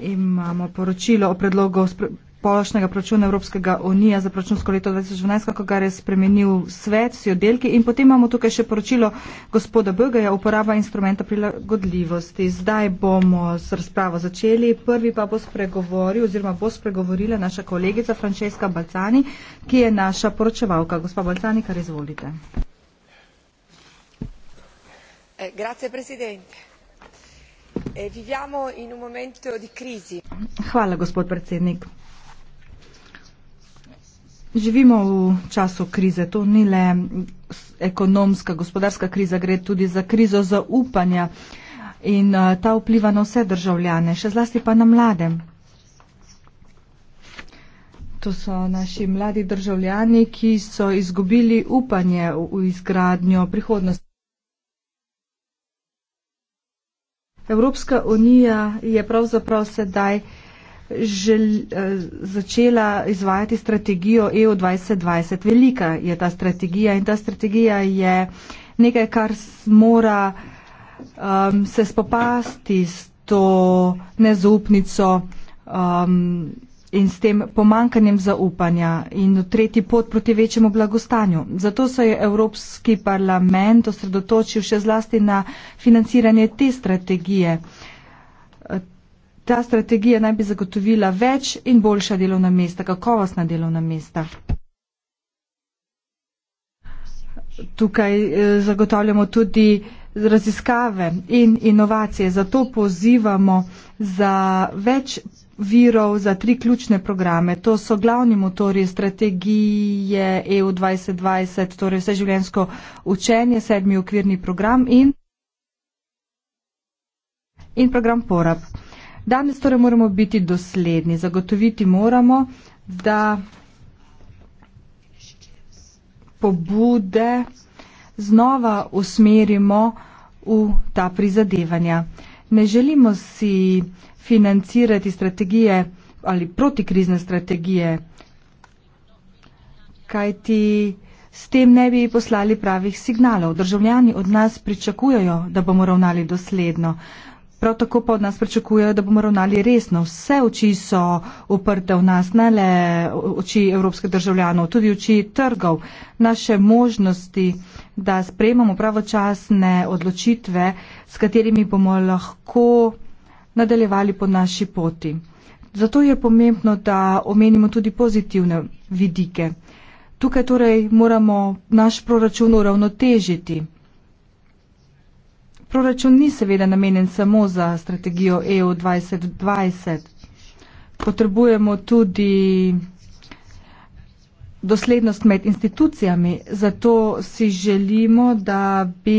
Imamo poročilo o predlogu splošnega proračuna Evropskega unije za proračunsko leto 2012, kako ga je spremenil svet, vsi oddelki. In potem imamo tukaj še poročilo gospoda Bögeja, uporaba instrumenta prilagodljivosti. Zdaj bomo s razpravo začeli. Prvi pa bo spregovoril oziroma bo spregovorila naša kolegica Francesca Balcani, ki je naša poročevalka. Gospa Balcani, kar izvolite. Eh, grazie, E Hvala, gospod predsednik. Živimo v času krize. To ni le ekonomska, gospodarska kriza, gre tudi za krizo zaupanja in eh, ta vpliva na vse državljane, še zlasti pa na mlade. To so naši mladi državljani, ki so izgubili upanje v izgradnjo prihodnosti. Evropska unija je pravzaprav sedaj žel, eh, začela izvajati strategijo EU 2020. Velika je ta strategija in ta strategija je nekaj, kar mora um, se spopasti s to nezaupnico. Um, in s tem pomankanjem zaupanja in tretji pot proti večjemu blagostanju. Zato se je Evropski parlament osredotočil še zlasti na financiranje te strategije. Ta strategija naj bi zagotovila več in boljša delovna mesta, kakovostna delovna mesta. Tukaj eh, zagotavljamo tudi raziskave in inovacije. Zato pozivamo za več virov za tri ključne programe. To so glavni motori strategije EU 2020, torej vseživljensko učenje, sedmi okvirni program in, in program porab. Danes torej moramo biti dosledni, zagotoviti moramo, da pobude znova usmerimo v ta prizadevanja. Ne želimo si financirati strategije ali protikrizne strategije, kajti s tem ne bi poslali pravih signalov. Državljani od nas pričakujejo, da bomo ravnali dosledno. Prav tako pa od nas pričakujejo, da bomo ravnali resno. Vse oči so uprte v nas, ne le oči evropskih državljanov, tudi oči trgov. Naše možnosti, da sprejmemo pravočasne odločitve, s katerimi bomo lahko nadaljevali po naši poti. Zato je pomembno, da omenimo tudi pozitivne vidike. Tukaj torej moramo naš proračun uravnotežiti. Proračun ni seveda namenjen samo za strategijo EU 2020. Potrebujemo tudi doslednost med institucijami, zato si želimo, da bi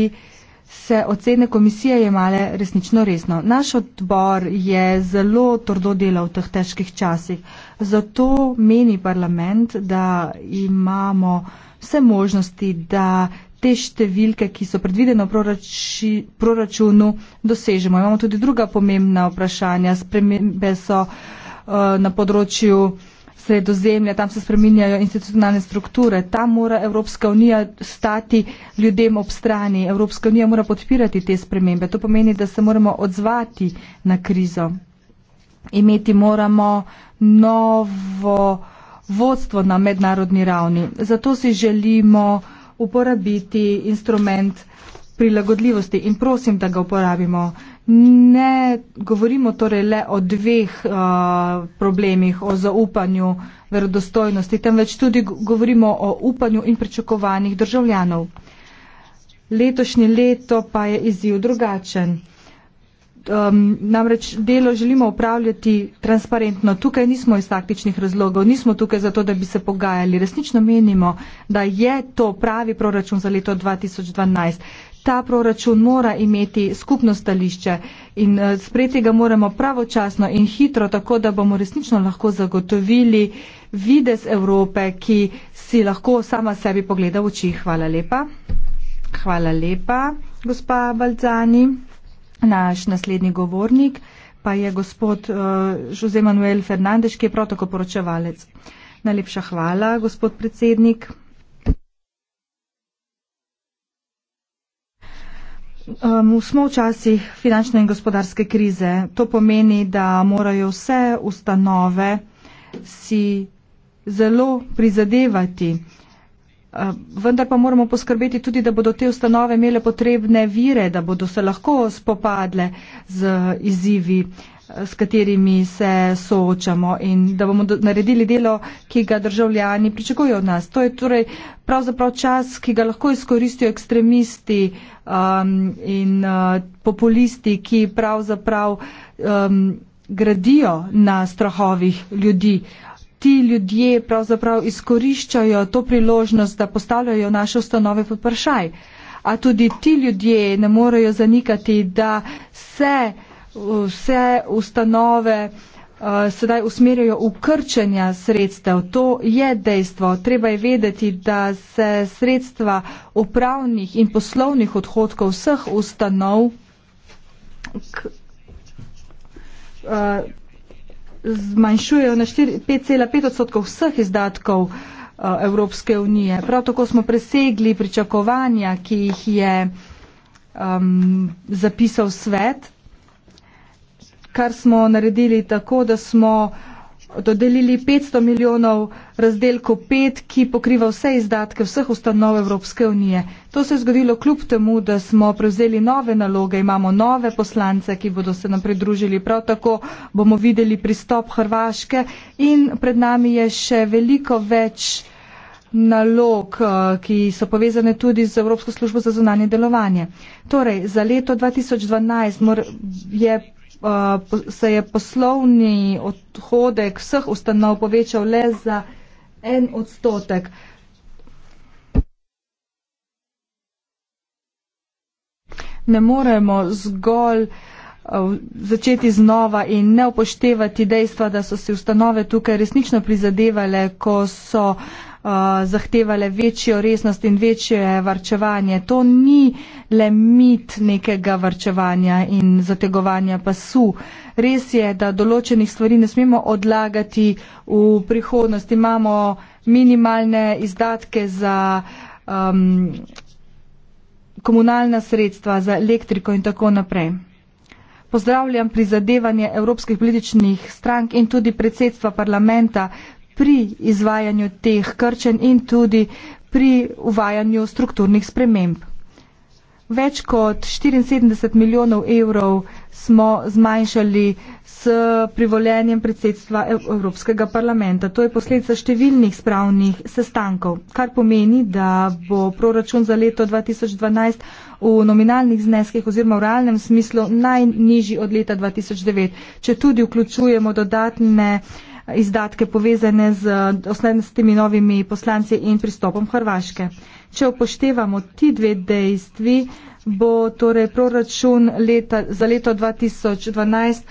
se ocene komisije jemale resnično resno. Naš odbor je zelo trdo delal v teh težkih časih, zato meni parlament, da imamo vse možnosti, da te številke, ki so predvidene v proračunu, proračunu, dosežemo. Imamo tudi druga pomembna vprašanja, spremembe so uh, na področju sred ozemlja, tam se spreminjajo institucionalne strukture. Tam mora Evropska unija stati ljudem ob strani. Evropska unija mora podpirati te spremembe. To pomeni, da se moramo odzvati na krizo. Imeti moramo novo vodstvo na mednarodni ravni. Zato si želimo uporabiti instrument prilagodljivosti in prosim, da ga uporabimo. Ne govorimo torej le o dveh uh, problemih, o zaupanju verodostojnosti, temveč tudi govorimo o upanju in pričakovanjih državljanov. Letošnje leto pa je izziv drugačen. Um, namreč delo želimo upravljati transparentno. Tukaj nismo iz taktičnih razlogov, nismo tukaj zato, da bi se pogajali. Resnično menimo, da je to pravi proračun za leto 2012 ta proračun mora imeti skupno stališče in eh, sprejeti ga moramo pravočasno in hitro, tako da bomo resnično lahko zagotovili vides Evrope, ki si lahko sama sebi pogleda v oči. Hvala lepa. Hvala lepa, gospa Balzani. Naš naslednji govornik pa je gospod uh, Jose Manuel Fernandez, ki je protokol poročevalec. Najlepša hvala, gospod predsednik. Um, smo v časih finančne in gospodarske krize. To pomeni, da morajo vse ustanove si zelo prizadevati. Vendar pa moramo poskrbeti tudi, da bodo te ustanove imele potrebne vire, da bodo se lahko spopadle z izzivi. Uh, s katerimi se soočamo in da bomo do, naredili delo, ki ga državljani pričakujo od nas. To je torej pravzaprav čas, ki ga lahko izkoristijo ekstremisti um, in uh, populisti, ki pravzaprav um, gradijo na strahovih ljudi. Ti ljudje pravzaprav izkoriščajo to priložnost, da postavljajo naše ustanove pod vprašaj. A tudi ti ljudje ne morejo zanikati, da se vse ustanove uh, sedaj usmerjajo v krčenja sredstev. To je dejstvo. Treba je vedeti, da se sredstva upravnih in poslovnih odhodkov vseh ustanov k, uh, zmanjšujejo na 5,5 odstotkov vseh izdatkov. Eh, Evropske unije. Prav tako smo presegli pričakovanja, ki jih je um, zapisal svet, kar smo naredili tako, da smo dodelili 500 milijonov razdelko 5, ki pokriva vse izdatke vseh ustanov Evropske unije. To se je zgodilo kljub temu, da smo prevzeli nove naloge, imamo nove poslance, ki bodo se nam pridružili. Prav tako bomo videli pristop Hrvaške in pred nami je še veliko več nalog, eh, ki so povezane tudi z Evropsko službo za zunanje delovanje. Torej, za leto 2012 je Eh, se je poslovni odhodek vseh ustanov povečal le za en odstotek. Ne moremo zgolj eh, začeti znova in ne upoštevati dejstva, da so si ustanove tukaj resnično prizadevale, ko so uh, Eh, zahtevale večjo resnost in večje varčevanje. To ni le mit nekega varčevanja in zategovanja pasu. Res je, da določenih stvari ne smemo odlagati v prihodnost. Imamo minimalne izdatke za um, komunalna sredstva, za elektriko in tako naprej. Pozdravljam prizadevanje evropskih političnih strank in tudi predsedstva parlamenta, pri izvajanju teh krčen in tudi pri uvajanju strukturnih sprememb. Več kot 74 milijonov evrov smo zmanjšali s privoljenjem predsedstva Evropskega parlamenta. To je posledica številnih spravnih sestankov, kar pomeni, da bo proračun za leto 2012 v nominalnih zneskih oziroma v realnem smislu najnižji od leta 2009, če tudi vključujemo dodatne izdatke povezane z, s temi novimi poslanci in pristopom Hrvaške. Če upoštevamo ti dve dejstvi, bo torej proračun leta, za leto 2012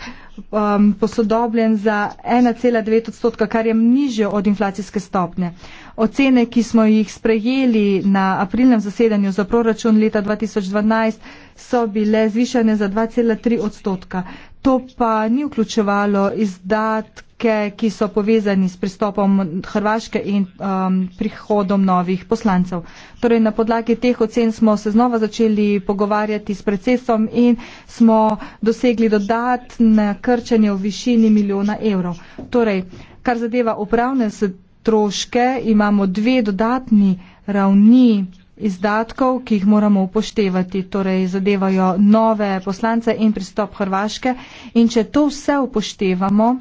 um, posodobljen za 1,9 odstotka, kar je nižje od inflacijske stopne. Ocene, ki smo jih sprejeli na aprilnem zasedanju za proračun leta 2012, so bile zvišene za 2,3 odstotka. To pa ni vključevalo izdat, razlike, ki so povezani s pristopom Hrvaške in um, prihodom novih poslancev. Torej, na podlagi teh ocen smo se znova začeli pogovarjati s predsedstvom in smo dosegli dodatne krčanje v višini milijona evrov. Torej, kar zadeva upravne stroške, imamo dve dodatni ravni izdatkov, ki jih moramo upoštevati, torej zadevajo nove poslance in pristop Hrvaške. In če to vse upoštevamo,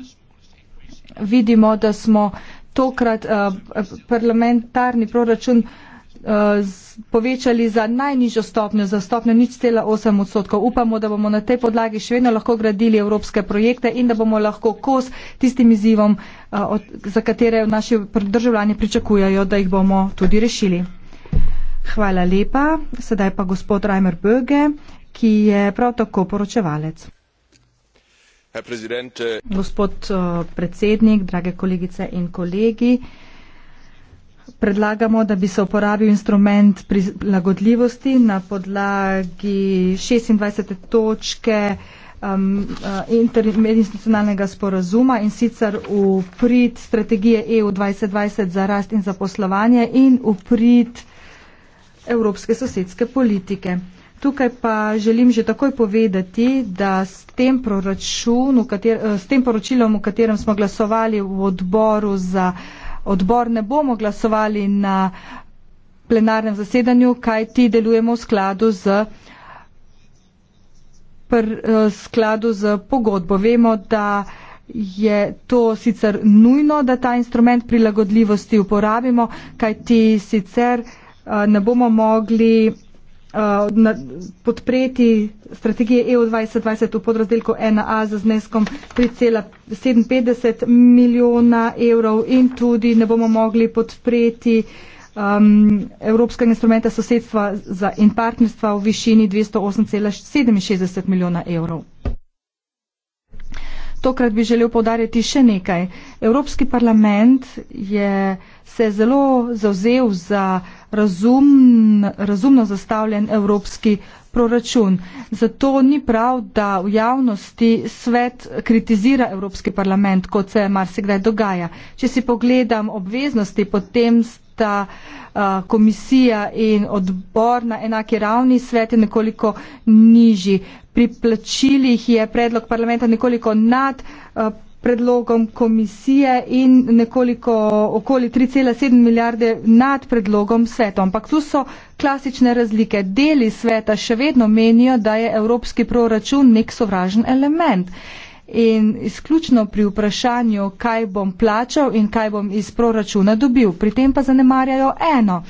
vidimo, da smo tokrat uh, parlamentarni proračun uh, povečali za najnižjo stopnjo, za stopnjo nič cela 8 odstotkov. Upamo, da bomo na tej podlagi še vedno lahko gradili evropske projekte in da bomo lahko kos tistim izzivom, uh, od, za katere naši državljani pričakujajo, da jih bomo tudi rešili. Hvala lepa. Sedaj pa gospod Reimer Böge, ki je prav tako poročevalec. Äh, Gospod äh, predsednik, drage kolegice in kolegi, predlagamo, da bi se uporabil instrument prilagodljivosti na podlagi 26. točke um, uh, medinstitucionalnega sporazuma in sicer v prid strategije EU 2020 za rast in zaposlovanje in v prid evropske sosedske politike. Tukaj pa želim že takoj povedati, da s tem, kater, eh, s tem poročilom, v katerem smo glasovali v odboru za odbor, ne bomo glasovali na plenarnem zasedanju, kaj ti delujemo v skladu z, pr, eh, skladu z pogodbo. Vemo, da je to sicer nujno, da ta instrument prilagodljivosti uporabimo, kaj ti sicer eh, ne bomo mogli uh, na, podpreti strategije EU 2020 v podrazdelku 1A za zneskom 3,57 milijona evrov in tudi ne bomo mogli podpreti um, Evropskega instrumenta sosedstva in partnerstva v višini 208,67 milijona evrov. Tokrat bi želel podariti še nekaj. Evropski parlament je se zelo zauzel za razumn, razumno zastavljen evropski proračun. Zato ni prav, da v javnosti svet kritizira Evropski parlament, kot se marsikdaj dogaja. Če si pogledam obveznosti, potem ta komisija in odbor na enake ravni, svet je nekoliko nižji. Pri plačilih je predlog parlamenta nekoliko nad predlogom komisije in nekoliko okoli 3,7 milijarde nad predlogom sveta. Ampak tu so klasične razlike. Deli sveta še vedno menijo, da je evropski proračun nek sovražen element. Uh, in izključno pri vprašanju, kaj bom plačal in kaj bom iz proračuna dobil. Pri tem pa zanemarjajo eno.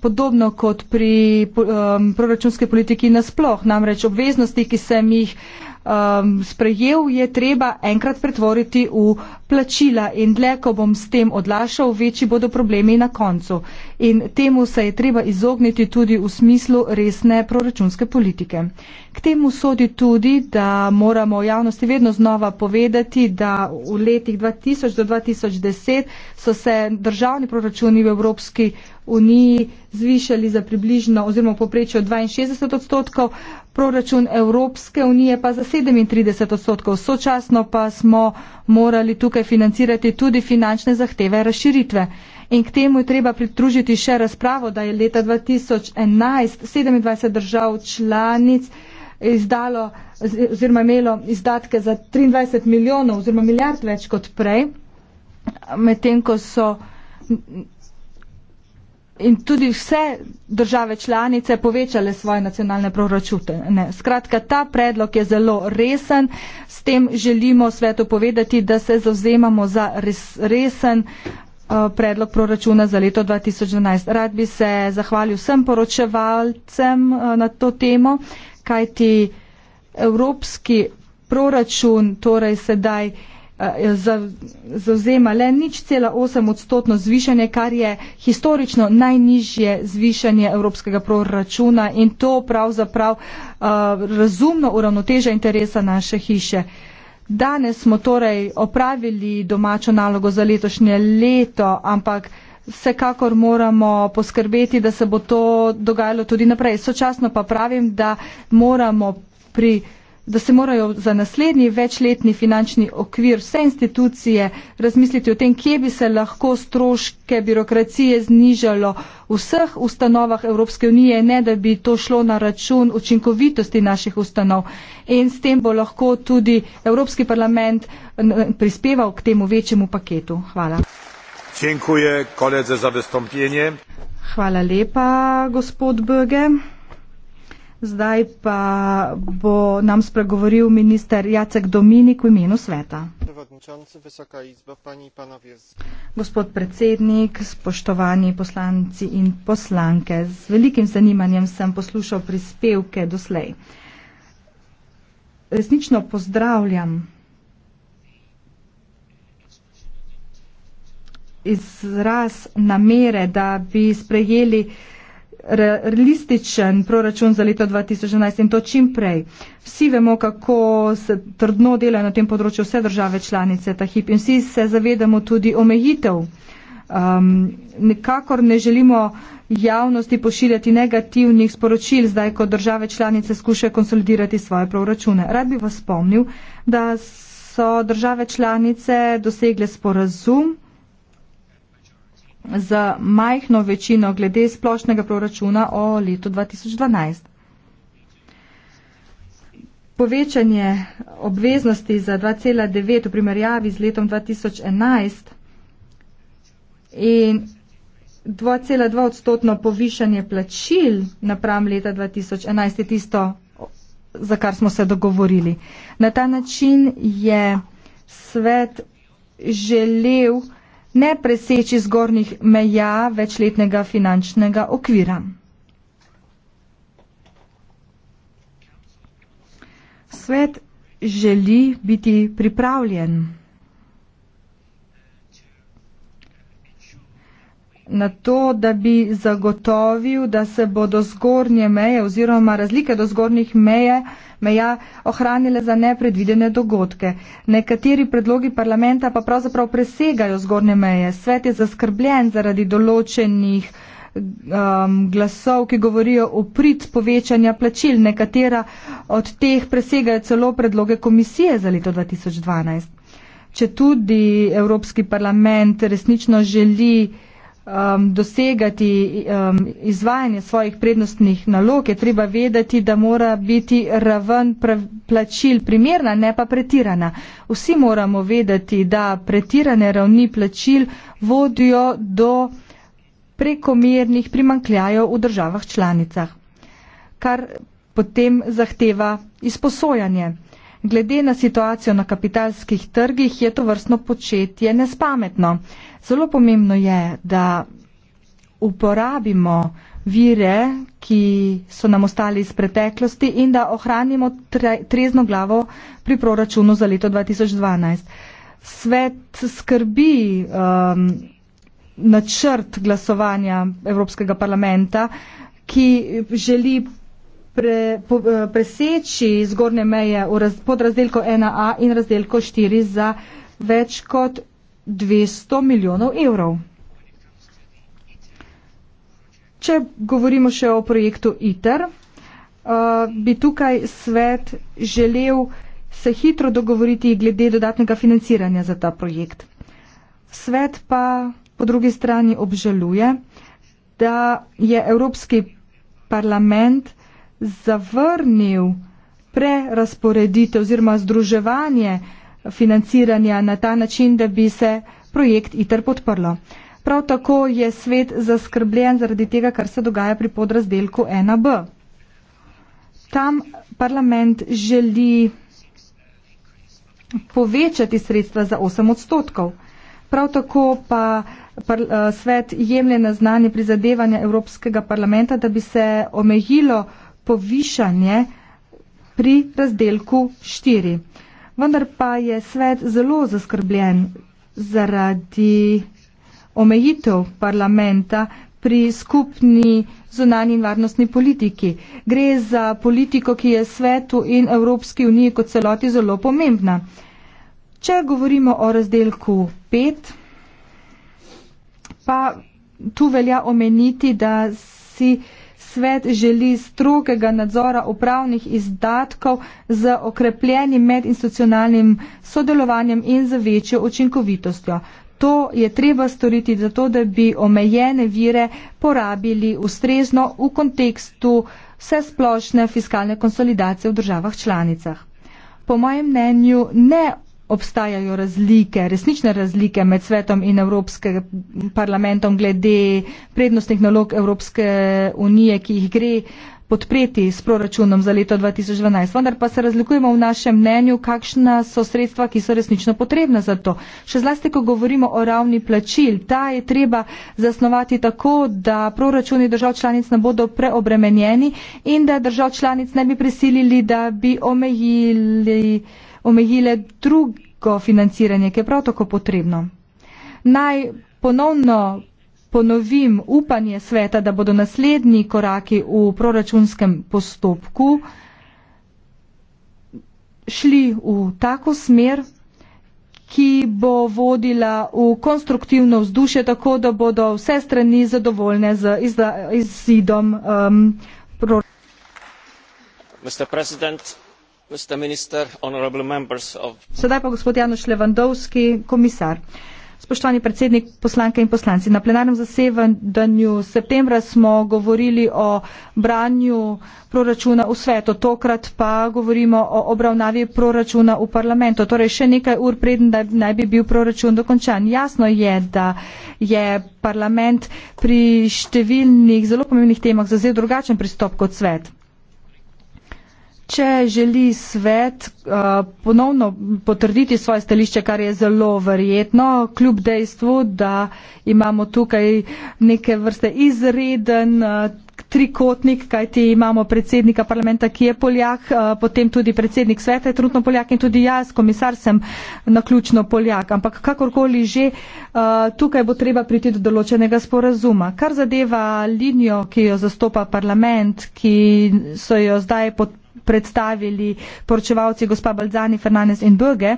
Podobno kot pri um, proračunske politiki nasploh, namreč obveznosti, ki sem jih uh, um, sprejel, je treba enkrat pretvoriti v plačila in dlje, ko bom s tem odlašal, večji bodo problemi na koncu. In temu se je treba izogniti tudi v smislu resne proračunske politike. K temu sodi tudi, da moramo javnosti vedno znova povedati, da v letih 2000 do 2010 so se državni proračuni v Evropski uniji zvišali za približno oziroma poprečju 62 odstotkov, proračun Evropske unije pa za 37 odstotkov. Sočasno pa smo morali tukaj financirati tudi finančne zahteve razširitve. In k temu je treba pridružiti še razpravo, da je leta 2011 27 držav članic izdalo oziroma imelo izdatke za 23 milijonov oziroma milijard več kot prej, medtem ko so in tudi vse države članice povečale svoje nacionalne proračute. Ne. Skratka, ta predlog je zelo resen, s tem želimo svetu povedati, da se zauzemamo za res, resen eh, predlog proračuna za leto 2012. Rad bi se zahvalil vsem poročevalcem eh, na to temo, kajti evropski proračun torej sedaj Eh, zauzema le nič cela osem odstotno zvišanje, kar je historično najnižje zvišanje evropskega proračuna in to pravzaprav eh, razumno uravnoteža interesa naše hiše. Danes smo torej opravili domačo nalogo za letošnje leto, ampak vsekakor moramo poskrbeti, da se bo to dogajalo tudi naprej. Sočasno pa pravim, da moramo pri da se morajo za naslednji večletni finančni okvir vse institucije razmisliti o tem, kje bi se lahko stroške birokracije znižalo v vseh ustanovah Evropske unije, ne da bi to šlo na račun učinkovitosti naših ustanov. In s tem bo lahko tudi Evropski parlament prispeval k temu večjemu paketu. Hvala. Hvala lepa, gospod Böge. Zdaj pa bo nam spregovoril minister Jacek Dominik v imenu sveta. Gospod predsednik, spoštovani poslanci in poslanke, z velikim zanimanjem sem poslušal prispevke doslej. Resnično pozdravljam izraz namere, da bi sprejeli realističen proračun za leto 2011 in to čim prej. Vsi vemo, kako se trdno dela na tem področju vse države članice ta hip in vsi se zavedamo tudi omejitev. Um, nekakor ne želimo javnosti pošiljati negativnih sporočil, zdaj ko države članice skušajo konsolidirati svoje proračune. Rad bi vas spomnil, da so države članice dosegle sporazum, z majhno večino glede splošnega proračuna o letu 2012. Povečanje obveznosti za 2,9 v primerjavi z letom 2011 in 2,2 odstotno povišanje plačil napram leta 2011 je tisto, za kar smo se dogovorili. Na ta način je svet želel, ne preseči zgornjih meja večletnega finančnega okvira. Svet želi biti pripravljen. na to, da bi zagotovil, da se bodo zgornje meje oziroma razlike do zgornjih meje, meja ohranile za nepredvidene dogodke. Nekateri predlogi parlamenta pa pravzaprav presegajo zgornje meje. Svet je zaskrbljen zaradi določenih um, glasov, ki govorijo o prid povečanja plačil. Nekatera od teh presegajo celo predloge komisije za leto 2012. Če tudi Evropski parlament resnično želi um, dosegati um, izvajanje svojih prednostnih nalog, je treba vedeti, da mora biti raven plačil primerna, ne pa pretirana. Vsi moramo vedeti, da pretirane ravni plačil vodijo do prekomernih primankljajev v državah članicah, kar potem zahteva izposojanje. Glede na situacijo na kapitalskih trgih je to vrstno početje nespametno. Zelo pomembno je, da uporabimo vire, ki so nam ostali iz preteklosti in da ohranimo tre, trezno glavo pri proračunu za leto 2012. Svet skrbi um, načrt glasovanja Evropskega parlamenta, ki želi pre, po, eh, preseči zgornje meje raz, pod razdelko 1a in razdelko 4 za več kot 200 milijonov evrov. Če govorimo še o projektu ITER, eh, bi tukaj svet želel se hitro dogovoriti glede dodatnega financiranja za ta projekt. Svet pa po drugi strani obžaluje, da je Evropski parlament zavrnil prerasporeditev oziroma združevanje financiranja na ta način, da bi se projekt ITER podprlo. Prav tako je svet zaskrbljen zaradi tega, kar se dogaja pri podrazdelku 1B. Tam parlament želi povečati sredstva za 8 odstotkov. Prav tako pa eh, svet jemlje na znanje prizadevanja Evropskega parlamenta, da bi se omejilo povišanje pri razdelku 4. Vendar pa je svet zelo zaskrbljen zaradi omejitev parlamenta pri skupni zunanji in varnostni politiki. Gre za politiko, ki je svetu in Evropski uniji kot celoti zelo pomembna. Če govorimo o razdelku 5, pa tu velja omeniti, da si svet želi strogega nadzora upravnih izdatkov z okrepljenim medinstitucionalnim sodelovanjem in z večjo učinkovitostjo. To je treba storiti zato, da bi omejene vire porabili ustrezno v kontekstu vse splošne fiskalne konsolidacije v državah članicah. Po mojem mnenju ne obstajajo razlike, resnične razlike med svetom in Evropskim parlamentom glede prednostnih nalog Evropske unije, ki jih gre podpreti s proračunom za leto 2012. Vendar pa se razlikujemo v našem mnenju, kakšna so sredstva, ki so resnično potrebna za to. Še zlasti, ko govorimo o ravni plačil, ta je treba zasnovati tako, da proračuni držav članic ne bodo preobremenjeni in da držav članic ne bi prisilili, da bi omejili omejile drugo financiranje, ki je prav tako potrebno. Naj ponovno ponovim upanje sveta, da bodo naslednji koraki v proračunskem postopku šli v tako smer, ki bo vodila v konstruktivno vzdušje, tako da bodo vse strani zadovoljne z izidom um, proračuna. Sedaj pa gospod Janoš Levandovski, komisar. Spoštovani predsednik, poslanke in poslanci, na plenarnem zasevanju septembra smo govorili o branju proračuna v svetu, tokrat pa govorimo o obravnavi proračuna v parlamentu, torej še nekaj ur preden naj bi bil proračun dokončan. Jasno je, da je parlament pri številnih zelo pomembnih temah zazel drugačen pristop kot svet. Če želi svet uh, ponovno potrditi svoje stališče, kar je zelo verjetno, kljub dejstvu, da imamo tukaj neke vrste izreden uh, trikotnik, kajti imamo predsednika parlamenta, ki je Poljak, uh, potem tudi predsednik sveta je trenutno Poljak in tudi jaz, komisar, sem naključno Poljak. Ampak kakorkoli že, uh, tukaj bo treba priti do določenega sporazuma. Kar zadeva linijo, ki jo zastopa parlament, ki so jo zdaj podpisali, predstavili poročevalci gospa Balzani, Fernandez in Böge.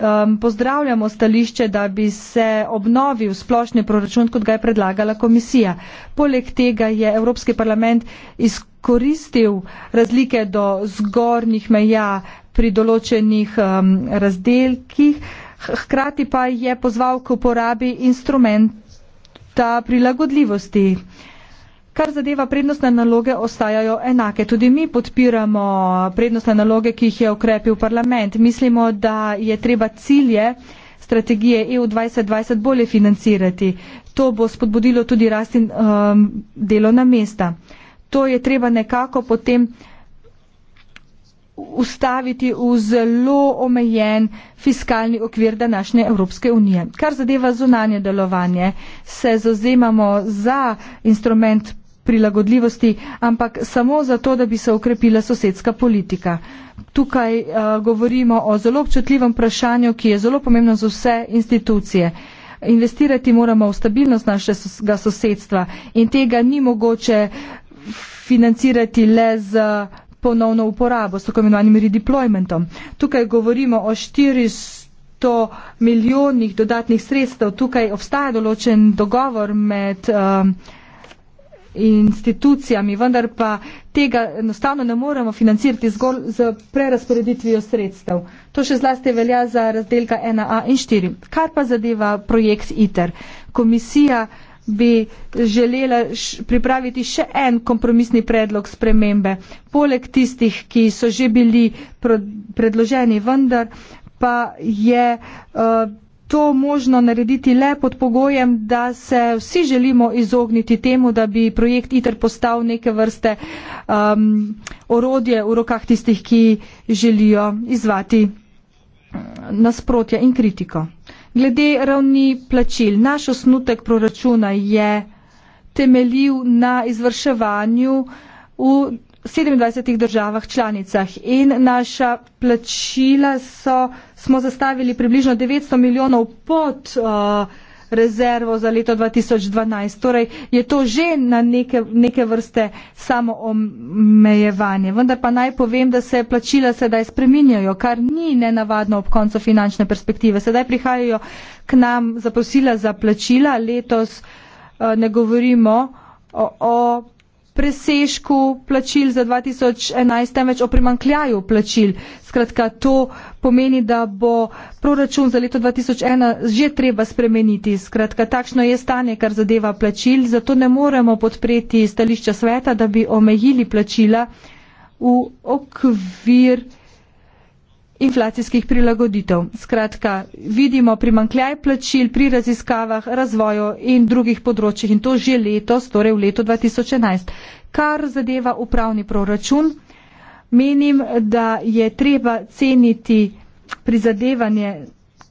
Um, pozdravljamo stališče, da bi se obnovil splošni proračun, kot ga je predlagala komisija. Poleg tega je Evropski parlament izkoristil razlike do zgornjih meja pri določenih um, razdelkih, hkrati pa je pozval k uporabi instrumenta prilagodljivosti. Uh, Kar zadeva prednostne naloge, ostajajo enake. Tudi mi podpiramo prednostne naloge, ki jih je ukrepil parlament. Mislimo, da je treba cilje strategije EU 2020 bolje financirati. To bo spodbudilo tudi rast in um, delovna mesta. To je treba nekako potem ustaviti v zelo omejen fiskalni okvir današnje Evropske unije. Kar zadeva zunanje delovanje, se zazemamo za instrument prilagodljivosti, ampak samo zato, da bi se ukrepila sosedska politika. Tukaj uh, govorimo o zelo občutljivem vprašanju, ki je zelo pomembno za vse institucije. Investirati moramo v stabilnost našega sosedstva in tega ni mogoče financirati le z ponovno uporabo, s tako imenovanim redeploymentom. Tukaj govorimo o 400 milijonih dodatnih sredstev, tukaj obstaja določen dogovor med. Uh, institucijami, vendar pa tega enostavno ne moremo financirati zgolj z prerasporeditvijo sredstev. To še zlasti velja za razdelka 1a in 4. Kar pa zadeva projekt ITER? Komisija bi želela pripraviti še en kompromisni predlog spremembe, poleg tistih, ki so že bili predloženi, vendar pa je uh, to možno narediti le pod pogojem, da se vsi želimo izogniti temu, da bi projekt ITER postal neke vrste um, orodje v rokah tistih, ki želijo izvati mm, nasprotja in kritiko. Glede ravni plačil, naš osnutek proračuna je temeljiv na izvrševanju v 27 državah članicah in naša plačila so, smo zastavili približno 900 milijonov pod uh, rezervo za leto 2012. Torej je to že na neke, neke vrste samo omejevanje. Vendar pa naj povem, da se plačila sedaj spreminjajo, kar ni nenavadno ob koncu finančne perspektive. Sedaj prihajajo k nam zaprosila za plačila. Letos uh, ne govorimo o. o presežku plačil za 2011, temveč o primankljaju plačil. Skratka, to pomeni, da bo proračun za leto 2001 že treba spremeniti. Skratka, takšno je stanje, kar zadeva plačil, zato ne moremo podpreti stališča sveta, da bi omejili plačila v okvir inflacijskih prilagoditev. Skratka, vidimo primankljaj plačil pri raziskavah, razvoju in drugih področjih in to že letos, torej v letu 2011. Kar zadeva upravni proračun, menim, da je treba ceniti prizadevanje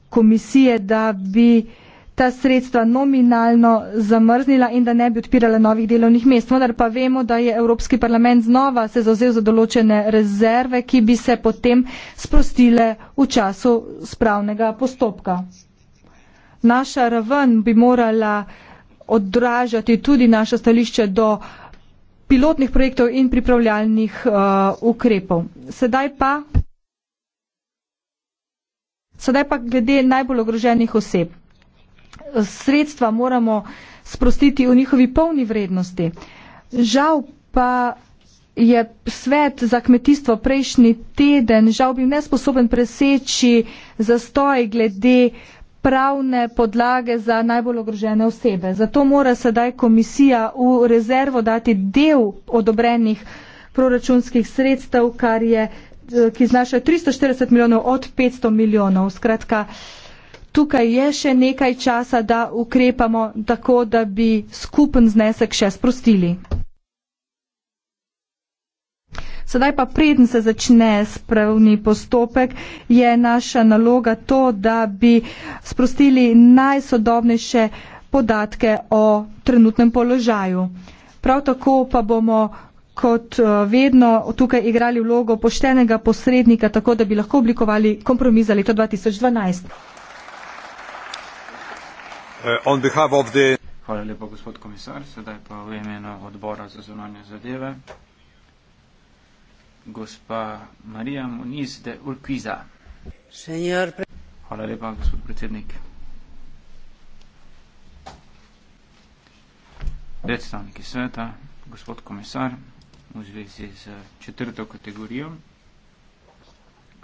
komisije, da bi ta sredstva nominalno zamrznila in da ne bi odpirala novih delovnih mest. Vendar pa vemo, da je Evropski parlament znova se zauzel za določene rezerve, ki bi se potem sprostile v času spravnega postopka. Naša raven bi morala odražati tudi naše stališče do pilotnih projektov in pripravljalnih uh, ukrepov. Sedaj pa, sedaj pa glede najbolj ogroženih oseb sredstva moramo sprostiti v njihovi polni vrednosti. Žal pa je svet za kmetijstvo prejšnji teden, žal bi nesposoben preseči zastoj glede pravne podlage za najbolj ogrožene osebe. Zato mora sedaj komisija v rezervo dati del odobrenih proračunskih sredstev, kar je, eh, ki znaša 340 milijonov od 500 milijonov. Skratka, tukaj je še nekaj časa, da ukrepamo tako, da bi skupen znesek še sprostili. Sedaj pa preden se začne spravni postopek, je naša naloga to, da bi sprostili najsodobnejše podatke o trenutnem položaju. Prav tako pa bomo kot eh, vedno tukaj igrali vlogo poštenega posrednika, tako da bi lahko oblikovali kompromis za leto 2012. Eh, on behalf of the Hvala lepo, gospod komisar. Sedaj pa v imenu odbora za zunanje zadeve. Gospa Marija Moniz de Urquiza. Pre... Hvala lepa, gospod predsednik. Predstavniki sveta, gospod komisar, v zvezi z četrto kategorijo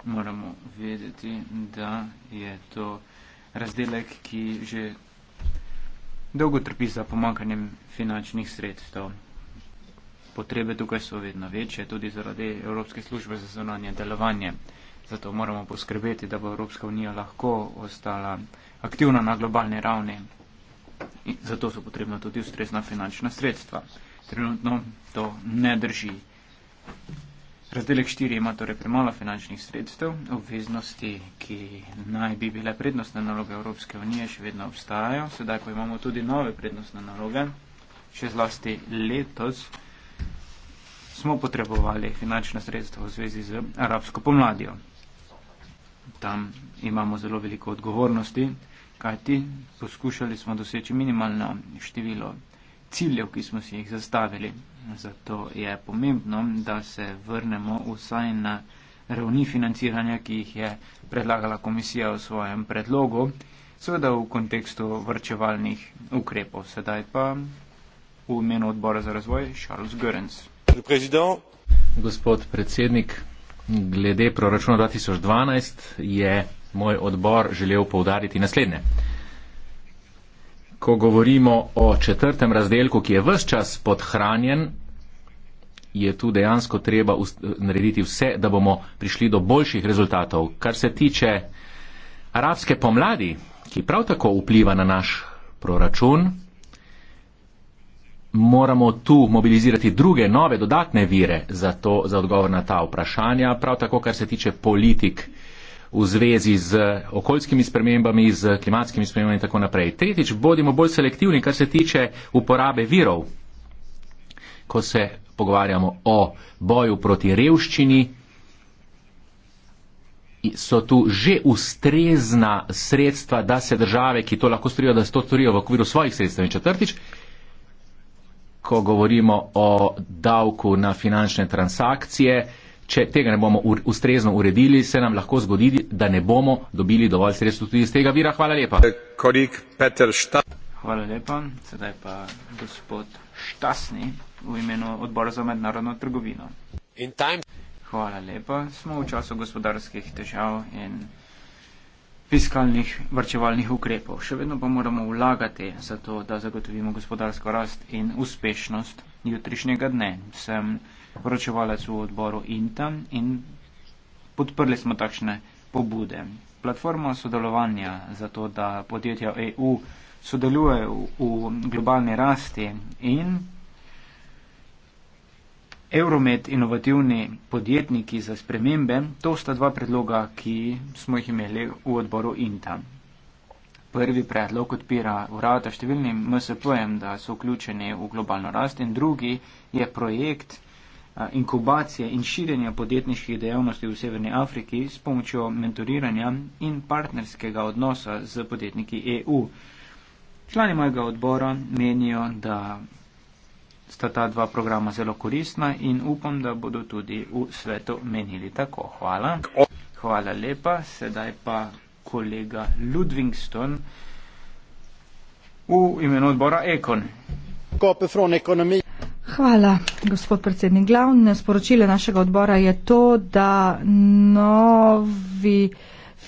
moramo vedeti, da je to razdelek, ki že dolgo trpi za pomankanjem finančnih sredstev. Potrebe tukaj so vedno večje, tudi zaradi Evropske službe za zunanje delovanje. Zato moramo poskrbeti, da bo Evropska unija lahko ostala aktivna na globalni ravni. In zato so potrebna tudi ustrezna finančna sredstva. Trenutno to ne drži. Razdelek 4 ima torej premalo finančnih sredstev, obveznosti, ki naj bi bile prednostne naloge Evropske unije, še vedno obstajajo, sedaj pa imamo tudi nove prednostne naloge, še zlasti letos smo potrebovali finančna sredstva v zvezi z arabsko pomladjo. Tam imamo zelo veliko odgovornosti, kajti poskušali smo doseči minimalno število ciljev, ki smo si jih zastavili. Zato je pomembno, da se vrnemo vsaj na ravni financiranja, ki jih je predlagala komisija v svojem predlogu, seveda v kontekstu vrčevalnih ukrepov. Sedaj pa v imenu odbora za razvoj Charles Görens. Gospod predsednik, glede proračuna 2012 je moj odbor želel poudariti naslednje ko govorimo o četrtem razdelku, ki je vse čas podhranjen, je tu dejansko treba narediti vse, da bomo prišli do boljših rezultatov. Kar se tiče arabske pomladi, ki prav tako vpliva na naš proračun, moramo tu mobilizirati druge, nove, dodatne vire za, to, za odgovor na ta vprašanja, prav tako kar se tiče politik v zvezi z okoljskimi spremembami, z klimatskimi spremembami in tako naprej. Tretjič, bodimo bolj selektivni, kar se tiče uporabe virov. Ko se pogovarjamo o boju proti revščini, so tu že ustrezna sredstva, da se države, ki to lahko storijo, da se to storijo v okviru svojih sredstev. In četrtič, ko govorimo o davku na finančne transakcije, če tega ne bomo ustrezno uredili, se nam lahko zgodi, da ne bomo dobili dovolj sredstv tudi iz tega vira. Hvala lepa. Korik Peter Šta. Hvala lepa. Sedaj pa gospod Štasni v imenu odbora za mednarodno trgovino. Hvala lepa. Smo v času gospodarskih težav in fiskalnih vrčevalnih ukrepov. Še vedno pa moramo vlagati za to, da zagotovimo gospodarsko rast in uspešnost jutrišnjega dne. Sem poročevalec v odboru INTA in podprli smo takšne pobude. Platforma sodelovanja za to, da podjetja EU sodelujejo v globalni rasti in Euromed inovativni podjetniki za spremembe, to sta dva predloga, ki smo jih imeli v odboru INTA. Prvi predlog odpira vrata številnim MSP-jem, da so vključeni v globalno rast in drugi je projekt inkubacije in širjenja podjetniških dejavnosti v Severni Afriki s pomočjo mentoriranja in partnerskega odnosa z podjetniki EU. Člani mojega odbora menijo, da sta ta dva programa zelo koristna in upam, da bodo tudi v svetu menili tako. Hvala. Hvala lepa. Sedaj pa kolega Ludvingston v imenu odbora Ekon. Hvala, gospod predsednik. Glavne sporočile našega odbora je to, da novi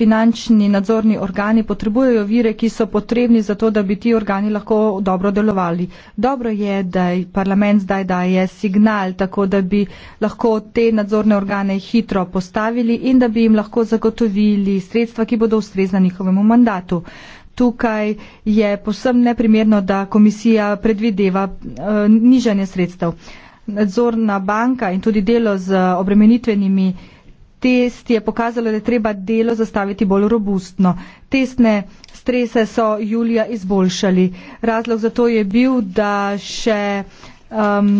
finančni nadzorni organi potrebujejo vire, ki so potrebni za to, da bi ti organi lahko dobro delovali. Dobro je, da parlament zdaj daje signal, tako da bi lahko te nadzorne organe hitro postavili in da bi jim lahko zagotovili sredstva, ki bodo ustrezna njihovemu mandatu tukaj je posem neprimerno, da komisija predvideva eh, nižanje sredstev. Nadzorna banka in tudi delo z obremenitvenimi test je pokazalo, da je treba delo zastaviti bolj robustno. Testne strese so julija izboljšali. Razlog za to je bil, da še. Um,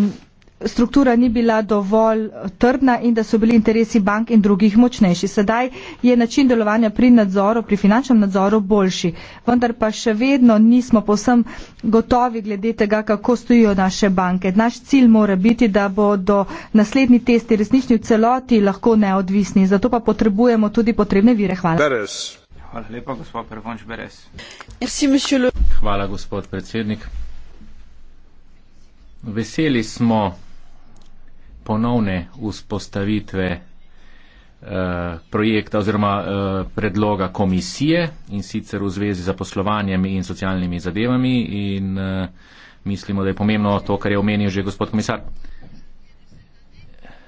struktura ni bila dovolj trdna in da so bili interesi bank in drugih močnejši. Sedaj je način delovanja pri nadzoru, pri finančnem nadzoru boljši, vendar pa še vedno nismo povsem gotovi glede tega, kako stojijo naše banke. Naš cilj mora biti, da bodo naslednji testi resnični v celoti lahko neodvisni, zato pa potrebujemo tudi potrebne vire. Hvala. Beres. Hvala lepa, gospod Prvonč Beres. Merci, Hvala, gospod predsednik. Veseli smo ponovne vzpostavitve eh, projekta oziroma eh, predloga komisije in sicer v zvezi z poslovanjem in socialnimi zadevami in eh, mislimo, da je pomembno to, kar je omenil že gospod komisar.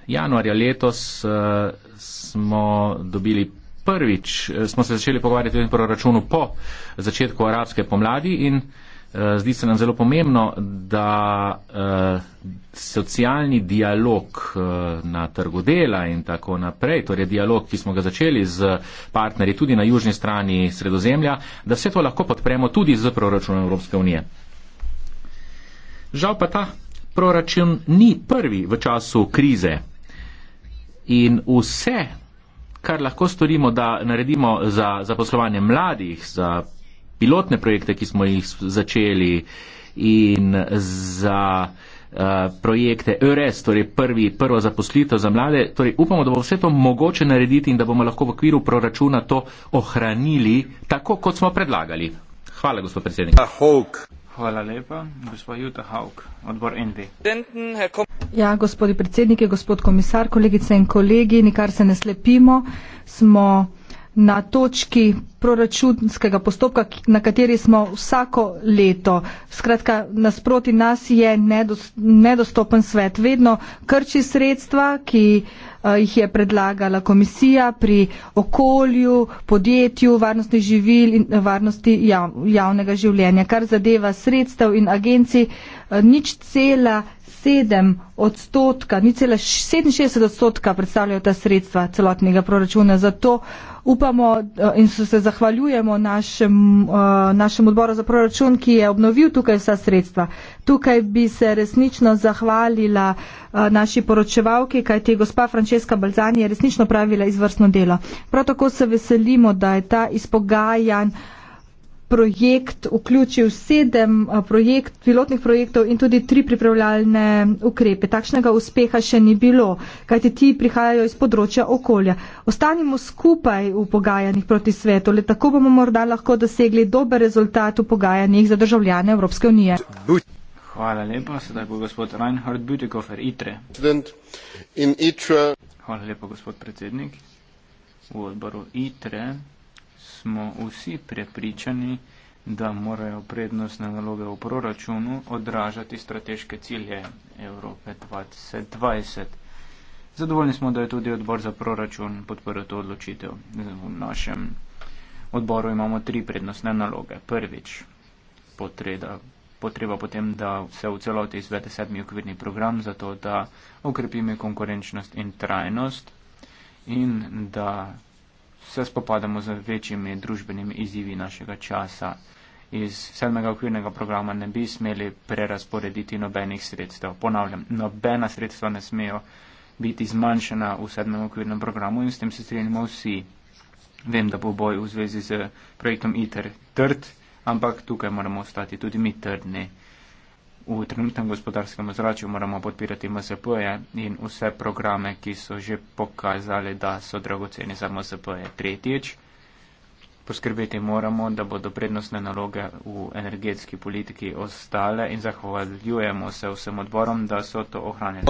Januarja letos eh, smo dobili prvič, eh, smo se začeli pogovarjati o tem proračunu po začetku arabske pomladi in eh, Eh, zdi se nam zelo pomembno, da eh, socialni dialog eh, na trgu dela in tako naprej, torej dialog, ki smo ga začeli z partnerji tudi na južni strani sredozemlja, da vse to lahko podpremo tudi z proračunom Evropske unije. Žal pa ta proračun ni prvi v času krize in vse, kar lahko storimo, da naredimo za zaposlovanje mladih, za pilotne projekte, ki smo jih začeli in za uh, projekte ERS, torej prvi, prvo zaposlitev za mlade. Torej upamo, da bo vse to mogoče narediti in da bomo lahko v okviru proračuna to ohranili tako, kot smo predlagali. Hvala, gospod predsednik. Hvala lepa, gospod Juta Hauk, odbor ND. Ja, gospodi predsednike, gospod komisar, kolegice in kolegi, nikar se ne slepimo, smo na točki proračunskega postopka, na kateri smo vsako leto. Skratka, nasproti nas je nedostopen svet. Vedno krči sredstva, ki eh, jih je predlagala komisija pri okolju, podjetju, varnosti živil in eh, varnosti javnega življenja. Kar zadeva sredstev in agenci, eh, nič cela. 7 odstotka, ni cela 67 odstotka predstavljajo ta sredstva celotnega proračuna, zato uh, upamo eh, in se zahvaljujemo našem, eh, našem odboru za proračun, ki je obnovil tukaj vsa sredstva. Tukaj bi se resnično zahvalila eh, naši poročevalki, kajti gospa Frančeska Balzani je resnično pravila izvrstno delo. Prav tako se veselimo, da je ta izpogajan projekt vključil sedem eh, projekt, pilotnih projektov in tudi tri pripravljalne ukrepe. Takšnega uspeha še ni bilo, kajti ti prihajajo iz področja okolja. Ostanimo skupaj v pogajanjih proti svetu, le tako bomo morda lahko dosegli dober rezultat v pogajanjih za državljane Evropske unije. Hvala lepa, sedaj bo gospod Reinhard Butikofer, ITRE. Hvala lepa, gospod predsednik, v odboru ITRE smo vsi prepričani, da morajo prednostne naloge v proračunu odražati strateške cilje Evrope 2020. Zadovoljni smo, da je tudi odbor za proračun podprl to odločitev. V našem odboru imamo tri prednostne naloge. Prvič, potreda, potreba potem, da se v celoti izvede sedmi okvirni program, zato da okrepime konkurenčnost in trajnost in da se spopadamo z večjimi družbenimi izzivi našega časa. Iz sedmega okvirnega programa ne bi smeli prerasporediti nobenih sredstev. Ponavljam, nobena sredstva ne smejo biti zmanjšana v sedmem okvirnem programu in s tem se strinjamo vsi. Vem, da bo boj v zvezi z projektom ITER trd, ampak tukaj moramo ostati tudi mi trdni. V trenutnem gospodarskem ozračju moramo podpirati MSP-je in vse programe, ki so že pokazali, da so dragoceni za MSP-je. Tretjič, poskrbeti moramo, da bodo prednostne naloge v energetski politiki ostale in zahvaljujemo se vsem odborom, da so to ohranili.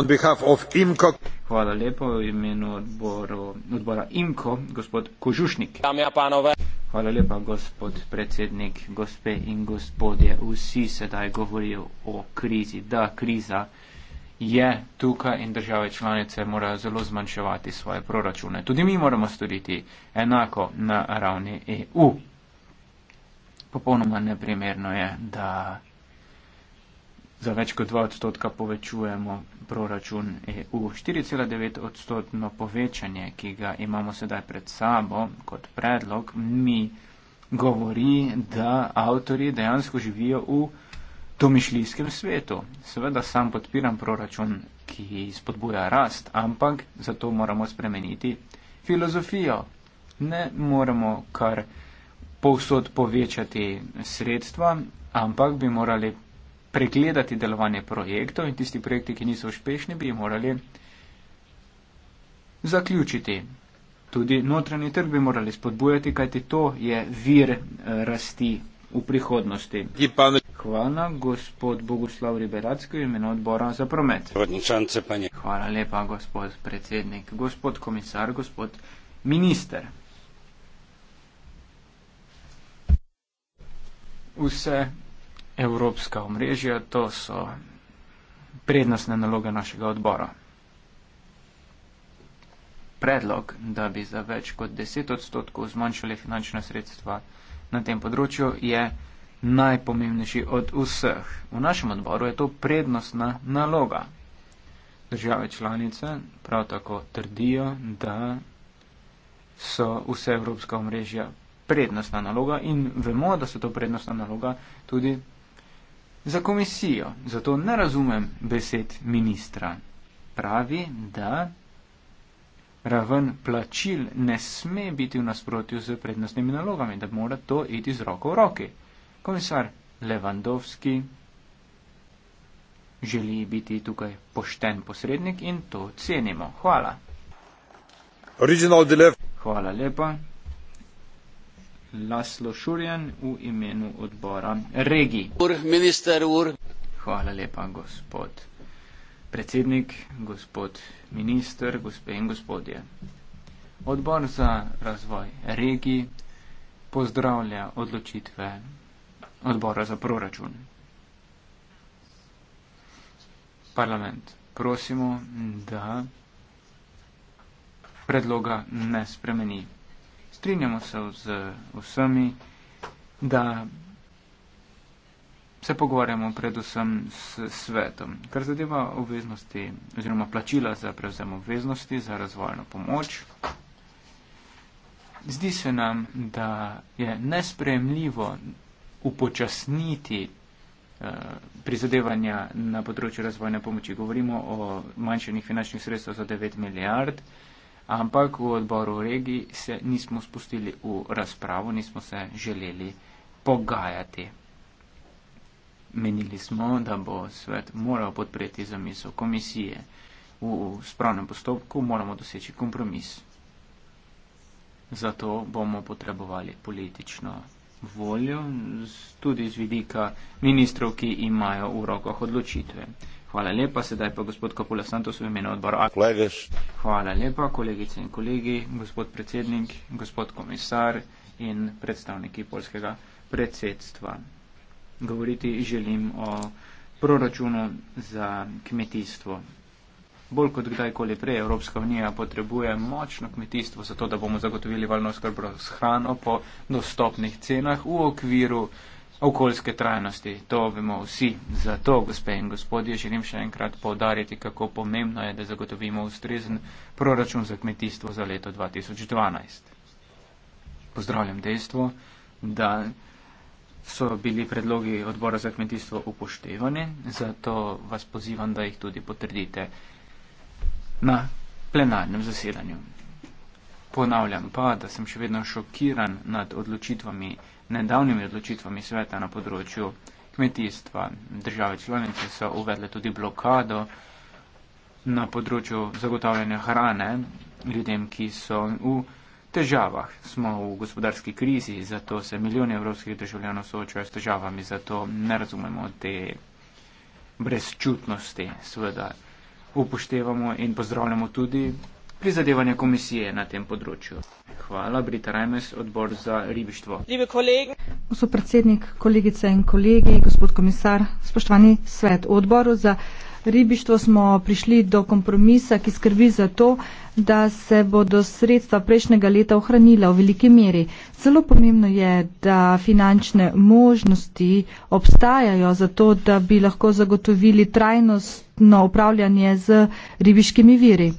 Hvala lepo v imenu odboru, odbora IMKO, gospod Kožušnik. Dame in panove, Hvala lepa, gospod predsednik, gospe in gospodje. Vsi sedaj govorijo o krizi. Da, kriza je tukaj in države članice morajo zelo zmanjševati svoje proračune. Tudi mi moramo storiti enako na ravni EU. Popolnoma neprimerno je, da za več kot 2 odstotka povečujemo proračun EU. 4,9 odstotno povečanje, ki ga imamo sedaj pred sabo kot predlog, mi govori, da avtori dejansko živijo v domišljijskem svetu. Seveda sam podpiram proračun, ki spodbuja rast, ampak zato moramo spremeniti filozofijo. Ne moramo kar povsod povečati sredstva, ampak bi morali pregledati delovanje projektov in tisti projekti, ki niso uspešni, bi morali zaključiti. Tudi notranji trg bi morali spodbujati, kajti to je vir eh, rasti v prihodnosti. Hvala, gospod Bogoslav Riberacki, imen odbora za promet. Hvala lepa, gospod predsednik, gospod komisar, gospod minister. Vse evropska omrežja, to so prednostne naloge našega odbora. Predlog, da bi za več kot 10 odstotkov zmanjšali finančna sredstva na tem področju, je najpomembnejši od vseh. V našem odboru je to prednostna naloga. Države članice prav tako trdijo, da so vse evropska omrežja prednostna naloga in vemo, da so to prednostna naloga tudi za komisijo. Zato ne razumem besed ministra. Pravi, da raven plačil ne sme biti v nasprotju z prednostnimi nalogami, da mora to iti z roko v roki. Komisar Levandovski želi biti tukaj pošten posrednik in to cenimo. Hvala. Original Hvala lepa. Laslo Šurjan v imenu odbora Regi. Ur, minister, ur. Hvala lepa, gospod predsednik, gospod minister, gospe in gospodje. Odbor za razvoj Regi pozdravlja odločitve odbora za proračun. Parlament, prosimo, da predloga ne spremeni strinjamo se z vsemi, da se pogovarjamo predvsem s svetom. Kar zadeva obveznosti oziroma plačila za prevzem obveznosti za razvojno pomoč, zdi se nam, da je nespremljivo upočasniti eh, prizadevanja na področju razvojne pomoči. Govorimo o manjšenih finančnih sredstvih za 9 milijard, ampak v odboru regij se nismo spustili v razpravo, nismo se želeli pogajati. Menili smo, da bo svet moral podpreti zamisel komisije. V spravnem postopku moramo doseči kompromis. Zato bomo potrebovali politično voljo, tudi z vidika ministrov, ki imajo v rokah odločitve. Hvala lepa, sedaj pa gospod Kapula Santos v imenu odbora. Kolegeš. Hvala lepa, kolegice in kolegi, gospod predsednik, gospod komisar in predstavniki polskega predsedstva. Govoriti želim o proračunu za kmetijstvo. Bolj kot kdajkoli prej Evropska unija potrebuje močno kmetijstvo, zato da bomo zagotovili valno skrbno hrano po dostopnih cenah v okviru okoljske trajnosti. To vemo vsi. Zato, gospe in gospodje, želim še enkrat povdariti, kako pomembno je, da zagotovimo ustrezen proračun za kmetijstvo za leto 2012. Pozdravljam dejstvo, da so bili predlogi odbora za kmetijstvo upoštevani, zato vas pozivam, da jih tudi potrdite na plenarnem zasedanju. Ponavljam pa, da sem še vedno šokiran nad odločitvami nedavnimi odločitvami sveta na področju kmetijstva. Države članice so uvedle tudi blokado na področju zagotavljanja hrane ljudem, ki so v težavah. Smo v gospodarski krizi, zato se milijoni evropskih državljanov soočajo s težavami, zato ne razumemo te brezčutnosti. Sveda upoštevamo in pozdravljamo tudi prizadevanja komisije na tem področju. Hvala, Brita Rajmes, odbor za ribištvo. Ljubi kolegi. Gospod predsednik, kolegice in kolegi, gospod komisar, spoštovani svet. V odboru za ribištvo smo prišli do kompromisa, ki skrbi za to, da se bodo sredstva prejšnjega leta ohranila v veliki meri. Zelo pomembno je, da finančne možnosti obstajajo za to, da bi lahko zagotovili trajnostno upravljanje z ribiškimi viri.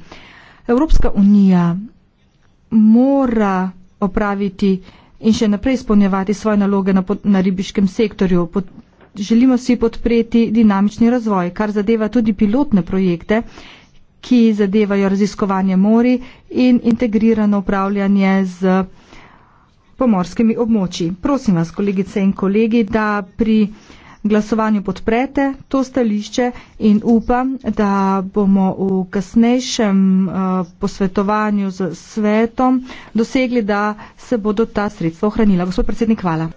Evropska unija mora opraviti in še naprej izpolnjevati svoje naloge na, na ribiškem sektorju. Pod, želimo si podpreti dinamični razvoj, kar zadeva tudi pilotne projekte, ki zadevajo raziskovanje mori in integrirano upravljanje z pomorskimi območji. Prosim vas, kolegice in kolegi, da pri glasovanju podprete to stališče in upam, da bomo v kasnejšem eh, posvetovanju z svetom dosegli, da se bodo ta sredstva ohranila. Gospod predsednik, hvala.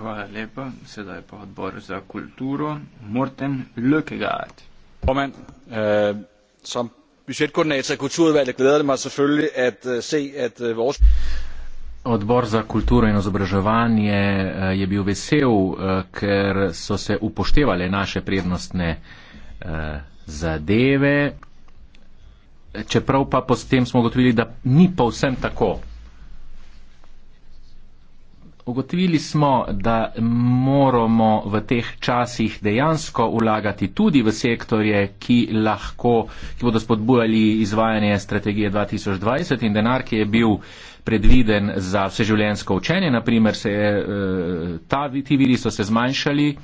Hvala lepa. Sedaj pa odbor za kulturo. Morten Løkkegaard. Formand, øh, som budgetkoordinator i kulturudvalget glæder det mig selvfølgelig at øh, se, at øh, vores... Odbor za kulturo in izobraževanje eh, je bil vesel, eh, ker so se upoštevale naše prednostne eh, zadeve, čeprav pa potem smo ugotovili, da ni pa vsem tako. Ugotovili smo, da moramo v teh časih dejansko vlagati tudi v sektorje, ki, lahko, ki bodo spodbujali izvajanje strategije 2020 in denar, ki je bil predviden za vseživljensko učenje, naprimer se je, eh, ta, ti viri so se zmanjšali,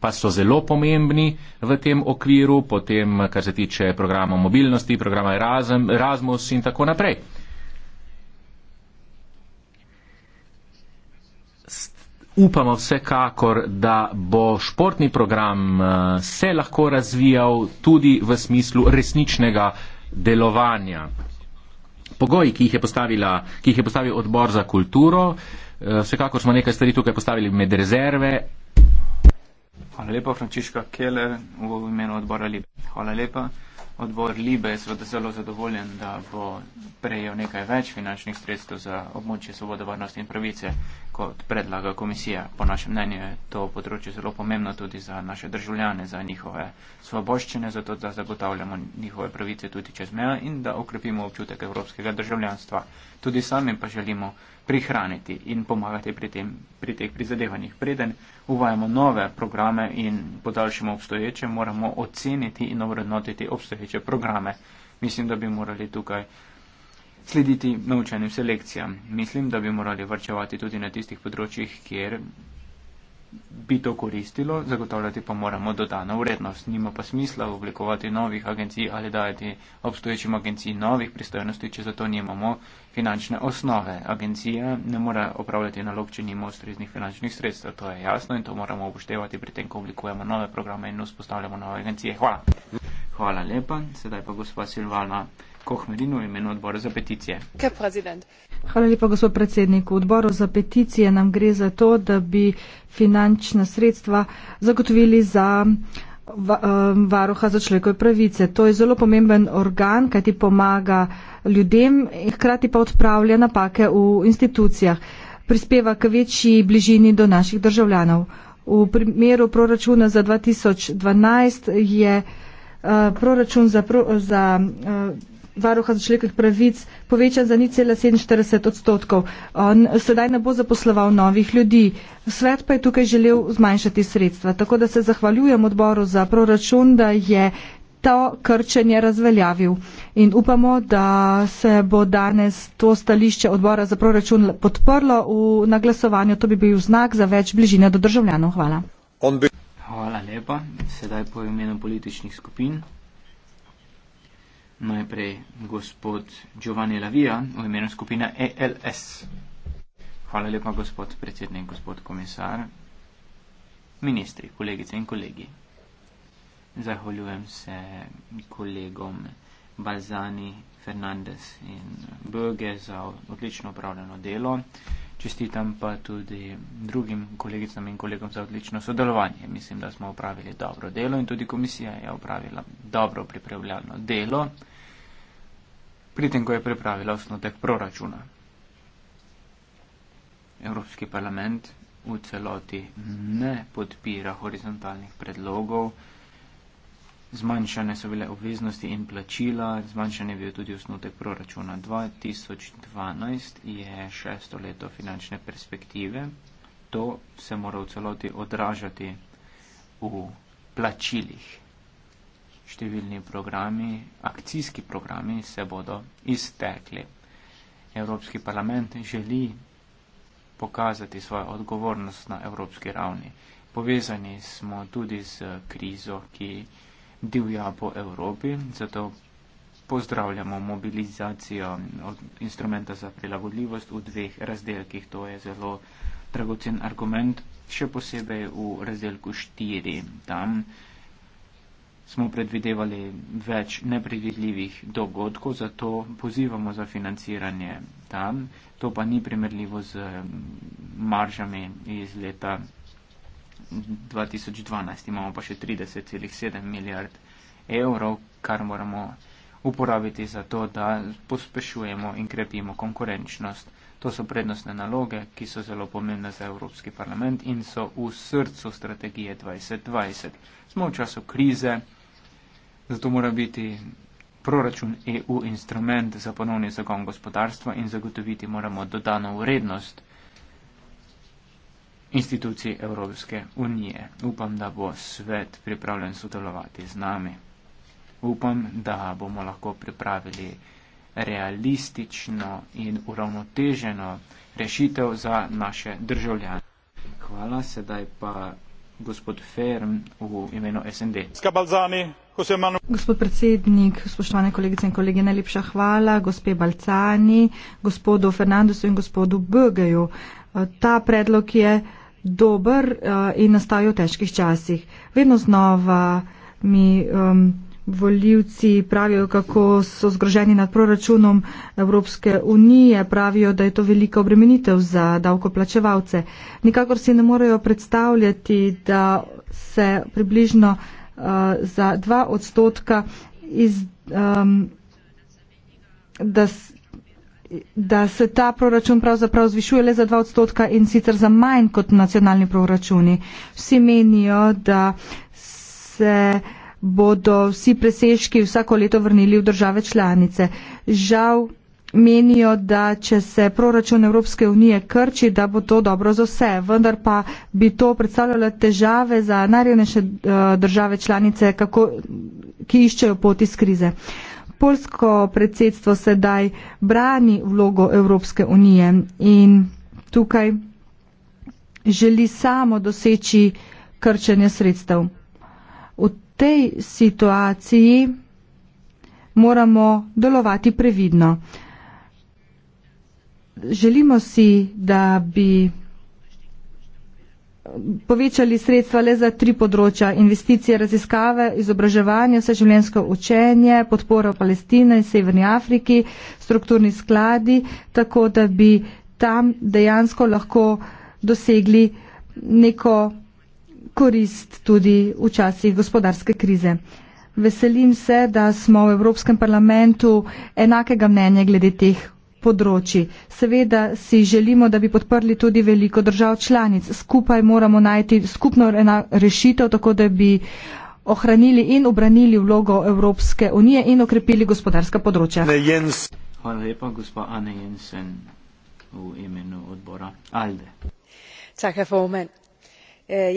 pa so zelo pomembni v tem okviru, potem kar se tiče programa mobilnosti, programa Erasmus in tako naprej. Upamo vsekakor, da bo športni program eh, se lahko razvijal tudi v smislu resničnega delovanja pogoji, ki jih, ki jih je postavil odbor za kulturo. Eh, vsekakor smo nekaj stvari tukaj postavili med rezerve. Hvala lepa, Frančiška Keller, v imenu odbora Libe. Hvala lepa. Odbor Libe je seveda zelo zadovoljen, da bo prejel nekaj več finančnih sredstev za območje svobode, varnosti in pravice kot predlaga komisija. Po našem mnenju je to področje zelo pomembno tudi za naše državljane, za njihove svoboščine, zato da zagotavljamo njihove pravice tudi čez meja in da okrepimo občutek evropskega državljanstva. Tudi sami pa želimo prihraniti in pomagati pri, tem, pri teh prizadevanjih. Preden uvajamo nove programe in podaljšamo obstoječe, moramo oceniti in obrednotiti obstoječe programe. Mislim, da bi morali tukaj slediti naučenim selekcijam. Mislim, da bi morali varčevati tudi na tistih področjih, kjer bi to koristilo, zagotavljati pa moramo dodano vrednost. Nima pa smisla oblikovati novih agencij ali dajati obstoječim agencij novih pristojnosti, če zato nimamo finančne osnove. Agencija ne more opravljati nalog, če nima ustreznih finančnih sredstev. To je jasno in to moramo upoštevati pri tem, ko oblikujemo nove programe in vzpostavljamo nove agencije. Hvala. Hvala lepa. Sedaj pa gospa Silvana. Kohmedinu v imenu odbora za peticije. Hvala lepa, gospod predsednik. V odboru za peticije nam gre za to, da bi finančna sredstva zagotovili za ehm, varuha za človekove pravice. To je zelo pomemben organ, kaj ti pomaga ljudem in hkrati pa odpravlja napake v institucijah. Prispeva k večji bližini do naših državljanov. V primeru proračuna za 2012 je uh, proračun za, pro, za uh, varuha človekovih pravic poveča za 0,47 odstotkov. On sedaj ne bo zaposloval novih ljudi. Svet pa je tukaj želel zmanjšati sredstva. Tako da se zahvaljujem odboru za proračun, da je to krčenje razveljavil. In upamo, da se bo danes to stališče odbora za proračun podprlo v naglasovanju. To bi bil znak za več bližine do državljanov. Hvala. Hvala lepa. Sedaj po imenu političnih skupin najprej gospod Giovanni Lavija v imenu skupina ELS. Hvala lepa, gospod predsednik, gospod komisar, ministri, kolegice in kolegi. Zahvaljujem se kolegom Balzani, Fernandez in Böge za odlično upravljeno delo. Čestitam pa tudi drugim kolegicam in kolegom za odlično sodelovanje. Mislim, da smo upravili dobro delo in tudi komisija je upravila dobro pripravljeno delo pri tem, ko je pripravila osnotek proračuna. Evropski parlament v celoti ne podpira horizontalnih predlogov, zmanjšane so bile obveznosti in plačila, zmanjšan je bil tudi osnotek proračuna. 2012 je šesto leto finančne perspektive, to se mora v celoti odražati v plačilih številni programi, akcijski programi se bodo iztekli. Evropski parlament želi pokazati svojo odgovornost na evropski ravni. Povezani smo tudi z krizo, ki divja po Evropi, zato pozdravljamo mobilizacijo instrumenta za prilagodljivost v dveh razdelkih. To je zelo dragocen argument, še posebej v razdelku 4. Tam smo predvidevali več nepredvidljivih dogodkov, zato pozivamo za financiranje tam. To pa ni primerljivo z maržami iz leta 2012. Imamo pa še 30,7 milijard evrov, kar moramo uporabiti za to, da pospešujemo in krepimo konkurenčnost. To so prednostne naloge, ki so zelo pomembne za Evropski parlament in so v srcu strategije 2020. Smo v času krize. Zato mora biti proračun EU instrument za ponovni zagon gospodarstva in zagotoviti moramo dodano vrednost institucij Evropske unije. Upam, da bo svet pripravljen sodelovati z nami. Upam, da bomo lahko pripravili realistično in uravnoteženo rešitev za naše državljane. Hvala, sedaj pa gospod Ferm v imenu SND. Gospod predsednik, spoštovane kolegice in kolege, najlepša hvala gospe Balcani, gospodu Fernandesu in gospodu Bögeju. Eh, ta predlog je dober eh, in nastaja v težkih časih. Vedno znova mi. Um, Voljivci pravijo, kako so zgroženi nad proračunom Evropske unije, pravijo, da je to velika obremenitev za davkoplačevalce. Nikakor si ne morejo predstavljati, da se približno uh, za dva odstotka iz, um, da, da se ta proračun pravzaprav zvišuje le za dva odstotka in sicer za manj kot nacionalni proračuni. Vsi menijo, da se bodo vsi presežki vsako leto vrnili v države članice. Žal menijo, da če se proračun Evropske unije krči, da bo to dobro za vse, vendar pa bi to predstavljalo težave za najrevnejše eh, države članice, kako, ki iščejo pot iz krize. Polsko predsedstvo sedaj brani vlogo Evropske unije in tukaj želi samo doseči krčenje sredstev tej situaciji moramo delovati previdno. Želimo si, da bi povečali sredstva le za tri področja. Investicije, raziskave, izobraževanje, vseživljenjsko učenje, podporo Palestine in Severni Afriki, strukturni skladi, tako da bi tam dejansko lahko dosegli neko korist tudi v časih gospodarske krize. Veselim se, da smo v Evropskem parlamentu enakega mnenja glede teh področji. Seveda si želimo, da bi podprli tudi veliko držav članic. Skupaj moramo najti skupno rešitev, tako da bi ohranili in obranili vlogo Evropske unije in okrepili gospodarska področja. Hvala lepa, gospa Anne Jensen, v imenu odbora Alde. Čakaj, moment. Eh,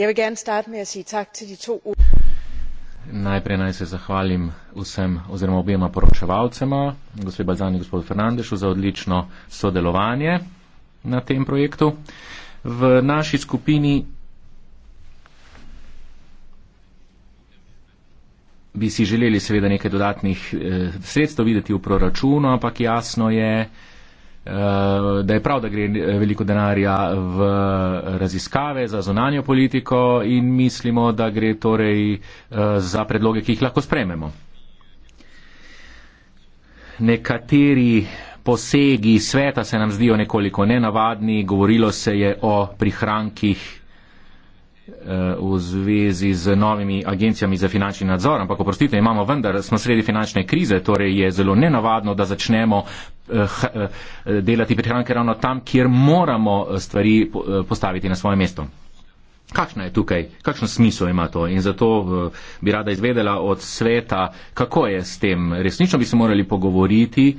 Najprej naj se zahvalim vsem oziroma objema poročevalcema, gospod Balzani, gospod Fernandešu, za odlično sodelovanje na tem projektu. V naši skupini bi si želeli seveda nekaj dodatnih eh, sredstev videti v proračunu, ampak jasno je, Eh, da je prav, da gre eh, veliko denarja v raziskave za zonanjo politiko in mislimo, da gre torej eh, za predloge, ki jih lahko sprememo. Nekateri posegi sveta se nam zdijo nekoliko nenavadni, govorilo se je o prihrankih v zvezi z novimi agencijami za finančni nadzor, ampak oprostite, imamo vendar, smo sredi finančne krize, torej je zelo nenavadno, da začnemo eh, eh delati prihranke ravno tam, kjer moramo eh, stvari eh, postaviti na svoje mesto. Kakšna je tukaj, kakšno smislo ima to in zato bi rada izvedela od sveta, kako je s tem. Resnično bi se morali pogovoriti,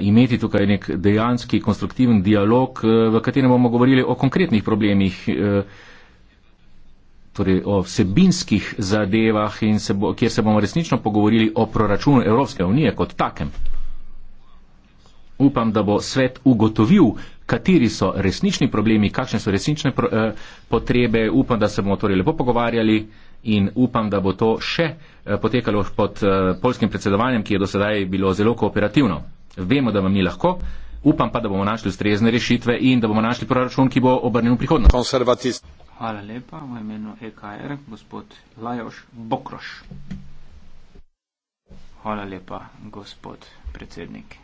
imeti tukaj nek dejanski konstruktiven dialog, v katerem bomo govorili o konkretnih problemih torej o vsebinskih zadevah, se bo, kjer se bomo resnično pogovorili o proračunu Evropske unije kot takem. Upam, da bo svet ugotovil, kateri so resnični problemi, kakšne so resnične pro, eh, potrebe. Upam, da se bomo torej lepo pogovarjali in upam, da bo to še eh, potekalo pod eh, polskim predsedovanjem, ki je do sedaj bilo zelo kooperativno. Vemo, da vam ni lahko. Upam pa, da bomo našli ustrezne rešitve in da bomo našli proračun, ki bo obrnjen v prihodnost. Hvala lepa. V imenu EKR, gospod Lajoš Bokroš. Hvala lepa, gospod predsednik.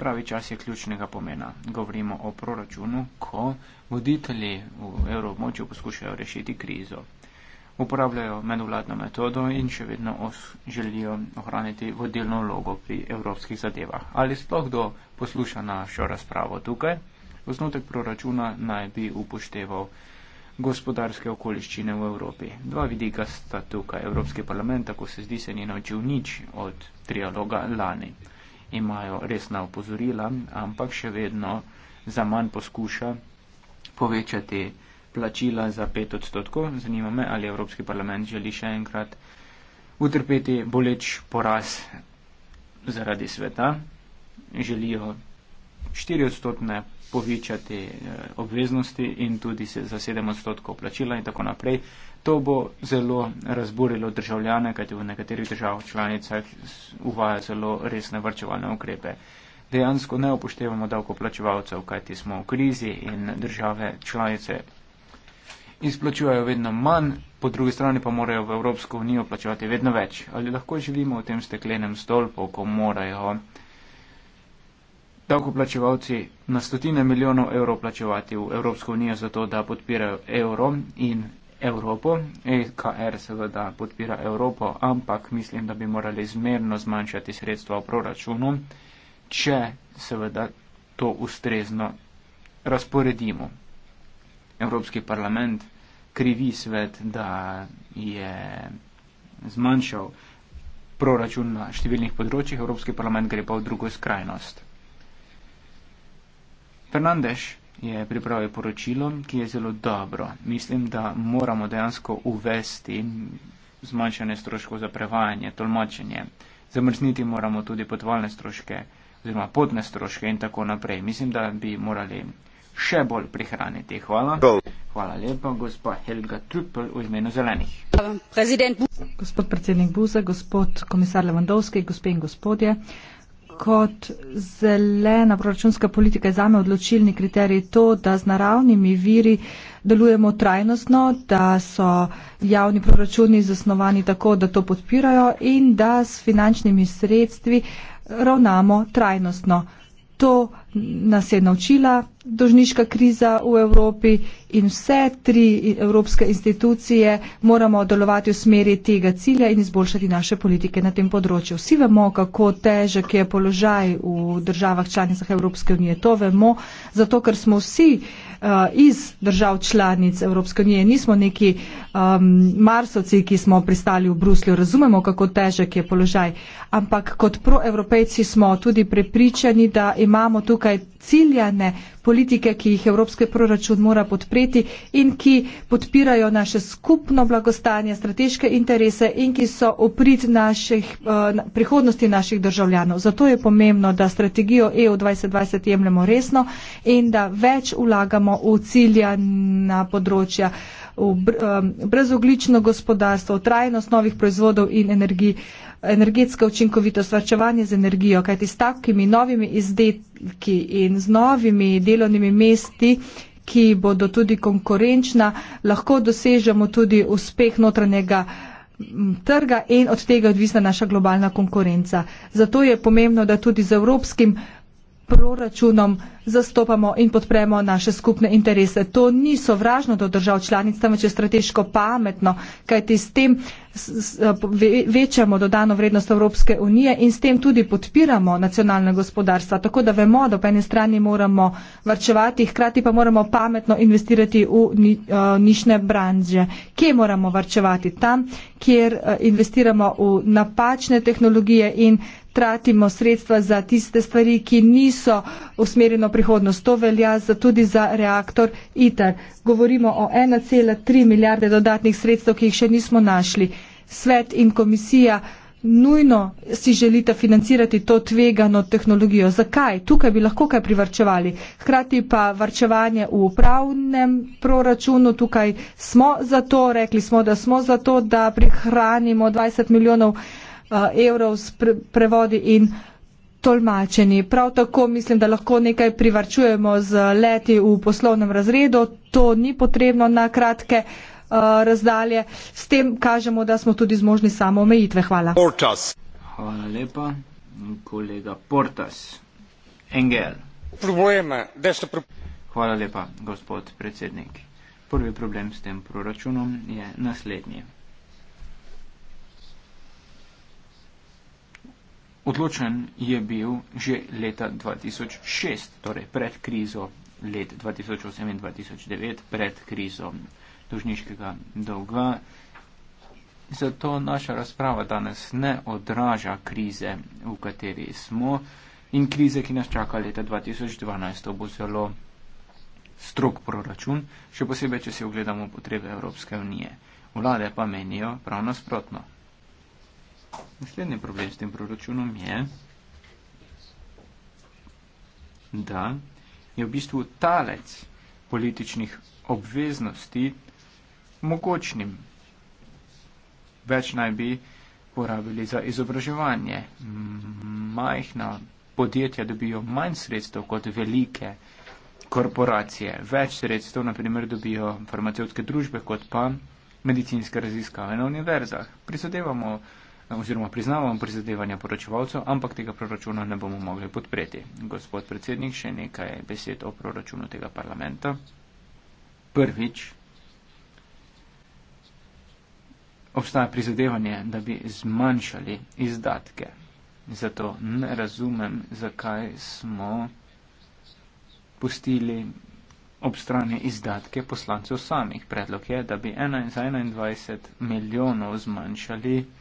Pravi čas je ključnega pomena. Govorimo o proračunu, ko voditelji v evroobmočju poskušajo rešiti krizo. Uporabljajo medvladno metodo in še vedno os želijo ohraniti vodilno vlogo pri evropskih zadevah. Ali sploh kdo posluša našo razpravo tukaj? Osnutek proračuna naj bi upošteval gospodarske okoliščine v Evropi. Dva vidika sta tukaj. Evropski parlament, tako se zdi, se ni naučil nič od trialoga lani. Imajo resna opozorila, ampak še vedno za manj poskuša povečati plačila za pet odstotkov. Zanima me, ali Evropski parlament želi še enkrat utrpeti boleč poraz zaradi sveta. Želijo 4 odstotne povečati eh, obveznosti in tudi se za 7 odstotkov plačila in tako naprej. To bo zelo razburilo državljane, kajti v nekaterih državah članicah uvaja zelo resne vrčevalne ukrepe. Dejansko ne upoštevamo davkoplačevalcev, kajti smo v krizi in države članice izplačujejo vedno manj, po drugi strani pa morajo v Evropsko unijo plačevati vedno več. Ali lahko živimo v tem steklenem stolpu, ko morajo davkoplačevalci na stotine milijonov evrov plačevati v Evropsko unijo za to, da podpirajo evro in Evropo. EKR er seveda podpira Evropo, ampak mislim, da bi morali zmerno zmanjšati sredstva v proračunu, če seveda to ustrezno razporedimo. Evropski parlament krivi svet, da je zmanjšal proračun na številnih področjih, Evropski parlament gre pa v drugo skrajnost. Fernandeš je pripravil poročilo, ki je zelo dobro. Mislim, da moramo dejansko uvesti zmanjšanje stroškov za prevajanje, tolmačenje. Zamrzniti moramo tudi potovalne stroške oziroma potne stroške in tako naprej. Mislim, da bi morali še bolj prihraniti. Hvala. Hvala lepa, gospa Helga Trupel v imenu zelenih. Gospod predsednik Buza, gospod komisar Levandovski, gospe in gospodje kot zelena proračunska politika je zame odločilni kriterij to, da z naravnimi viri delujemo trajnostno, da so javni proračuni zasnovani tako, da to podpirajo in da s finančnimi sredstvi ravnamo trajnostno. To nas je naučila dožniška kriza v Evropi in vse tri evropske institucije moramo delovati v smeri tega cilja in izboljšati naše politike na tem področju. Vsi vemo, kako težek je položaj v državah članicah Evropske unije. To vemo, zato ker smo vsi uh, Eh, iz držav članic Evropske unije. Nismo neki um, marsovci, ki smo pristali v Bruslju, razumemo, kako težek je položaj, ampak kot proevropejci smo tudi prepričani, da imamo tukaj ciljane politike, ki jih Evropski proračun mora podpreti in ki podpirajo naše skupno blagostanje, strateške interese in ki so oprit naših, uh, prihodnosti naših državljanov. Zato je pomembno, da strategijo EU 2020 jemljemo resno in da več vlagamo v ciljana področja v br um, eh, brezoglično gospodarstvo, trajnost novih proizvodov in energij. Uh, energetska učinkovitost, varčevanje z energijo, kajti s takimi novimi izdelki in z novimi delovnimi mesti, ki bodo tudi konkurenčna, lahko dosežemo tudi uspeh notranjega trga in od tega odvisna naša globalna konkurenca. Zato je pomembno, da tudi z evropskim proračunom zastopamo in podpremo naše skupne interese. To ni sovražno do držav članic, temveč je strateško pametno, kajti s tem večamo dodano vrednost Evropske unije in s tem tudi podpiramo nacionalne gospodarstva. Tako da vemo, da po eni strani moramo varčevati, hkrati pa moramo pametno investirati v ni, uh, nišne branže. Kje moramo varčevati? Tam, kjer uh, investiramo v napačne tehnologije in tratimo sredstva za tiste stvari, ki niso usmerjeno prihodnost. To velja za, tudi za reaktor ITER. Govorimo o 1,3 milijarde dodatnih sredstev, ki jih še nismo našli. Svet in komisija nujno si želite financirati to tvegano tehnologijo. Zakaj? Tukaj bi lahko kaj privrčevali. Hkrati pa varčevanje v upravnem proračunu, tukaj smo za to, rekli smo, da smo za to, da prihranimo 20 milijonov Eh, evrov s prevodi in tolmačeni. Prav tako mislim, da lahko nekaj privarčujemo z leti v poslovnem razredu, to ni potrebno na kratke eh, razdalje. S tem kažemo, da smo tudi zmožni samo omejitve. Hvala. Portas. Hvala lepa. Kolega Portas. Engel. Problema, da so pro... Hvala lepa, gospod predsednik. Prvi problem s tem proračunom je naslednji. Odločen je bil že leta 2006, torej pred krizo let 2008 in 2009, pred krizo dožniškega dolga. Zato naša razprava danes ne odraža krize, v kateri smo in krize, ki nas čaka leta 2012, to bo zelo strok proračun, še posebej, če si ogledamo potrebe Evropske unije. Vlade pa menijo prav nasprotno. Naslednji problem s tem proračunom je, da je v bistvu talec političnih obveznosti mogočnim. Več naj bi porabili za izobraževanje. Majhna podjetja dobijo manj sredstev kot velike korporacije. Več sredstev, naprimer, dobijo farmacevtske družbe kot pa medicinske raziskave na univerzah. Prisodevamo oziroma priznavam prizadevanja poročevalcev, ampak tega proračuna ne bomo mogli podpreti. Gospod predsednik, še nekaj besed o proračunu tega parlamenta. Prvič, obstaja prizadevanje, da bi zmanjšali izdatke. Zato ne razumem, zakaj smo pustili ob strani izdatke poslancev samih. Predlog je, da bi za 21 milijonov zmanjšali izdatke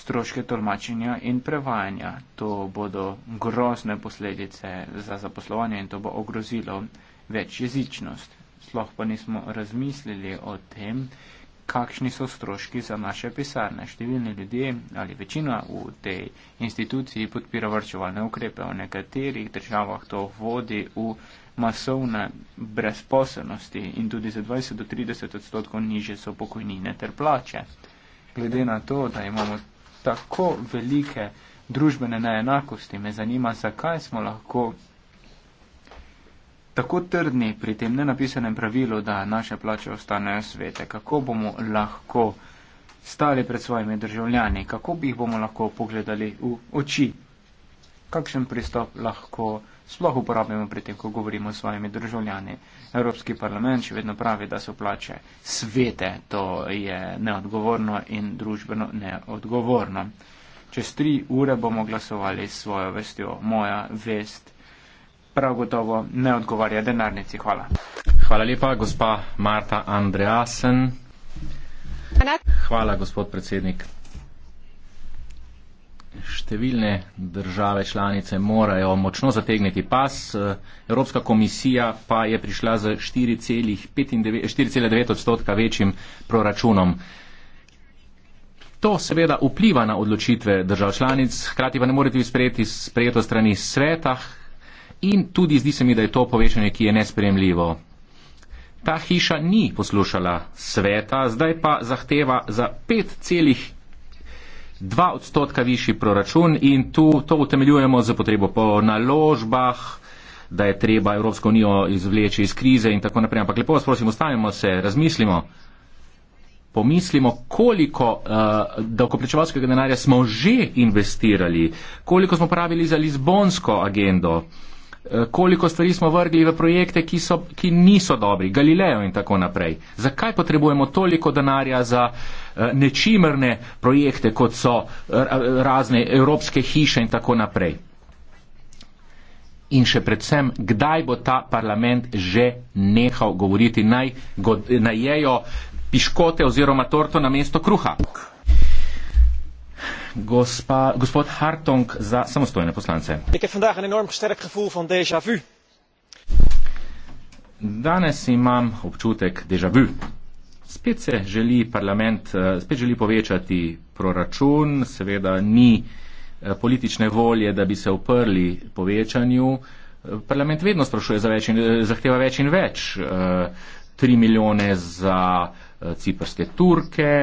stroške tolmačenja in prevajanja. To bodo grozne posledice za zaposlovanje in to bo ogrozilo večjezičnost. Sloh pa nismo razmislili o tem, kakšni so stroški za naše pisarne. Številni ljudje ali večina v tej instituciji podpira vrčevalne ukrepe. V nekaterih državah to vodi v masovne brezposobnosti in tudi za 20 do 30 odstotkov niže so pokojnine ter plače. Glede na to, da imamo tako velike družbene neenakosti. Me zanima, zakaj smo lahko tako trdni pri tem nenapisanem pravilu, da naše plače ostanejo svete. Kako bomo lahko stali pred svojimi državljani, kako bi jih bomo lahko pogledali v oči kakšen pristop lahko sploh uporabljamo pri tem, ko govorimo s svojimi državljani. Evropski parlament še vedno pravi, da so plače svete. To je neodgovorno in družbeno neodgovorno. Čez tri ure bomo glasovali s svojo vestjo. Moja vest prav gotovo ne odgovarja denarnici. Hvala. Hvala lepa, gospa Marta Andreasen. Hvala, gospod predsednik številne države članice morajo močno zategniti pas. Eh, Evropska komisija pa je prišla z 4,9 odstotka večjim proračunom. To seveda vpliva na odločitve držav članic, hkrati pa ne morete sprejeti sprejeto strani sveta in tudi zdi se mi, da je to povečanje, ki je nespremljivo. Ta hiša ni poslušala sveta, zdaj pa zahteva za dva odstotka višji proračun in tu, to utemeljujemo za potrebo po naložbah, da je treba Evropsko unijo izvleči iz krize in tako naprej. Ampak lepo vas prosim, ostavimo se, razmislimo, pomislimo, koliko uh, davkoplačevalskega denarja smo že investirali, koliko smo pravili za Lizbonsko agendo. Eh, koliko stvari smo vrgli v projekte, ki, so, ki niso dobri, Galileo in tako naprej. Zakaj potrebujemo toliko denarja za eh, nečimrne projekte, kot so eh, razne evropske hiše in tako naprej? In še predvsem, kdaj bo ta parlament že nehal govoriti, naj, go, naj jejo piškote oziroma torto na mesto kruha? Gospa, gospod Hartong za samostojne poslance. Ik heb vandaag een enorm sterk gevoel van déjà vu. Danes imam občutek déjà vu. Spet se želi parlament, eh, spet želi povečati proračun, seveda ni eh, politične volje, da bi se uprli povečanju. Parlament vedno sprašuje za več in eh, zahteva več in več. 3 milijone za ciprske Turke,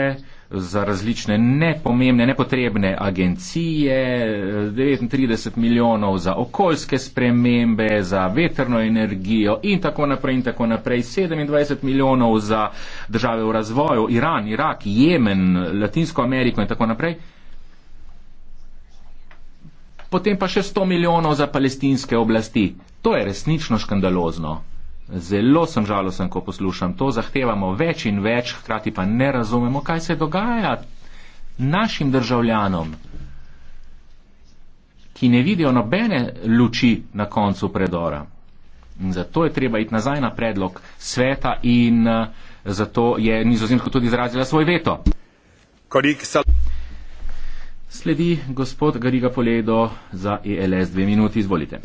za različne nepomembne, nepotrebne agencije, 39 milijonov za okoljske spremembe, za veterno energijo in tako naprej in tako naprej, 27 milijonov za države v razvoju, Iran, Irak, Jemen, Latinsko Ameriko in tako naprej. Potem pa še 100 milijonov za palestinske oblasti. To je resnično škandalozno. Zelo sem žalosten, ko poslušam to, zahtevamo več in več, hkrati pa ne razumemo, kaj se dogaja našim državljanom, ki ne vidijo nobene luči na koncu predora. In zato je treba iti nazaj na predlog sveta in eh, zato je nizozemsko tudi izrazila svoj veto. Korik, sal... Sledi gospod Gariga Poledo za ELS. Dve minuti, izvolite.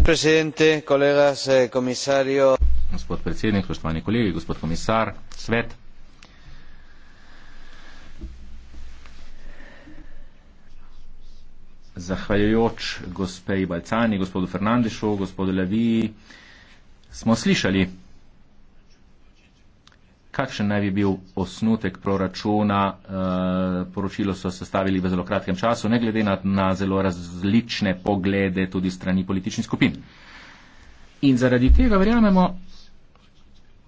Kolegas, komisarjo. Eh, gospod predsednik, spoštovani kolegi, gospod komisar, svet. Zahvaljujoč gospej Balcani, gospodu Fernandišu, gospodu Leviji, smo slišali, kakšen naj bi bil osnutek proračuna. Eh, poročilo so sestavili v zelo kratkem času, ne glede na, na zelo različne poglede tudi strani političnih skupin. In zaradi tega verjamemo,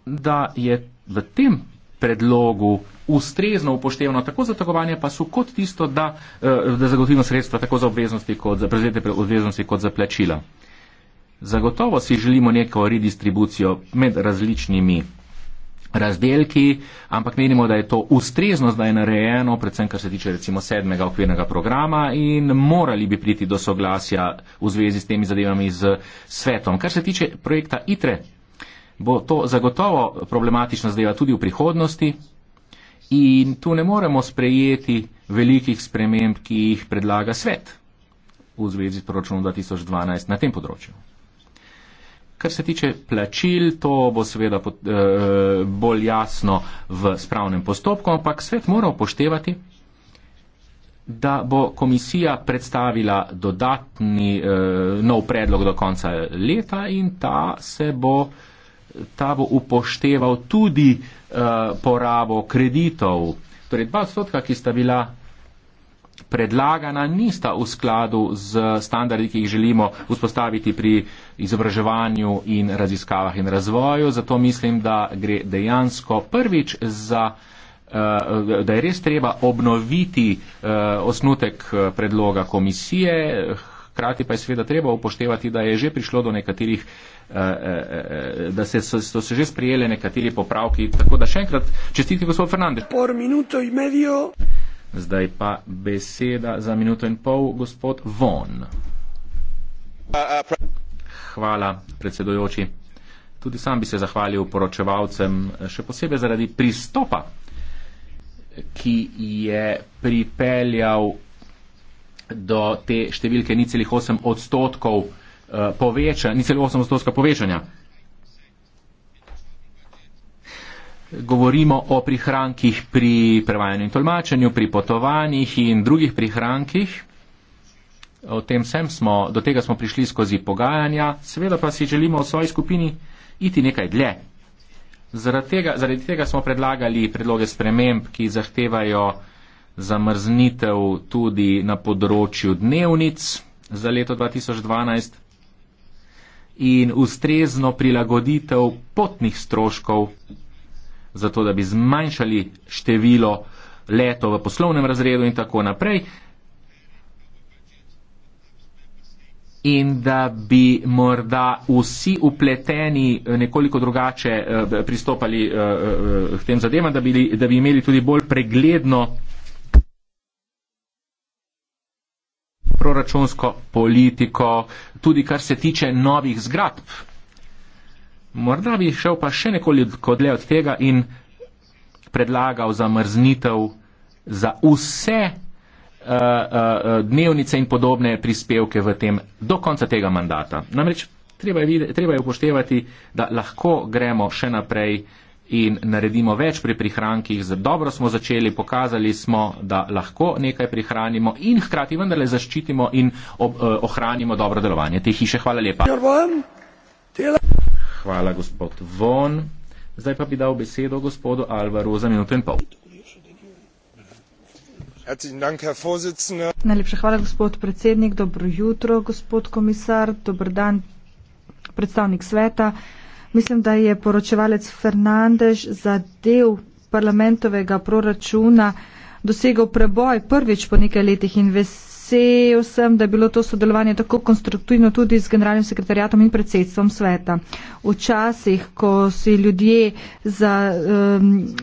da je v tem predlogu ustrezno upoštevano tako zategovanje pasu, kot tisto, da, eh, da zagotovimo sredstva tako za obveznosti kot za prezete obveznosti kot za plačila. Zagotovo si želimo neko redistribucijo med različnimi razdelki, ampak menimo, da je to ustrezno zdaj narejeno, predvsem kar se tiče recimo sedmega okvirnega programa in morali bi priti do soglasja v zvezi s temi zadevami z svetom. Kar se tiče projekta ITRE, bo to zagotovo problematična zadeva tudi v prihodnosti in tu ne moremo sprejeti velikih sprememb, ki jih predlaga svet v zvezi s proračunom 2012 na tem področju. Kar se tiče plačil, to bo seveda pot, e, bolj jasno v spravnem postopku, ampak svet mora upoštevati, da bo komisija predstavila dodatni e, nov predlog do konca leta in ta se bo, ta bo upošteval tudi e, porabo kreditov. Torej, dva odstotka, ki sta bila predlagana, nista v skladu z standardi, ki jih želimo vzpostaviti pri izobraževanju in raziskavah in razvoju. Zato mislim, da gre dejansko prvič za eh, da je res treba obnoviti eh, osnutek eh, predloga komisije, hkrati pa je seveda treba upoštevati, da je že prišlo do nekaterih, da se, so se že sprijele nekateri popravki. Tako da še enkrat čestitke, gospod Fernandez. Zdaj pa beseda za minuto in pol, gospod Von. Uh, uh, hvala, predsedujoči. Tudi sam bi se zahvalil poročevalcem, še posebej zaradi pristopa, ki je pripeljal do te številke ni celih 8 odstotkov eh, povečanja, ni celih 8 odstotka povečanja. Govorimo o prihrankih pri prevajanju in tolmačenju, pri potovanjih in drugih prihrankih o tem sem smo, do tega smo prišli skozi pogajanja, seveda pa si želimo v svoji skupini iti nekaj dlje. Zaradi tega, zaradi tega smo predlagali predloge sprememb, ki zahtevajo zamrznitev tudi na področju dnevnic za leto 2012 in ustrezno prilagoditev potnih stroškov, zato da bi zmanjšali število leto v poslovnem razredu in tako naprej. in da bi morda vsi upleteni eh, nekoliko drugače eh, pristopali eh, k tem zadevam, da, da bi imeli tudi bolj pregledno proračunsko politiko, tudi kar se tiče novih zgradb. Morda bi šel pa še nekoliko dlje od tega in predlagal zamrznitev za vse uh, uh, dnevnice in podobne prispevke v tem do konca tega mandata. Namreč treba je, videti, treba je upoštevati, da lahko gremo še naprej in naredimo več pri prihrankih. Dobro smo začeli, pokazali smo, da lahko nekaj prihranimo in hkrati vendarle zaščitimo in ob, uh, ohranimo dobro delovanje te hiše. Hvala lepa. Hvala, gospod Von. Zdaj pa bi dal besedo gospodu Alvaru za minuto in pol. Najlepša hvala, gospod predsednik. Dobro jutro, gospod komisar. Dobro dan, predstavnik sveta. Mislim, da je poročevalec Fernandež za del parlamentovega proračuna dosegal preboj prvič po nekaj letih in veselje vesel sem, da je bilo to sodelovanje tako konstruktivno tudi z generalnim sekretarjatom in predsedstvom sveta. Včasih, ko si ljudje za, um,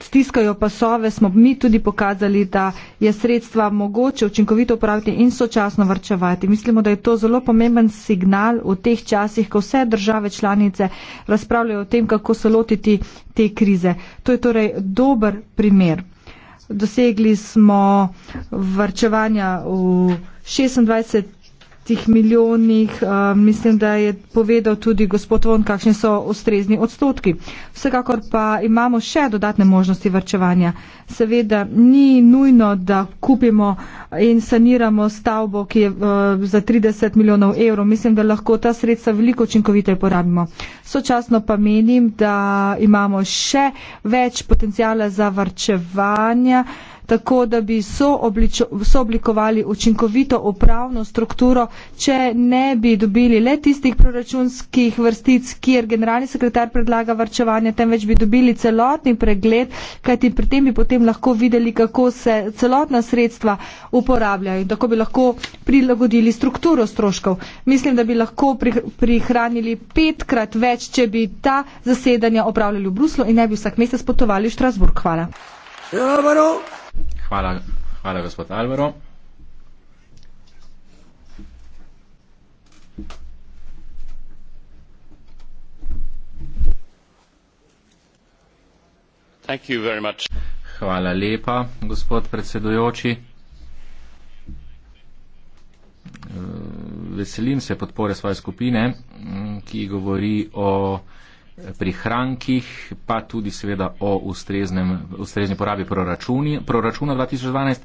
stiskajo pasove, smo mi tudi pokazali, da je sredstva mogoče učinkovito upraviti in sočasno vrčevati. Mislimo, da je to zelo pomemben signal v teh časih, ko vse države članice razpravljajo o tem, kako se lotiti te krize. To je torej dober primer dosegli smo vrčevanja v 26 desetih milijonih, uh, mislim, da je povedal tudi gospod Von, kakšni so ustrezni odstotki. Vsekakor pa imamo še dodatne možnosti vrčevanja. Seveda ni nujno, da kupimo in saniramo stavbo, ki je uh, za 30 milijonov evrov. Mislim, da lahko ta sredstva veliko učinkovite porabimo. Sočasno pa menim, da imamo še več potencijala za vrčevanja. Uh, tako da bi sooblikovali učinkovito upravno strukturo, če ne bi dobili le tistih proračunskih vrstic, kjer generalni sekretar predlaga varčevanje, temveč bi dobili celotni pregled, kajti pri tem bi potem lahko videli, kako se celotna sredstva uporabljajo in tako bi lahko prilagodili strukturo stroškov. Mislim, da bi lahko prihranili petkrat več, če bi ta zasedanja opravljali v Bruslu in ne bi vsak mesec potovali v Štrasburg. Hvala. Yeah, but oh. Hvala, hvala gospod Alvaro. Thank you very much. Hvala lepa, gospod predsedujoči. Veselim se podpore svoje skupine, ki govori o prihrankih, pa tudi seveda o ustreznem, ustrezni porabi proračuna 2012.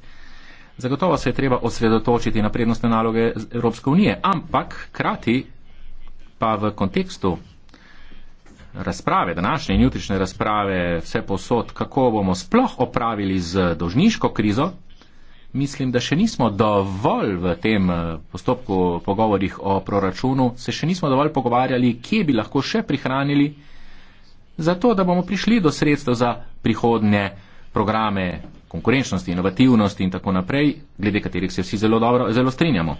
Zagotovo se je treba osredotočiti na prednostne naloge Evropske unije, ampak krati pa v kontekstu razprave, današnje in jutrišnje razprave, vse posod, kako bomo sploh opravili z dožniško krizo, mislim, da še nismo dovolj v tem eh, postopku pogovorih o proračunu, se še nismo dovolj pogovarjali, kje bi lahko še prihranili, zato da bomo prišli do sredstev za prihodnje programe konkurenčnosti, inovativnosti in tako naprej, glede katerih se vsi zelo dobro, zelo strinjamo.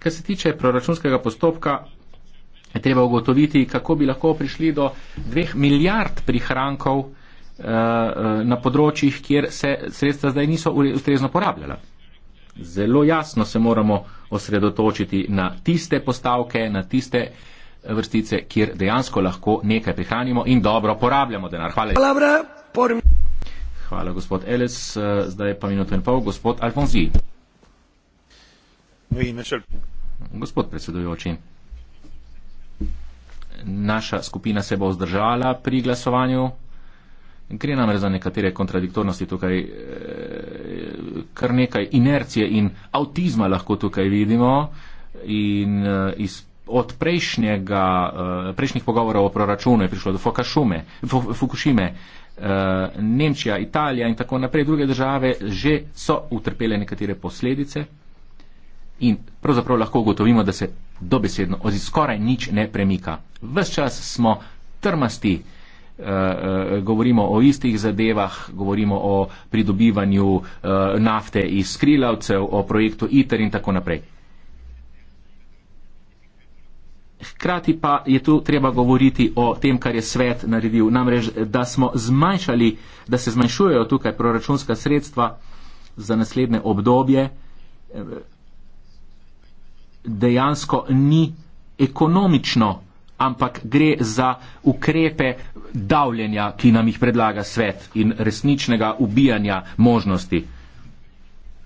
Kar se tiče proračunskega postopka, je treba ugotoviti, kako bi lahko prišli do dveh milijard prihrankov, Eh, eh, na področjih, kjer se sredstva zdaj niso ustrezno porabljala. Zelo jasno se moramo osredotočiti na tiste postavke, na tiste vrstice, kjer dejansko lahko nekaj prihranimo in dobro porabljamo denar. Hvala. Hvala, gospod Eles. Eh, zdaj pa minuto in pol, gospod Alfonzi. Gospod predsedujoči. Naša skupina se bo vzdržala pri glasovanju. Gre namreč za nekatere kontradiktornosti tukaj, eh, kar nekaj inercije in avtizma lahko tukaj vidimo in eh, iz, od prejšnjega, eh, prejšnjih pogovorov o proračunu je prišlo do Fukushime, Fukushime, Nemčija, Italija in tako naprej, druge države že so utrpele nekatere posledice in pravzaprav lahko ugotovimo, da se dobesedno oziroma skoraj nič ne premika. Ves čas smo trmasti, Eh, eh, govorimo o istih zadevah, govorimo o pridobivanju eh, nafte iz skrilavcev, o projektu ITER in tako naprej. Hkrati pa je tu treba govoriti o tem, kar je svet naredil. Namreč, da smo zmanjšali, da se zmanjšujejo tukaj proračunska sredstva za naslednje obdobje, dejansko ni ekonomično ampak gre za ukrepe davljenja, ki nam jih predlaga svet in resničnega ubijanja možnosti.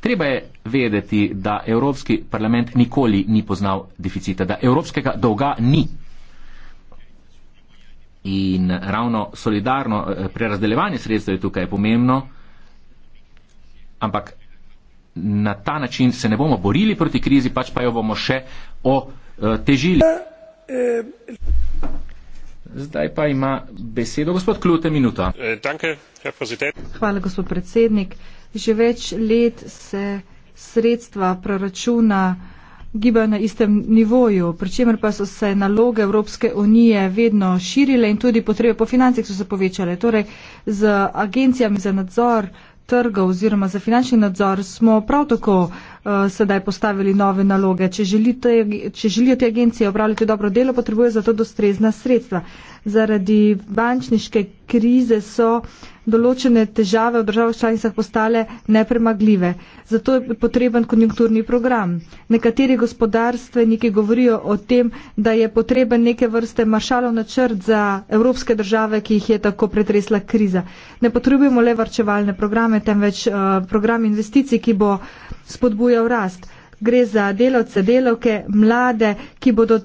Treba je vedeti, da Evropski parlament nikoli ni poznal deficita, da evropskega dolga ni. In ravno solidarno eh, prerazdeljevanje sredstev je tukaj pomembno, ampak na ta način se ne bomo borili proti krizi, pač pa jo bomo še otežili. Zdaj pa ima besedo gospod Klute minuta. Hvala, gospod predsednik. Že več let se sredstva proračuna gibajo na istem nivoju, pri čemer pa so se naloge Evropske unije vedno širile in tudi potrebe po financih so se povečale. Torej, z agencijami za nadzor trgov oziroma za finančni nadzor smo prav tako uh, sedaj postavili nove naloge. Če, želite, če želijo te agencije opravljati dobro delo, potrebuje za to dostrezna sredstva. Zaradi bančniške krize so določene težave v državah članicah postale nepremagljive. Zato je potreben konjunkturni program. Nekateri gospodarstveniki govorijo o tem, da je potreben neke vrste maršalov načrt za evropske države, ki jih je tako pretresla kriza. Ne potrebujemo le varčevalne programe, temveč uh, program investicij, ki bo uh, spodbujal rast. Gre za delavce, delavke, mlade, ki bodo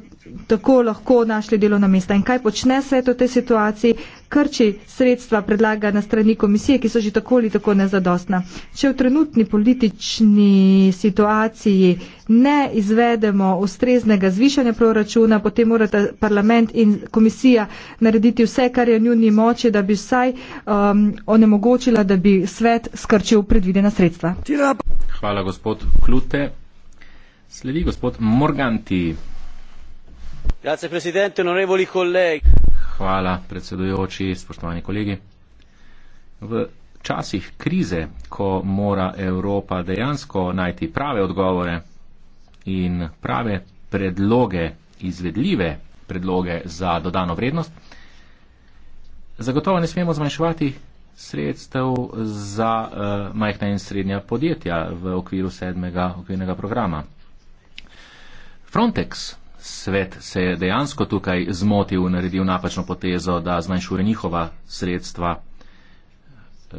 tako lahko našli delovna mesta. In kaj počne svet v tej situaciji? Krči sredstva predlaga na strani komisije, ki so že tako ali tako nezadostna. Če v trenutni politični situaciji ne izvedemo ustreznega zvišanja proračuna, potem mora parlament in komisija narediti vse, kar je v njuni moči, da bi vsaj um, onemogočila, da bi svet skrčil predvidena sredstva. Hvala, gospod Klute. Sledi gospod Morganti. Hvala, predsedujoči, spoštovani kolegi. V časih krize, ko mora Evropa dejansko najti prave odgovore in prave predloge, izvedljive predloge za dodano vrednost, zagotovo ne smemo zmanjševati sredstev za uh, majhna in srednja podjetja v okviru sedmega okvirnega programa. Frontex svet se je dejansko tukaj zmotil, naredil napačno potezo, da zmanjšuje njihova sredstva,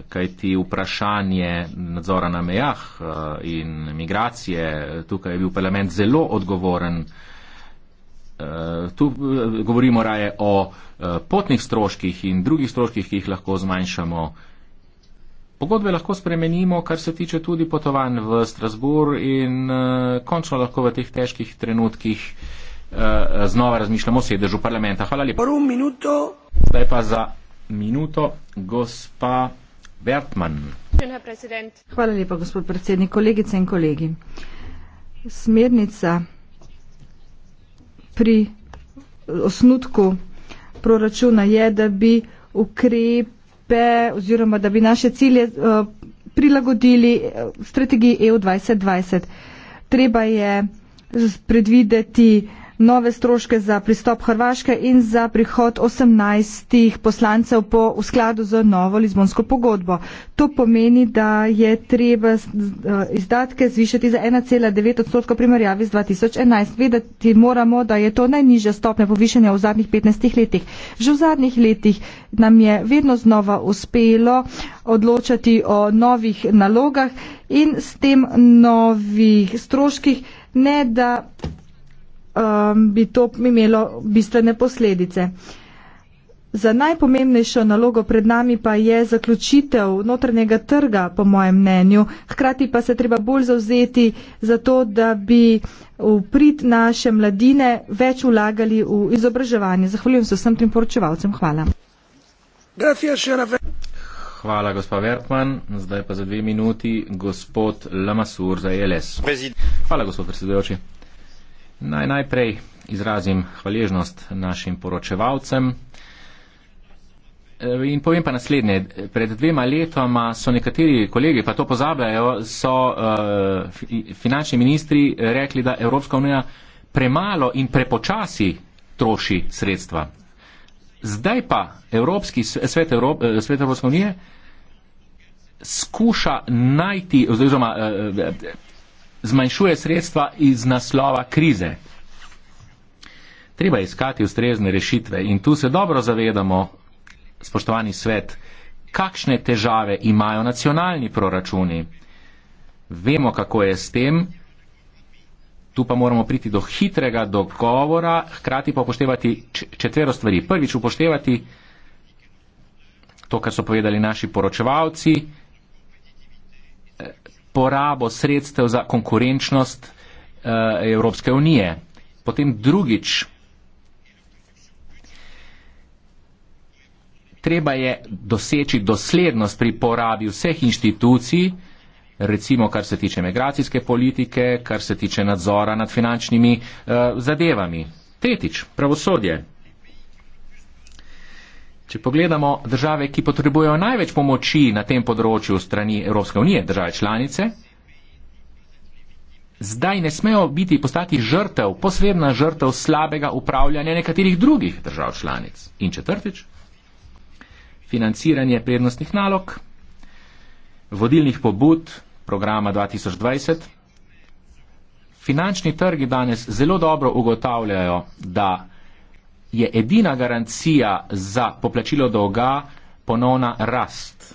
kaj ti vprašanje nadzora na mejah eh, in migracije, tukaj je bil parlament zelo odgovoren. Eh, tu eh, govorimo raje o potnih stroških in drugih stroških, ki jih lahko zmanjšamo. Pogodbe lahko spremenimo, kar se tiče tudi potovanj v Strasbourg in končno lahko v teh težkih trenutkih uh, Eh, znova razmišljamo o sedežu parlamenta. Hvala lepa. Zdaj pa za minuto gospa Bertman. Hvala lepa, gospod predsednik. Kolegice in kolegi. Smernica pri osnutku proračuna je, da bi ukrepe oziroma da bi naše cilje eh, prilagodili eh, strategiji EU 2020. Treba je predvideti nove stroške za pristop Hrvaške in za prihod 18 poslancev po v skladu z novo Lizbonsko pogodbo. To pomeni, da je treba eh, izdatke zvišati za 1,9 odstotka primerjavi z 2011. Vedeti moramo, da je to najnižja stopnja povišanja v zadnjih 15 letih. Že v zadnjih letih nam je vedno znova uspelo odločati o novih nalogah in s tem novih stroških, ne da um, bi to imelo bistvene posledice. Za najpomembnejšo nalogo pred nami pa je zaključitev notranjega trga, po mojem mnenju. Hkrati pa se treba bolj zauzeti za to, da bi v prid naše mladine več ulagali v izobraževanje. Zahvaljujem se vsem trim poročevalcem. Hvala. Hvala, gospod Vertman. Zdaj pa za dve minuti gospod Lamasur za ELS. Hvala, gospod predsedujoči. Naj najprej izrazim hvaležnost našim poročevalcem. E, in povem pa naslednje. Pred dvema letoma so nekateri kolegi, pa to pozabljajo, so uh, finančni ministri rekli, da Evropska unija premalo in prepočasi troši sredstva. Zdaj pa Evropski svet, Evrop, e, svet Evropske unije skuša najti oziroma uh, zmanjšuje sredstva iz naslova krize. Treba iskati ustrezne rešitve in tu se dobro zavedamo, spoštovani svet, kakšne težave imajo nacionalni proračuni. Vemo, kako je s tem. Tu pa moramo priti do hitrega dogovora, hkrati pa upoštevati četvero stvari. Prvič upoštevati to, kar so povedali naši poročevalci, porabo sredstev za konkurenčnost eh, Evropske unije. Potem drugič, treba je doseči doslednost pri porabi vseh inštitucij, recimo kar se tiče migracijske politike, kar se tiče nadzora nad finančnimi uh, zadevami. Tretjič, pravosodje. Če pogledamo države, ki potrebujejo največ pomoči na tem področju strani Evropske unije, države članice, zdaj ne smejo biti postati žrtev, posredna žrtev slabega upravljanja nekaterih drugih držav članic. In četrtič, financiranje prednostnih nalog, vodilnih pobud programa 2020. Finančni trgi danes zelo dobro ugotavljajo, da je edina garancija za poplačilo dolga ponovna rast.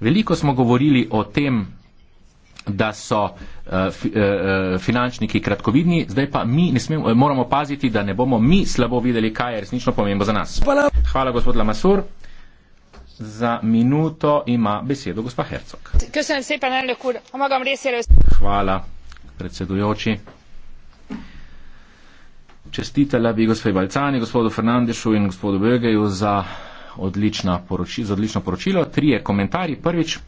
Veliko smo govorili o tem, da so uh, fi, uh, finančniki kratkovidni, zdaj pa mi ne smemo, moramo paziti, da ne bomo mi slabo videli, kaj je resnično pomembno za nas. Hvala, Hvala gospod Lamasur. Za minuto ima besedo gospa Hercog. Hvala, predsedujoči čestitala bi gospod Balcani, gospodu Fernandešu in gospodu Bögeju za, za odlično poročilo. Trije komentarji. Prvič,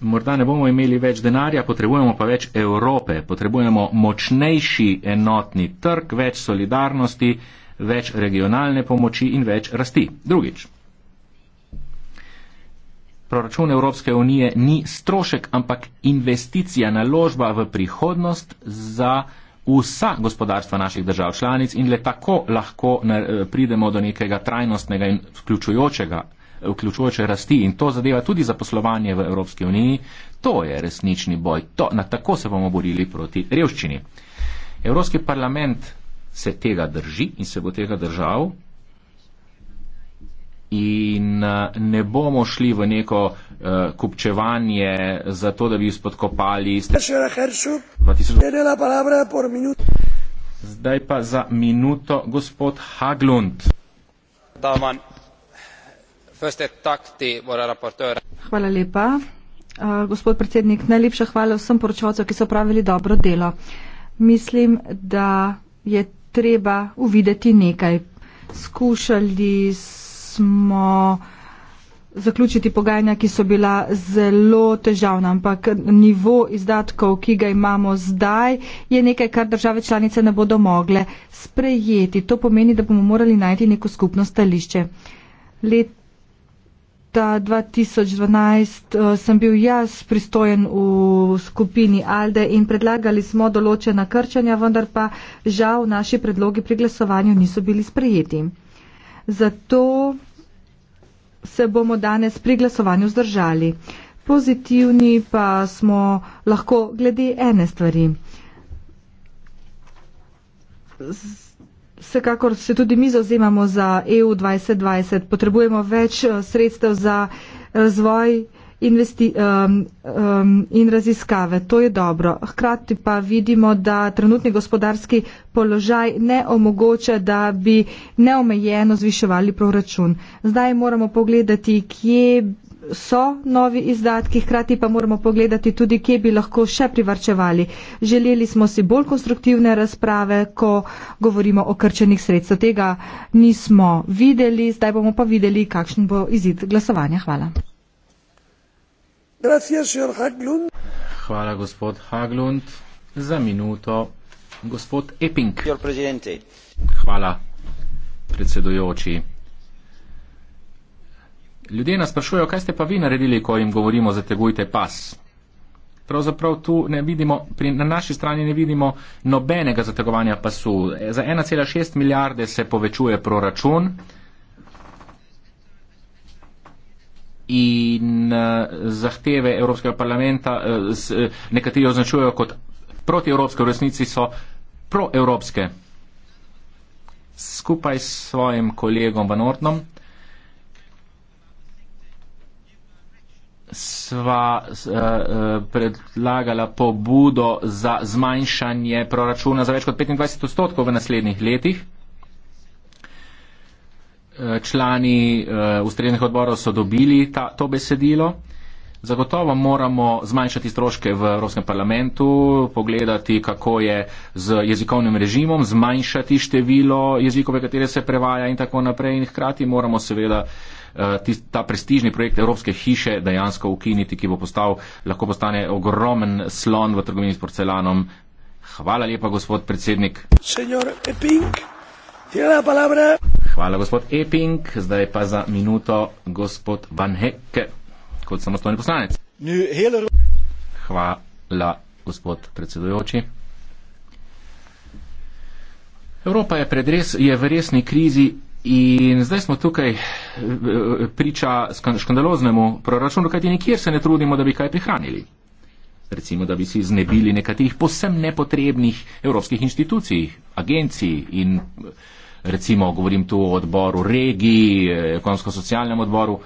morda ne bomo imeli več denarja, potrebujemo pa več Evrope, potrebujemo močnejši enotni trg, več solidarnosti, več regionalne pomoči in več rasti. Drugič. Proračun Evropske unije ni strošek, ampak investicija, naložba v prihodnost za vsa gospodarstva naših držav članic in le tako lahko eh, pridemo do nekega trajnostnega in vključujočega vključujoče rasti in to zadeva tudi zaposlovanje v Evropski uniji, to je resnični boj. To, na tako se bomo borili proti revščini. Evropski parlament se tega drži in se bo tega držal, in eh, ne bomo šli v neko uh, kupčevanje za to, da bi spodkopali. Zdaj pa za minuto gospod Haglund. Hvala lepa. Uh, gospod predsednik, najlepša hvala vsem poročavcem, ki so pravili dobro delo. Mislim, da je treba uvideti nekaj. Skušali s smo zaključiti pogajanja, ki so bila zelo težavna, ampak nivo izdatkov, ki ga imamo zdaj, je nekaj, kar države članice ne bodo mogle sprejeti. To pomeni, da bomo morali najti neko skupno stališče. Leta 2012 uh, eh, sem bil jaz pristojen v skupini Alde in predlagali smo določena krčanja, vendar pa žal naši predlogi pri glasovanju niso bili sprejeti. Zato se bomo danes pri glasovanju zdržali. Pozitivni pa smo lahko glede ene stvari. Vsekakor se tudi mi zauzemamo za EU 2020. Potrebujemo več eh, sredstev za eh, razvoj investi, um, um, in raziskave. To je dobro. Hkrati pa vidimo, da trenutni gospodarski položaj ne omogoča, da bi neomejeno zviševali proračun. Zdaj moramo pogledati, kje so novi izdatki, hkrati pa moramo pogledati tudi, kje bi lahko še privrčevali. Želeli smo si bolj konstruktivne razprave, ko govorimo o krčenih sredstv. Tega nismo videli, zdaj bomo pa videli, kakšen bo izid glasovanja. Hvala. Hvala, gospod Haglund. Za minuto, gospod Epping. Hvala, predsedujoči. Ljudje nas sprašujejo, kaj ste pa vi naredili, ko jim govorimo, zategujte pas. Pravzaprav tu ne vidimo, pri, na naši strani ne vidimo nobenega zategovanja pasu. Za 1,6 milijarde se povečuje proračun. in uh, zahteve Evropskega parlamenta uh, eh, z, uh, eh, nekateri označujejo kot protievropske, v resnici so proevropske. Skupaj s svojim kolegom Van Ortnom sva uh, predlagala pobudo za zmanjšanje proračuna za več kot 25 odstotkov v naslednjih letih člani eh, ustreznih odborov so dobili ta, to besedilo. Zagotovo moramo zmanjšati stroške v Evropskem parlamentu, pogledati, kako je z jezikovnim režimom, zmanjšati število jezikov, katere se prevaja in tako naprej. In hkrati moramo seveda eh, ta prestižni projekt Evropske hiše dejansko ukiniti, ki bo postal, lahko postane ogromen slon v trgovini s porcelanom. Hvala lepa, gospod predsednik. Senor Epink. Tiene la palabra. Hvala, gospod Eping. Zdaj pa za minuto gospod Van Hekke, kot samostojni poslanec. Hvala, gospod predsedujoči. Evropa je, pred res, je v resni krizi in zdaj smo tukaj eh, priča škandaloznemu proračunu, kajti nikjer se ne trudimo, da bi kaj prihranili. Recimo, da bi si znebili nekaterih posem nepotrebnih evropskih institucij, agencij in recimo govorim tu o odboru regiji, ekonomsko-socialnem odboru,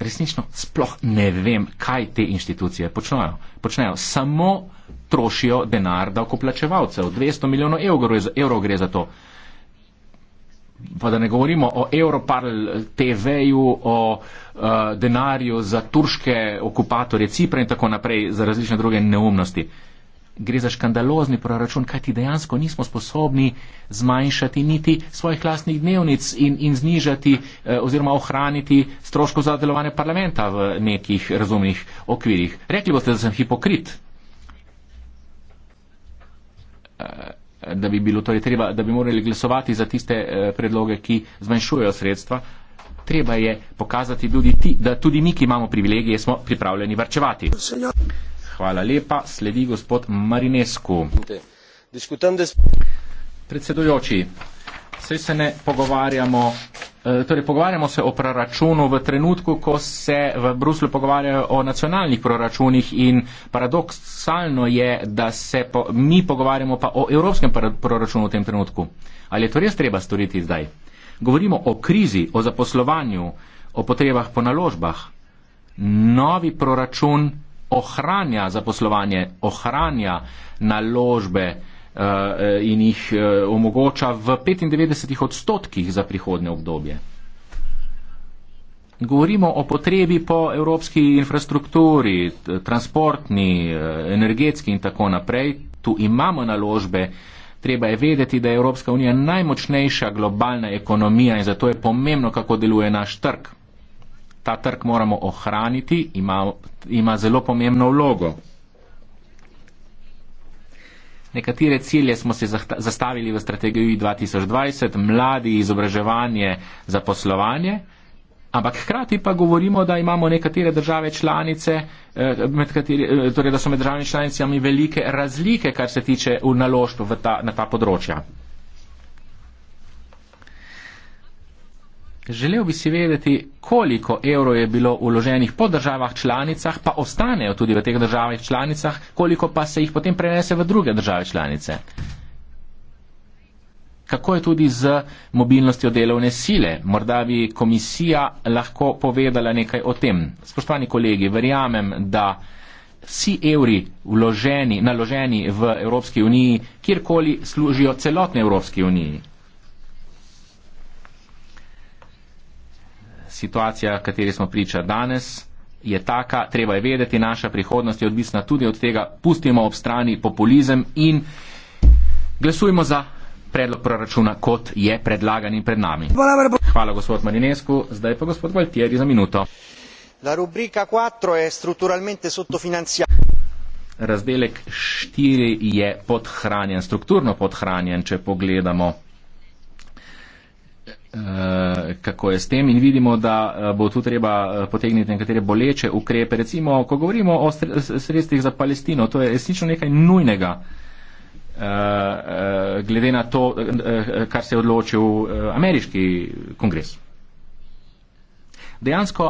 resnično sploh ne vem, kaj te inštitucije počnejo. Počnejo samo trošijo denar davkoplačevalcev. 200 milijonov evrov, evrov gre za to. Pa da ne govorimo o Europarl TV-ju, o uh, denarju za turške okupatorje Cipra in tako naprej, za različne druge neumnosti. Uh, gre za škandalozni proračun, kajti dejansko nismo sposobni zmanjšati niti svojih lastnih dnevnic in, in znižati eh, oziroma ohraniti stroškov za delovanje parlamenta v nekih razumnih okvirih. Rekli boste, da sem hipokrit. Eh, da bi, torej treba, da bi morali glasovati za tiste eh, predloge, ki zmanjšujejo sredstva. Treba je pokazati tudi ti, da tudi mi, ki imamo privilegije, smo pripravljeni varčevati. Senjor. Hvala lepa. Sledi gospod Marinesku. Predsedujoči, vse se ne pogovarjamo. Eh, torej, pogovarjamo se o proračunu v trenutku, ko se v Bruslju pogovarjajo o nacionalnih proračunih in paradoksalno je, da se po, mi pogovarjamo pa o evropskem proračunu v tem trenutku. Ali je to res treba storiti zdaj? Govorimo o krizi, o zaposlovanju, o potrebah po naložbah. Novi proračun ohranja zaposlovanje, ohranja naložbe eh, in jih eh, omogoča v 95 odstotkih za prihodnje obdobje. Govorimo o potrebi po evropski infrastrukturi, transportni, eh, energetski in tako naprej. Tu imamo naložbe. Treba je vedeti, da je Evropska unija najmočnejša globalna ekonomija in zato je pomembno, kako deluje naš trg ta trg moramo ohraniti, ima, ima zelo pomembno vlogo. Nekatere cilje smo si zastavili v strategiji 2020, mladi izobraževanje za poslovanje, ampak hkrati pa govorimo, da imamo nekatere države članice, eh, kateri, eh, torej da so med državami članicami velike razlike, kar se tiče naložb ta, na ta področja. Želel bi si vedeti, koliko evrov je bilo uloženih po državah članicah, pa ostanejo tudi v teh državah članicah, koliko pa se jih potem prenese v druge države članice. Kako je tudi z mobilnostjo delovne sile? Morda bi komisija lahko povedala nekaj o tem. Spoštovani kolegi, verjamem, da vsi evri vloženi, naloženi v Evropski uniji, kjerkoli služijo celotni Evropski uniji. situacija, kateri smo priča danes, je taka, treba je vedeti, naša prihodnost je odvisna tudi od tega, pustimo ob strani populizem in glasujmo za predlog proračuna, kot je predlagan in pred nami. Hvala gospod Marinescu, zdaj pa gospod Valtieri za minuto. Razdelek 4 je podhranjen, strukturno podhranjen, če pogledamo. E kako je s tem in vidimo, da eh, bo tu treba eh, potegniti nekatere boleče ukrepe. Recimo, ko govorimo o sredstvih za Palestino, to je resnično nekaj nujnega. Uh, uh, glede na to, uh, uh, kar se je odločil uh, ameriški kongres. Dejansko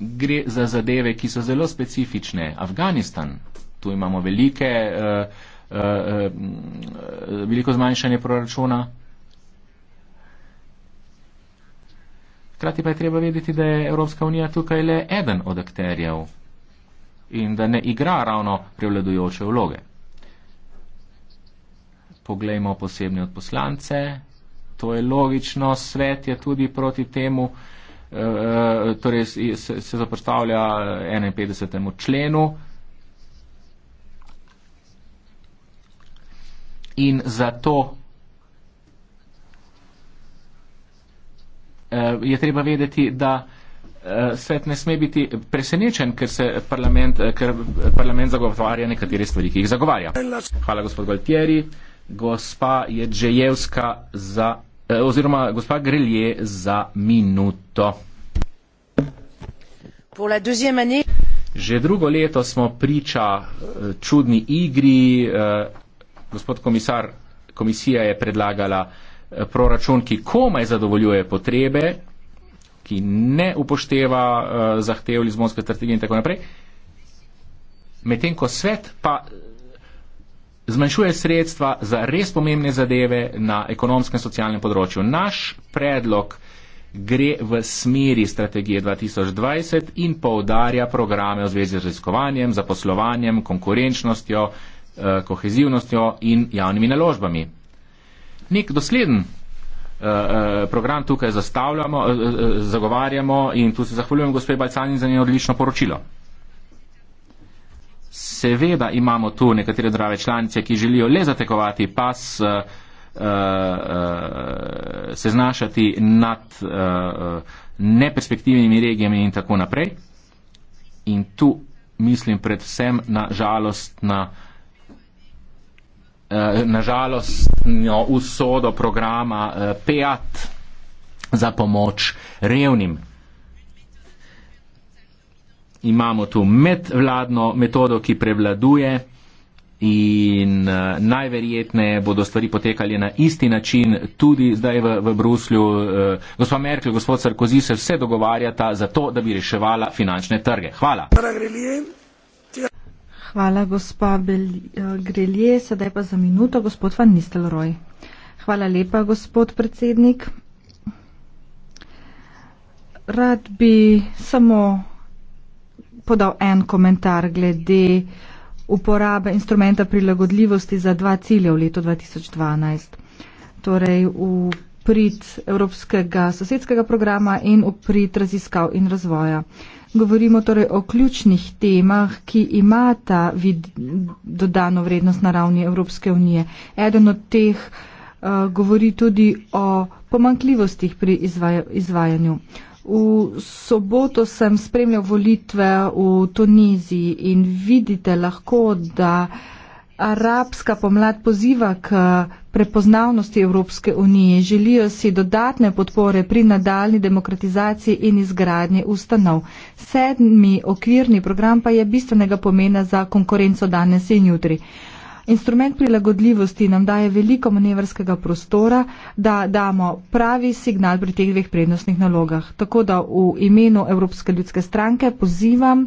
gre za zadeve, ki so zelo specifične. Afganistan, tu imamo velike, uh, uh, uh, veliko zmanjšanje proračuna, Hkrati pa je treba vedeti, da je Evropska unija tukaj le eden od akterjev in da ne igra ravno prevladujoče vloge. Poglejmo posebne odposlance. To je logično, svet je tudi proti temu, e, torej se, se zapostavlja 51. Eh, členu. In zato Eh, je treba vedeti, da eh, svet ne sme biti presenečen, ker se parlament, eh, ker parlament zagovarja nekatere stvari, ki jih zagovarja. Hvala, gospod Galtieri. Gospa Jedžejevska za, oziroma gospa Grelje za minuto. Že drugo leto smo priča čudni igri. Gospod komisar, komisija je predlagala proračun, ki komaj zadovoljuje potrebe, ki ne upošteva uh, zahtev Lizbonske strategije in tako naprej, medtem ko svet pa eh, zmanjšuje sredstva za res pomembne zadeve na ekonomskem in socialnem področju. Naš predlog gre v smeri strategije 2020 in poudarja programe v zvezi z raziskovanjem, zaposlovanjem, konkurenčnostjo, eh, kohezivnostjo in javnimi naložbami nek dosleden eh, eh, program tukaj zastavljamo, eh, zagovarjamo in tu se zahvaljujem gospe Balcani za njeno odlično poročilo. Seveda imamo tu nekatere države članice, ki želijo le zatekovati pas, uh, uh, se znašati nad uh, neperspektivnimi regijami in tako naprej. In tu mislim predvsem na žalost na uh, Eh, na žalost no, usodo programa eh, PEAT za pomoč revnim. Imamo tu medvladno metodo, ki prevladuje in eh, najverjetneje bodo stvari potekali na isti način tudi zdaj v, v Bruslju. Gospod Merkel, gospod Sarkozy se vse dogovarjata za to, da bi reševala finančne trge. Hvala. Paragrelije. Hvala, gospa eh, Grelje. Sedaj pa za minuto, gospod Van Nistelrooy. Hvala lepa, gospod predsednik. Rad bi samo podal en komentar glede uporabe instrumenta prilagodljivosti za dva cilja v letu 2012. Torej v prid Evropskega sosedskega programa in v prid raziskav in razvoja. Govorimo torej o ključnih temah, ki imata vid, dodano vrednost na ravni Evropske unije. Eden od teh uh, govori tudi o pomankljivostih pri izvaj, izvajanju. V soboto sem spremljal volitve v Tuniziji in vidite lahko, da uh, arabska pomlad poziva k eh, prepoznavnosti Evropske unije. Želijo si dodatne podpore pri nadaljni demokratizaciji in izgradnji ustanov. Sedmi okvirni program pa je bistvenega pomena za konkurenco danes in jutri. Instrument prilagodljivosti nam daje veliko manevrskega prostora, da damo pravi signal pri teh dveh prednostnih nalogah. Tako da v imenu Evropske ljudske stranke pozivam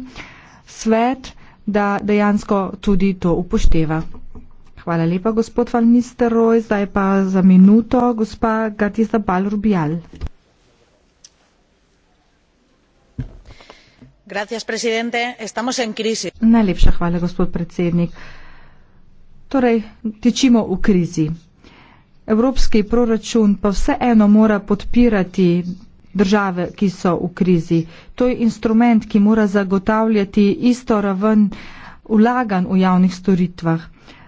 svet, da dejansko tudi to upošteva. Hvala lepa, gospod Van Nisteroj. Zdaj pa za minuto, gospa Gatisa Balrubial. Gracias, presidente. Estamos en crisis. Najlepša hvala, gospod predsednik. Torej, tečimo v krizi. Evropski proračun pa vseeno mora podpirati države, ki so v krizi. To je instrument, ki mora zagotavljati isto raven vlagan v javnih storitvah.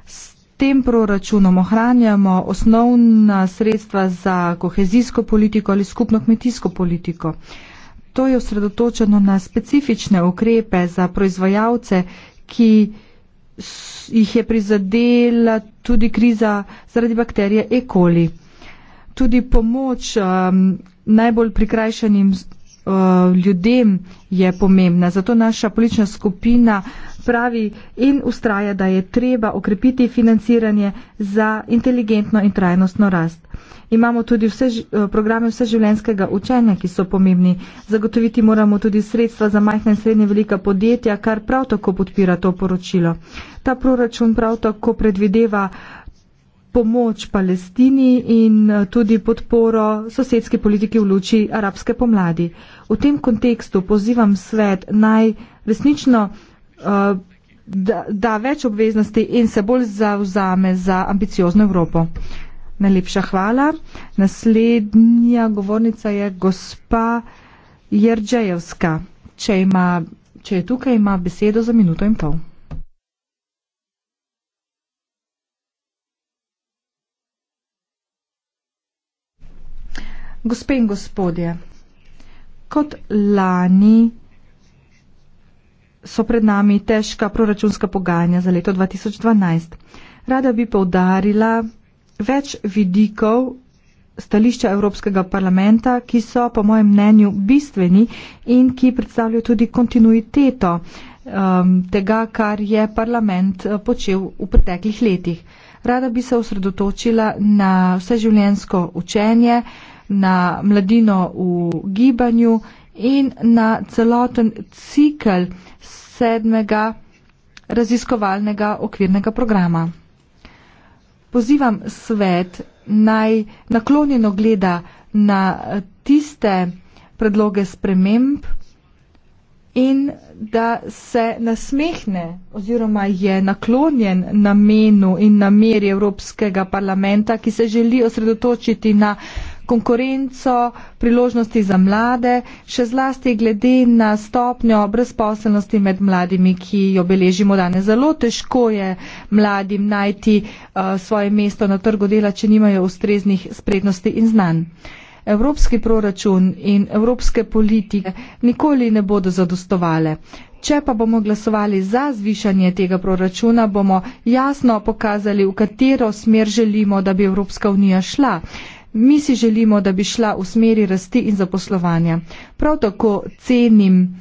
S tem proračunom ohranjamo osnovna sredstva za kohezijsko politiko ali skupno kmetijsko politiko. To je osredotočeno na specifične ukrepe za proizvajalce, ki jih je prizadela tudi kriza zaradi bakterije E. coli. Tudi pomoč um, najbolj prikrajšanim uh, ljudem je pomembna. Zato naša politična skupina pravi in ustraja, da je treba okrepiti financiranje za inteligentno in trajnostno rast. Imamo tudi vse, uh, programe vseživljenskega učenja, ki so pomembni. Zagotoviti moramo tudi sredstva za majhna in srednje velika podjetja, kar prav tako podpira to poročilo. Ta proračun prav tako predvideva uh, pomoč Palestini in eh, tudi podporo sosedski politiki v luči arabske pomladi. V tem kontekstu pozivam svet naj resnično eh, da, da več obveznosti in se bolj zauzame za ambiciozno Evropo. Najlepša hvala. Naslednja govornica je gospa Jerđejevska. Če, ima, če je tukaj, ima besedo za minuto in pol. Gospe in gospodje, kot lani so pred nami težka proračunska pogajanja za leto 2012. Rada bi povdarila več vidikov stališča Evropskega parlamenta, ki so po mojem mnenju bistveni in ki predstavljajo tudi kontinuiteto um, tega, kar je parlament uh, počel v preteklih letih. Rada bi se osredotočila na vseživljensko učenje, uh, na mladino v gibanju in na celoten cikl sedmega raziskovalnega okvirnega programa. Pozivam svet naj naklonjeno gleda na tiste predloge sprememb in da se nasmehne oziroma je naklonjen namenu in nameri Evropskega parlamenta, ki se želi osredotočiti na konkurenco, priložnosti za mlade, še zlasti glede na stopnjo brezposelnosti med mladimi, ki jo beležimo danes. Zelo težko je mladim najti uh, svoje mesto na trgu dela, če nimajo ustreznih sprednosti in znanj. Evropski proračun in evropske politike nikoli ne bodo zadostovale. Če pa bomo glasovali za zvišanje tega proračuna, bomo jasno pokazali, v katero smer želimo, da bi Evropska unija šla. Mi si želimo, da bi šla v smeri rasti in zaposlovanja. Prav tako cenim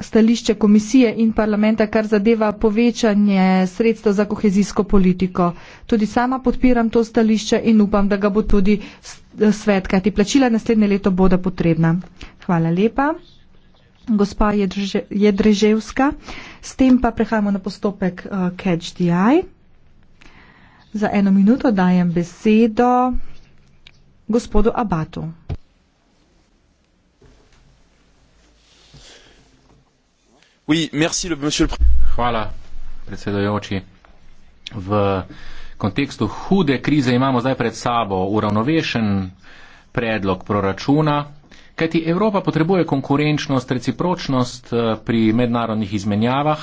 stališče komisije in parlamenta, kar zadeva povečanje sredstva za kohezijsko politiko. Tudi sama podpiram to stališče in upam, da ga bo tudi svet, kajti plačila naslednje leto bodo potrebna. Hvala lepa. Gospa Jedreževska, s tem pa prehajamo na postopek uh, CatchDI. Za eno minuto dajem besedo gospodu Abatu. Hvala, predsedojoči. V kontekstu hude krize imamo zdaj pred sabo uravnovešen predlog proračuna, kajti Evropa potrebuje konkurenčnost, recipročnost eh, pri mednarodnih izmenjavah,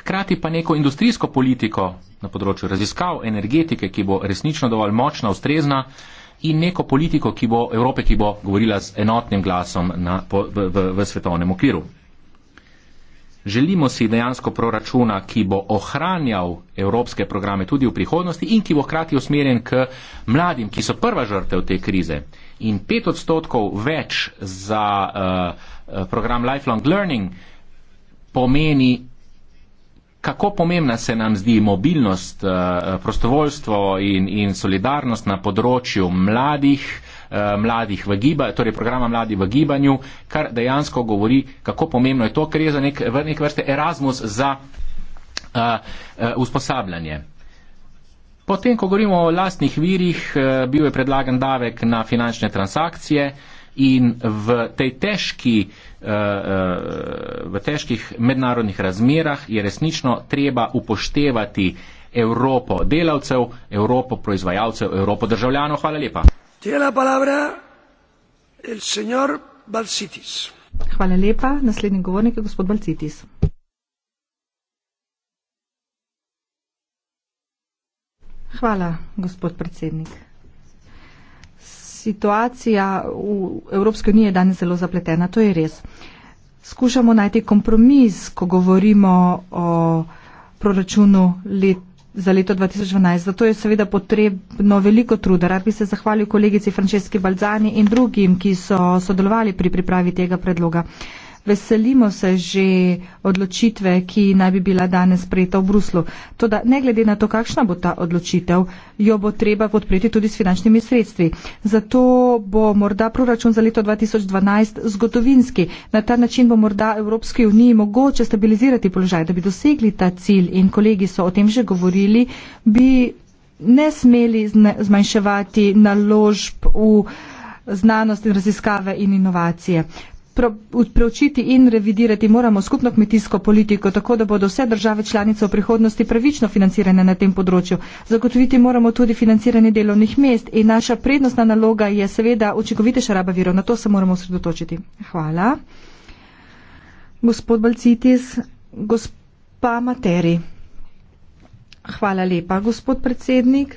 hkrati pa neko industrijsko politiko na področju raziskav, energetike, ki bo resnično dovolj močna, ustrezna in neko politiko ki bo, Evrope, ki bo govorila z enotnim glasom na, po, v, v, v svetovnem okviru. Želimo si dejansko proračuna, ki bo ohranjal evropske programe tudi v prihodnosti in ki bo hkrati usmerjen k mladim, ki so prva žrtev te krize. In pet odstotkov več za uh, program Lifelong Learning pomeni kako pomembna se nam zdi mobilnost, eh, prostovoljstvo in, in solidarnost na področju mladih, eh, mladih v gibanju, torej programa mladi v gibanju, kar dejansko govori, kako pomembno je to, ker je za nek, nek vrste Erasmus za uh, uh, usposabljanje. Potem, ko govorimo o lastnih virih, bil je predlagan davek na finančne transakcije, uh, in v tej težki eh, eh, v težkih mednarodnih razmerah je resnično treba upoštevati Evropo delavcev, Evropo proizvajalcev, Evropo državljanov. Hvala lepa. Hvala lepa. Naslednji govornik je gospod Balcitis. Hvala, gospod predsednik situacija v Evropski uniji je danes zelo zapletena, to je res. Skušamo najti kompromis, ko govorimo o proračunu let, za leto 2012. Zato je seveda potrebno veliko truda. Rad bi se zahvalil kolegici Franceski Balzani in drugim, ki so sodelovali pri pripravi tega predloga veselimo se že odločitve, ki naj bi bila danes sprejeta v Bruslu. Toda ne glede na to, kakšna bo ta odločitev, jo bo treba podpreti tudi s finančnimi sredstvi. Zato bo morda proračun za leto 2012 zgodovinski. Na ta način bo morda Evropski uniji mogoče stabilizirati položaj, da bi dosegli ta cilj in kolegi so o tem že govorili, bi ne smeli zmanjševati naložb v znanost in raziskave in inovacije preučiti in revidirati moramo skupno kmetijsko politiko, tako da bodo vse države članice v prihodnosti pravično financirane na tem področju. Zagotoviti moramo tudi financiranje delovnih mest in naša prednostna naloga je seveda učinkovitejša raba virov. Na to se moramo osredotočiti. Hvala. Gospod Balcitis, gospa Materi. Hvala lepa, gospod predsednik.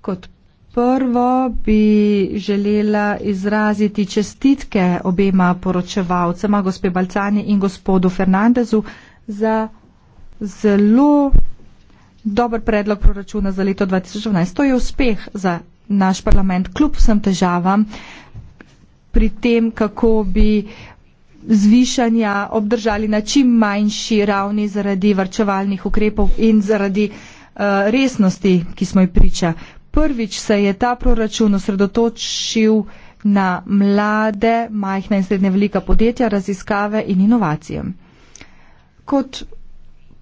Kot Prvo bi želela izraziti čestitke obema poročevalcema, gospe Balcani in gospodu Fernandezu, za zelo dober predlog proračuna za leto 2012. To je uspeh za naš parlament, kljub vsem težavam pri tem, kako bi zvišanja obdržali na čim manjši ravni zaradi varčevalnih ukrepov in zaradi uh, resnosti, ki smo jih priča prvič se je ta proračun osredotočil na mlade, majhna in srednje velika podjetja, raziskave in inovacije. Kot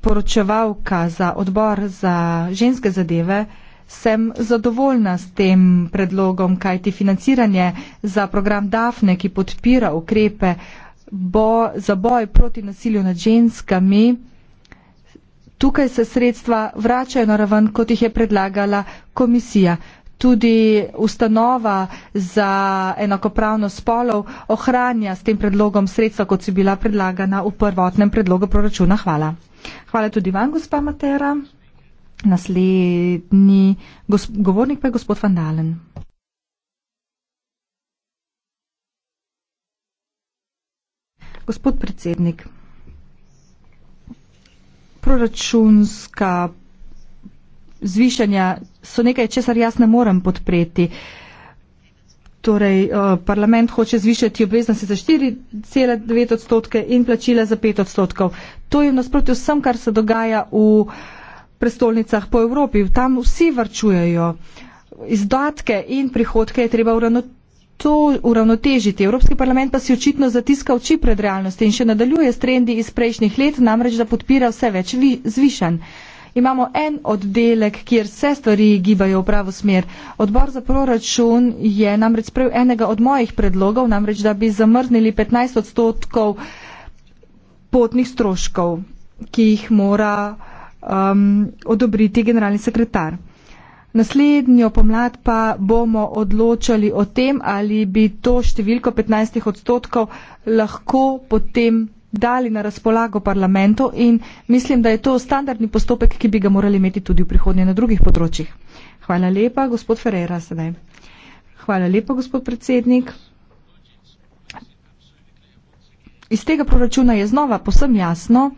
poročevalka za odbor za ženske zadeve sem zadovoljna s tem predlogom, kajti financiranje za program DAFNE, ki podpira ukrepe bo, za boj proti nasilju nad ženskami, tukaj se sredstva vračajo na raven, kot jih je predlagala komisija. Tudi ustanova za enakopravnost spolov ohranja s tem predlogom sredstva, kot si bila predlagana v prvotnem predlogu proračuna. Hvala. Hvala tudi vam, gospa Matera. Naslednji govornik pa je gospod Vandalen. Gospod predsednik, proračunska zvišanja so nekaj, česar jaz ne morem podpreti. Torej, eh, parlament hoče zvišati obveznosti za 4,9 odstotke in plačila za 5 odstotkov. To je nasprotno vsem, kar se dogaja v prestolnicah po Evropi. Tam vsi varčujejo. Izdatke in prihodke je treba uravnotiti to uravnotežiti. Evropski parlament pa si očitno zatiska oči pred realnostjo in še nadaljuje s trendi iz prejšnjih let, namreč da podpira vse več vi, zvišan. Imamo en oddelek, kjer se stvari gibajo v pravo smer. Odbor za proračun je namreč sprejel enega od mojih predlogov, namreč da bi zamrznili 15 odstotkov potnih stroškov, ki jih mora um, odobriti generalni sekretar. Naslednjo pomlad pa bomo odločali o tem, ali bi to številko 15 odstotkov lahko potem dali na razpolago parlamentu in mislim, da je to standardni postopek, ki bi ga morali imeti tudi v prihodnje na drugih področjih. Hvala lepa, gospod Ferreira, sedaj. Hvala lepa, gospod predsednik. Iz tega proračuna je znova posem jasno,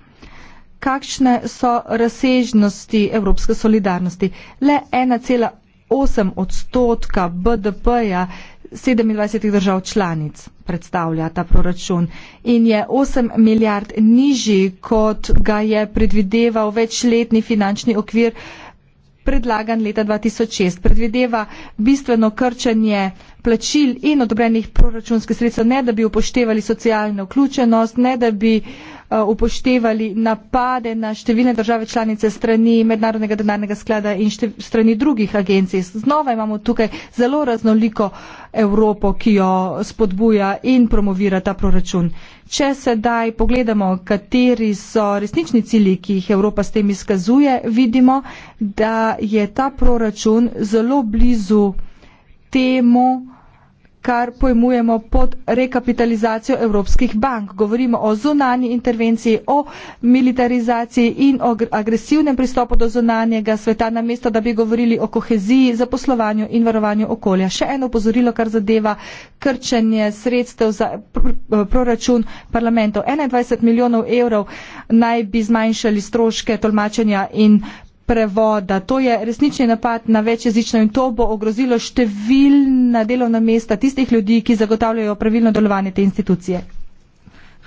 kakšne so razsežnosti evropske solidarnosti. Le 1,8 odstotka BDP-ja 27 držav članic predstavlja ta proračun in je 8 milijard nižji, kot ga je predvideval večletni finančni okvir predlagan leta 2006. Predvideva bistveno krčanje plačil in odobrenih proračunskih sredstev, ne da bi upoštevali socialno vključenost, ne da bi uh, Eh, upoštevali napade na številne države članice strani Mednarodnega denarnega sklada in strani drugih agencij. Znova imamo tukaj zelo raznoliko Evropo, ki jo spodbuja in promovira ta proračun. Če sedaj pogledamo, kateri so resnični cilji, ki jih Evropa s tem izkazuje, vidimo, da je ta proračun zelo blizu temu, kar pojmujemo pod rekapitalizacijo evropskih bank. Govorimo o zunanji intervenciji, o militarizaciji in o agresivnem pristopu do zunanjega sveta, namesto da bi govorili o koheziji, zaposlovanju in varovanju okolja. Še eno upozorilo, kar zadeva krčenje sredstev za pr proračun parlamentov. 21 milijonov evrov naj bi zmanjšali stroške tolmačenja in prevoda. To je resnični napad na večjezično in to bo ogrozilo številna delovna mesta tistih ljudi, ki zagotavljajo pravilno delovanje te institucije.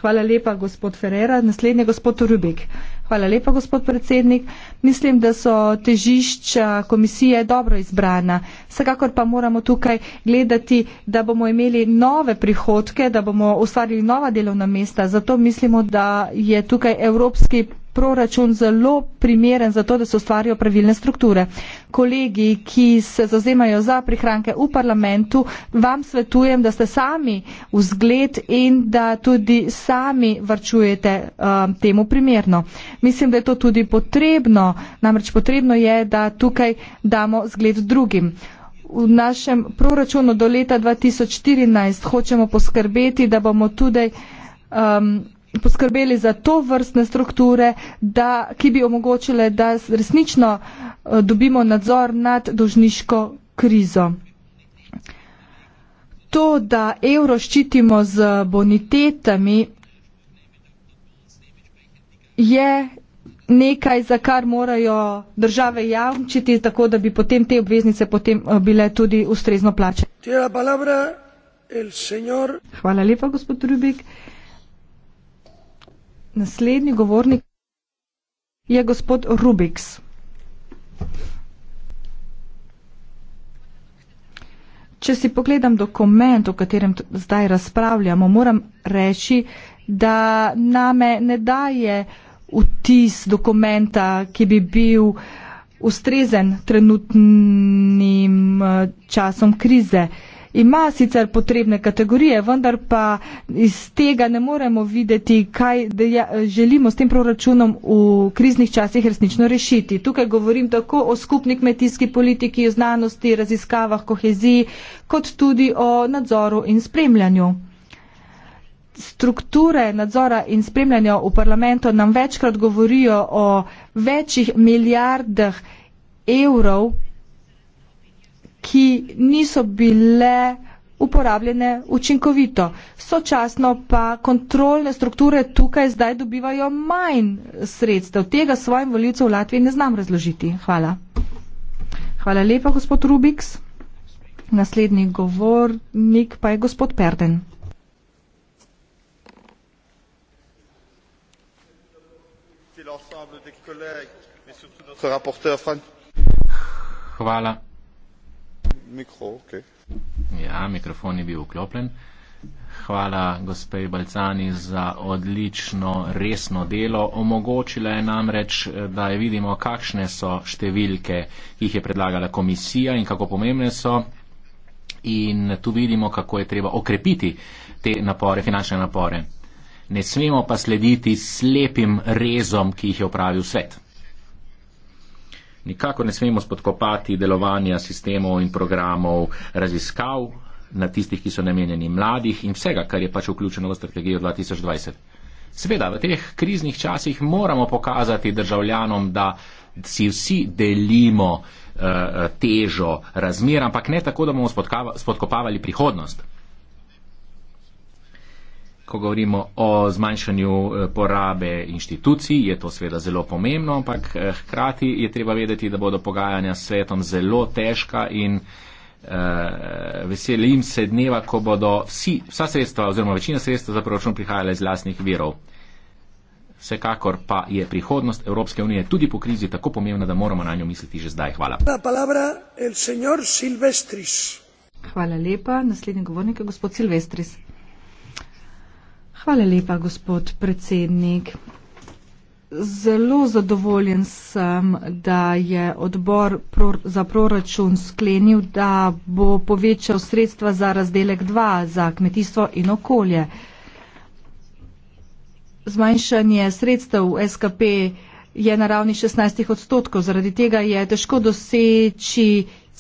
Hvala lepa, gospod Ferrera. Naslednji je gospod Rubik. Hvala lepa, gospod predsednik. Mislim, da so težišča komisije dobro izbrana. Vsekakor pa moramo tukaj gledati, da bomo imeli nove prihodke, da bomo ustvarili nova delovna mesta. Zato mislimo, da je tukaj evropski proračun zelo primeren za to, da se ustvarijo pravilne strukture. Kolegi, ki se zazemajo za prihranke v parlamentu, vam svetujem, da ste sami v zgled in da tudi sami varčujete um, temu primerno. Mislim, da je to tudi potrebno, namreč potrebno je, da tukaj damo zgled drugim. V našem proračunu do leta 2014 hočemo poskrbeti, da bomo tudi. Um, poskrbeli za to vrstne strukture, da, ki bi omogočile, da resnično eh, dobimo nadzor nad dožniško krizo. To, da evro ščitimo z bonitetami, je nekaj, za kar morajo države jamčiti, tako da bi potem te obveznice potem eh, bile tudi ustrezno plačene. Hvala lepa, gospod Rubik. Naslednji govornik je gospod Rubiks. Če si pogledam dokument, o katerem zdaj razpravljamo, moram reči, da name ne daje vtis dokumenta, ki bi bil ustrezen trenutnim eh, časom krize. Uh, ima sicer potrebne kategorije, vendar pa iz tega ne moremo videti, kaj deja, želimo s tem proračunom v kriznih časih resnično rešiti. Tukaj govorim tako o skupni kmetijski politiki, o znanosti, raziskavah, koheziji, kot tudi o nadzoru in spremljanju. Strukture nadzora in spremljanja v parlamentu nam večkrat govorijo o večjih milijardah evrov ki niso bile uporabljene učinkovito. Sočasno pa kontrolne strukture tukaj zdaj dobivajo manj sredstev. Tega svojim voljivcem v Latviji ne znam razložiti. Hvala. Hvala lepa, gospod Rubiks. Naslednji govornik pa je gospod Perden. Hvala. Mikro, okay. Ja, mikrofon je bil vklopljen. Hvala gospe Balcani za odlično, resno delo. Omogočila je namreč, da je vidimo, kakšne so številke, ki jih je predlagala komisija in kako pomembne so. In tu vidimo, kako je treba okrepiti te napore, finančne napore. Ne smemo pa slediti slepim rezom, ki jih je upravil svet. Nikakor ne smemo spodkopati delovanja sistemov in programov raziskav na tistih, ki so namenjeni mladih in vsega, kar je pač vključeno v strategijo 2020. Sveda, v teh kriznih časih moramo pokazati državljanom, da si vsi delimo uh, težo razmer, ampak ne tako, da bomo spodkopavali prihodnost ko govorimo o zmanjšanju eh, porabe inštitucij, je to seveda zelo pomembno, ampak eh, hkrati je treba vedeti, da bodo pogajanja s svetom zelo težka in uh, eh, veselim se dneva, ko bodo vsi, vsa sredstva oziroma večina sredstva za proračun prihajala iz vlastnih virov. Vsekakor pa je prihodnost Evropske unije tudi po krizi tako pomembna, da moramo na njo misliti že zdaj. Hvala. Hvala lepa. Naslednji govornik je gospod Silvestris. Hvala lepa, gospod predsednik. Zelo zadovoljen sem, da je odbor za proračun sklenil, da bo povečal sredstva za razdelek 2 za kmetijstvo in okolje. Zmanjšanje sredstev v SKP je na ravni 16 odstotkov, zaradi tega je težko doseči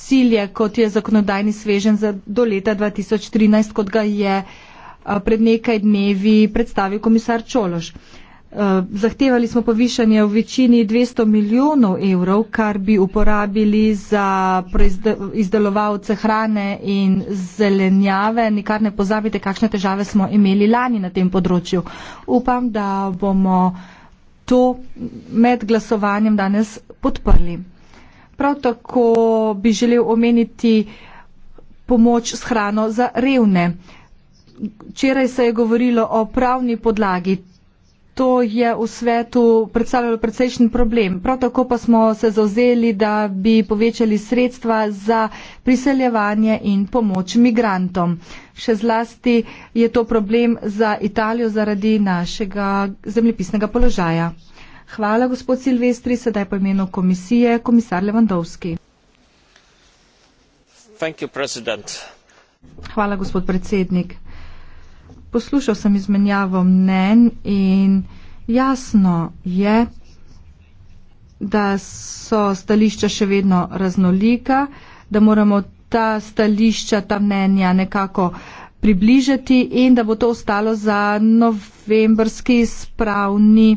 cilje, kot je zakonodajni svežen za do leta 2013, kot ga je pred nekaj dnevi predstavil komisar Čološ. Zahtevali smo povišanje v večini 200 milijonov evrov, kar bi uporabili za izdelovalce hrane in zelenjave. Nikar ne pozabite, kakšne težave smo imeli lani na tem področju. Upam, da bomo to med glasovanjem danes podprli. Prav tako bi želel omeniti pomoč s hrano za revne včeraj se je govorilo o pravni podlagi. To je v svetu predstavljalo precejšen problem. Prav tako pa smo se zauzeli, da bi povečali sredstva za priseljevanje in pomoč migrantom. Še zlasti je to problem za Italijo zaradi našega zemljepisnega položaja. Hvala, gospod Silvestri, sedaj po imenu komisije, komisar Levandovski. Hvala, gospod predsednik poslušal sem izmenjavo mnen in jasno je, da so stališča še vedno raznolika, da moramo ta stališča, ta mnenja nekako približati in da bo to ostalo za novembrski spravni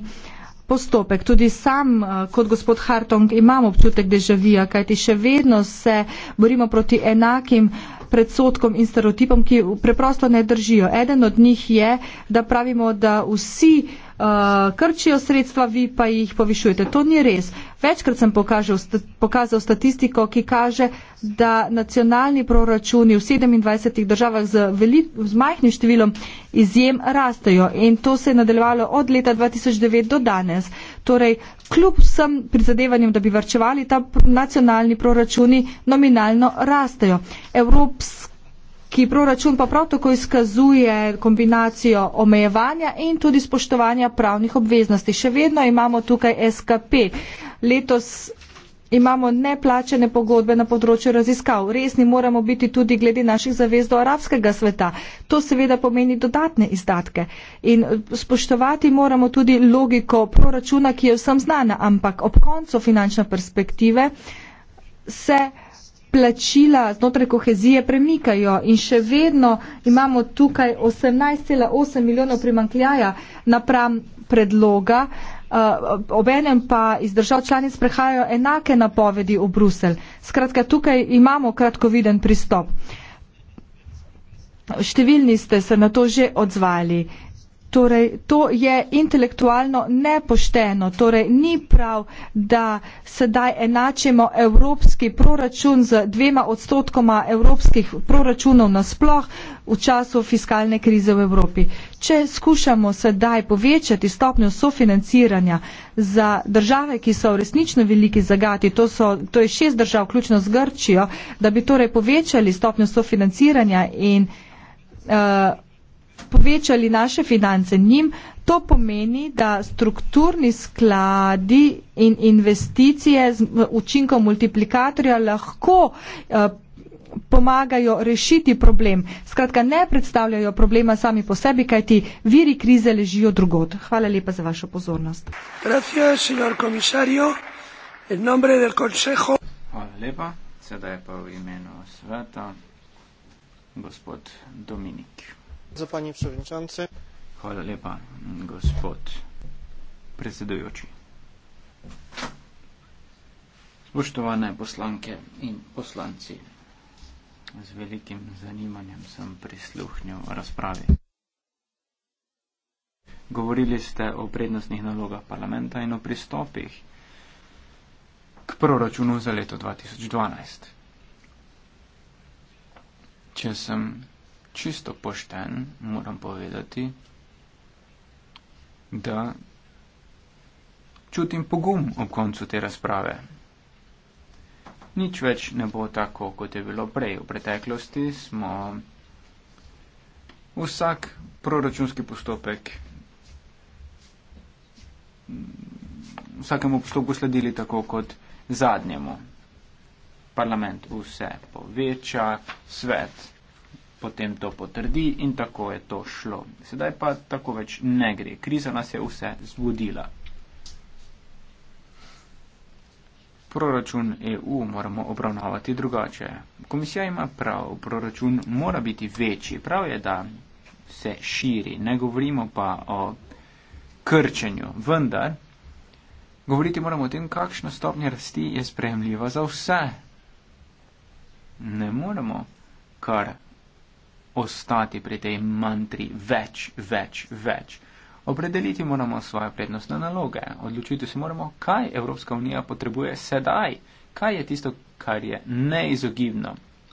postopek. Tudi sam, eh, kot gospod Hartong, imam občutek deževija, kajti še vedno se borimo proti enakim predsotkom in stereotipom, ki preprosto ne držijo. Eden od njih je, da pravimo, da vsi uh, Eh, krčijo sredstva, vi pa jih povišujete. To ni res. Večkrat sem pokažel, pokazal statistiko, ki kaže, da nacionalni proračuni v 27 državah z, veli, z majhnim številom izjem rastejo in to se je nadaljevalo od leta 2009 do danes. Torej, kljub vsem prizadevanjem, da bi varčevali, ta nacionalni proračuni nominalno rastejo. Evropska ki proračun pa prav tako izkazuje kombinacijo omejevanja in tudi spoštovanja pravnih obveznosti. Še vedno imamo tukaj SKP. Letos imamo neplačene pogodbe na področju raziskav. Resni moramo biti tudi glede naših zavez do arabskega sveta. To seveda pomeni dodatne izdatke. In spoštovati moramo tudi logiko proračuna, ki je vsem znana, ampak ob koncu finančne perspektive se plačila znotraj kohezije premikajo in še vedno imamo tukaj 18,8 milijonov primankljaja napram predloga. Uh, obenem pa iz držav članic prehajajo enake napovedi v Brusel. Skratka, tukaj imamo kratkoviden pristop. Številni ste se na to že odzvali. Uh, Torej, to je intelektualno nepošteno, torej ni prav, da sedaj enačemo evropski proračun z dvema odstotkoma evropskih proračunov nasploh v času fiskalne krize v Evropi. Če skušamo sedaj povečati stopnjo sofinanciranja za države, ki so resnično veliki zagati, to, so, to je šest držav, vključno z Grčijo, da bi torej povečali stopnjo sofinanciranja in uh, povečali naše finance njim, to pomeni, da strukturni skladi in investicije z učinkom multiplikatorja lahko eh, pomagajo rešiti problem. Skratka, ne predstavljajo problema sami po sebi, kaj ti viri krize ležijo drugod. Hvala lepa za vašo pozornost. Hvala lepa. Sedaj pa v imenu sveta gospod Dominik. Za panie przewodniczący. Hvala lepa, gospod predsedujoči. Spoštovane poslanke in poslanci, z velikim zanimanjem sem prisluhnil razpravi. Govorili ste o prednostnih nalogah parlamenta in o pristopih k proračunu za leto 2012. Če sem čisto pošten, moram povedati, da čutim pogum ob koncu te razprave. Nič več ne bo tako, kot je bilo prej. V preteklosti smo vsak proračunski postopek vsakemu postopku sledili tako kot zadnjemu. Parlament vse poveča, svet potem to potrdi in tako je to šlo. Sedaj pa tako več ne gre. Kriza nas je vse zbudila. Proračun EU moramo obravnavati drugače. Komisija ima prav, proračun mora biti večji. Prav je, da se širi. Ne govorimo pa o krčenju. Vendar, govoriti moramo o tem, kakšna stopnja rasti je sprejemljiva za vse. Ne moremo kar ostati pri tej mantri več, več, več. Opredeliti moramo svoje prednostne naloge, odločiti se moramo, kaj Evropska unija potrebuje sedaj, kaj je tisto, kar je neizogibno.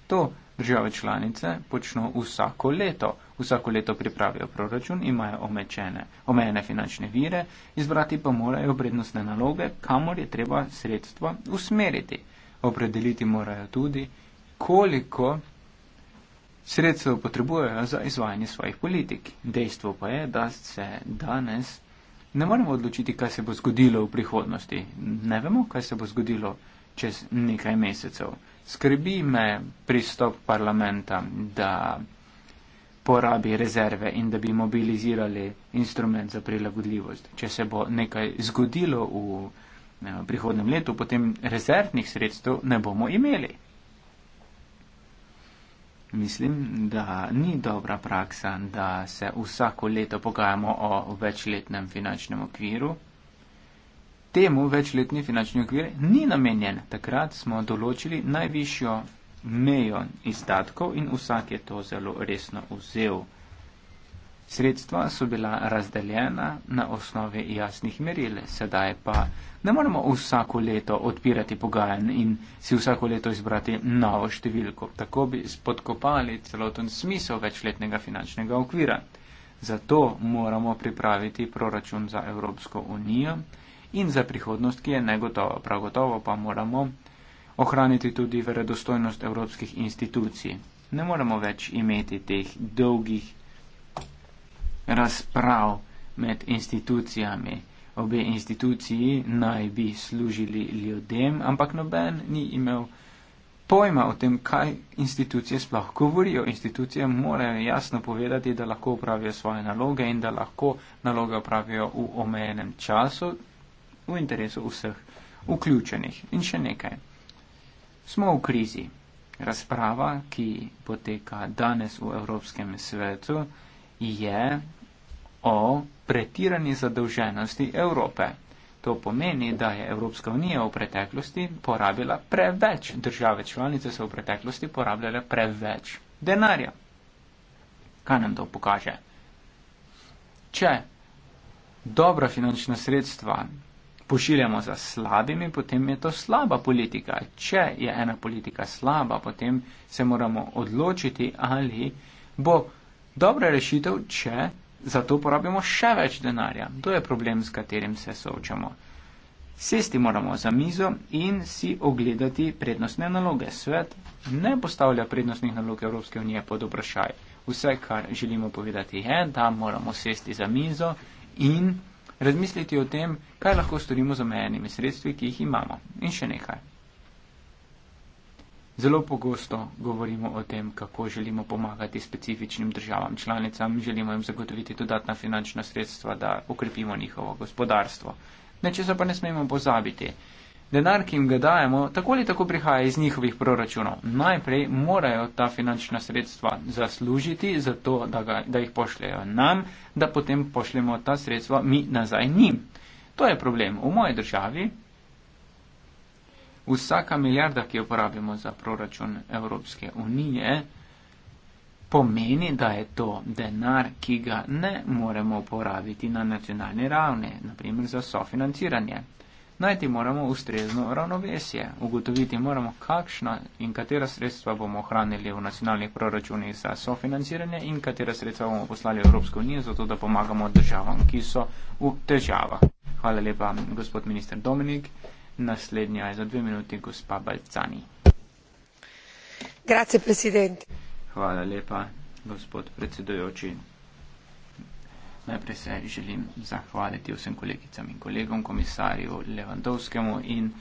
To države članice počno vsako leto. Vsako leto pripravijo proračun, imajo omečene, omejene finančne vire, izbrati pa morajo prednostne naloge, kamor je treba sredstva usmeriti. Opredeliti morajo tudi, koliko sredstev potrebujejo za izvajanje svojih politik. Dejstvo pa je, da se danes ne moremo odločiti, kaj se bo zgodilo v prihodnosti. Ne vemo, kaj se bo zgodilo čez nekaj mesecev. Skrbi me pristop parlamenta, da porabi rezerve in da bi mobilizirali instrument za prilagodljivost. Če se bo nekaj zgodilo v eh, prihodnem letu, potem rezervnih sredstev ne bomo imeli. Mislim, da ni dobra praksa, da se vsako leto pogajamo o večletnem finančnem okviru. Temu večletni finančni okvir ni namenjen. Takrat smo določili najvišjo mejo izdatkov in vsak je to zelo resno vzel. Sredstva so bila razdeljena na osnovi jasnih meril, sedaj pa ne moremo vsako leto odpirati pogajanj in si vsako leto izbrati novo številko. Tako bi spodkopali celoten smisel večletnega finančnega okvira. Zato moramo pripraviti proračun za Evropsko unijo in za prihodnost, ki je negotova. Prav gotovo pa moramo ohraniti tudi verodostojnost evropskih institucij. Ne moremo več imeti teh dolgih razprav med institucijami. Obe instituciji naj bi služili ljudem, ampak noben ni imel pojma o tem, kaj institucije sploh govorijo. Institucije morajo jasno povedati, da lahko upravijo svoje naloge in da lahko naloge upravijo v omejenem času v interesu vseh vključenih. In še nekaj. Smo v krizi. Razprava, ki poteka danes v Evropskem svetu, je o pretirani zadolženosti Evrope. To pomeni, da je Evropska unija v preteklosti porabila preveč, države članice so v preteklosti porabljale preveč denarja. Kaj nam to pokaže? Če dobra finančna sredstva pošiljamo za slabimi, potem je to slaba politika. Če je ena politika slaba, potem se moramo odločiti, ali bo Dobra rešitev, če za to porabimo še več denarja. To je problem, s katerim se soočamo. Sesti moramo za mizo in si ogledati prednostne naloge. Svet ne postavlja prednostnih nalog Evropske unije pod vprašaj. Vse, kar želimo povedati, je, da moramo sesti za mizo in razmisliti o tem, kaj lahko storimo z omejenimi sredstvi, ki jih imamo. In še nekaj. Zelo pogosto govorimo o tem, kako želimo pomagati specifičnim državam članicam, želimo jim zagotoviti dodatna finančna sredstva, da ukrepimo njihovo gospodarstvo. Nečesa pa ne smemo pozabiti. Denar, ki jim ga dajemo, tako ali tako prihaja iz njihovih proračunov. Najprej morajo ta finančna sredstva zaslužiti, zato da, ga, da jih pošljajo nam, da potem pošljemo ta sredstva mi nazaj njim. To je problem. V moji državi Vsaka milijarda, ki jo porabimo za proračun Evropske unije, pomeni, da je to denar, ki ga ne moremo uporabiti na nacionalni ravni, naprimer za sofinanciranje. Najti moramo ustrezno ravnovesje, ugotoviti moramo, kakšna in katera sredstva bomo ohranili v nacionalnih proračunih za sofinanciranje in katera sredstva bomo poslali Evropsko unijo, zato da pomagamo državam, ki so v težavah. Hvala lepa, gospod minister Dominik. Naslednja je za dve minuti gospa Balcani. Grazie, president. Hvala lepa, gospod predsedujoči. Najprej se želim zahvaliti vsem kolegicam in kolegom, komisarju Levandovskemu in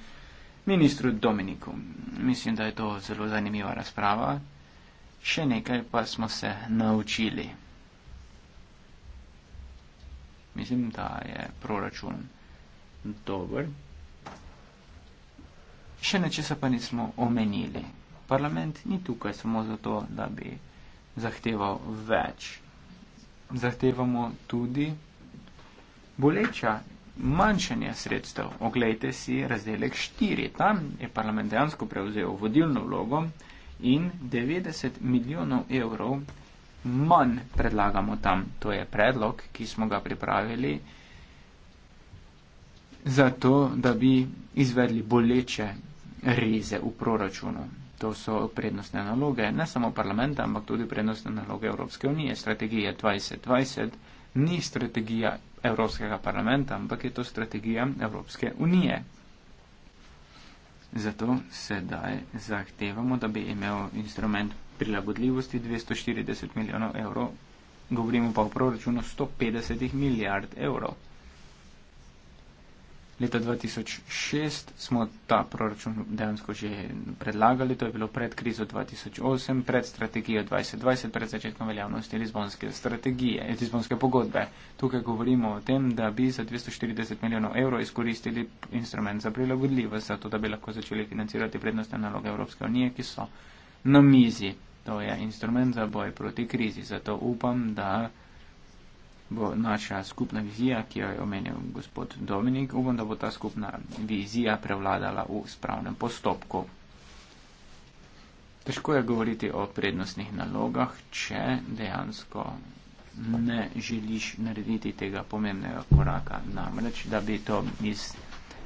ministru Dominiku. Mislim, da je to zelo zanimiva razprava. Še nekaj pa smo se naučili. Mislim, da je proračun dober. Še nečesa pa nismo omenili. Parlament ni tukaj samo zato, da bi zahteval več. Zahtevamo tudi boleča manjšanja sredstev. Oglejte si razdelek 4. Tam je parlament dejansko prevzel vodilno vlogo in 90 milijonov evrov manj predlagamo tam. To je predlog, ki smo ga pripravili zato, da bi izvedli boleče reze v proračunu. To so prednostne naloge ne samo parlamenta, ampak tudi prednostne naloge Evropske unije. Strategija 2020 ni strategija Evropskega parlamenta, ampak je to strategija Evropske unije. Zato sedaj zahtevamo, da bi imel instrument prilagodljivosti 240 milijonov evrov, govorimo pa o proračunu 150 milijard evrov. Leta 2006 smo ta proračun dejansko že predlagali, to je bilo pred krizo 2008, pred strategijo 2020, pred začetkom veljavnosti Lizbonske strategije, Lizbonske pogodbe. Tukaj govorimo o tem, da bi za 240 milijonov evrov izkoristili instrument za prilagodljivost, zato da bi lahko začeli financirati prednostne naloge Evropske unije, ki so na mizi. To je instrument za boj proti krizi, zato upam, da bo naša skupna vizija, ki jo je omenil gospod Dominik. Upam, da bo ta skupna vizija prevladala v spravnem postopku. Težko je govoriti o prednostnih nalogah, če dejansko ne želiš narediti tega pomembnega koraka. Namreč, da bi to iz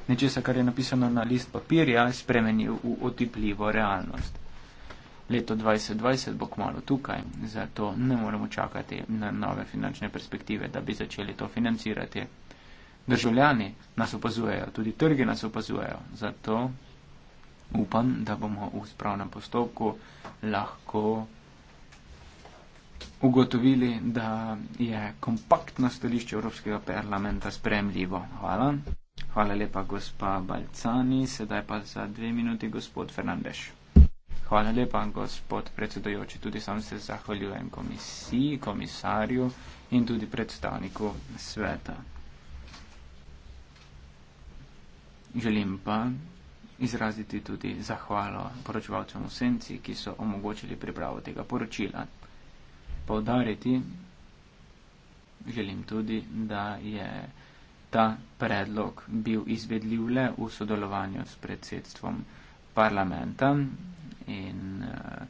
nečesa, kar je napisano na list papirja, spremenil v otipljivo realnost leto 2020 bo kmalo tukaj, zato ne moremo čakati na nove finančne perspektive, da bi začeli to financirati. Državljani nas opazujejo, tudi trgi nas opazujejo, zato upam, da bomo v spravnem postopku lahko ugotovili, da je kompaktno stališče Evropskega parlamenta spremljivo. Hvala. Hvala lepa, gospa Balcani. Sedaj pa za dve minuti, gospod Fernandez. Hvala lepa, gospod predsedojoči. Tudi sam se zahvaljujem komisiji, komisarju in tudi predstavniku sveta. Želim pa izraziti tudi zahvalo poročevalcem v senci, ki so omogočili pripravo tega poročila. Povdariti želim tudi, da je ta predlog bil izvedljiv le v sodelovanju s predsedstvom parlamenta in uh,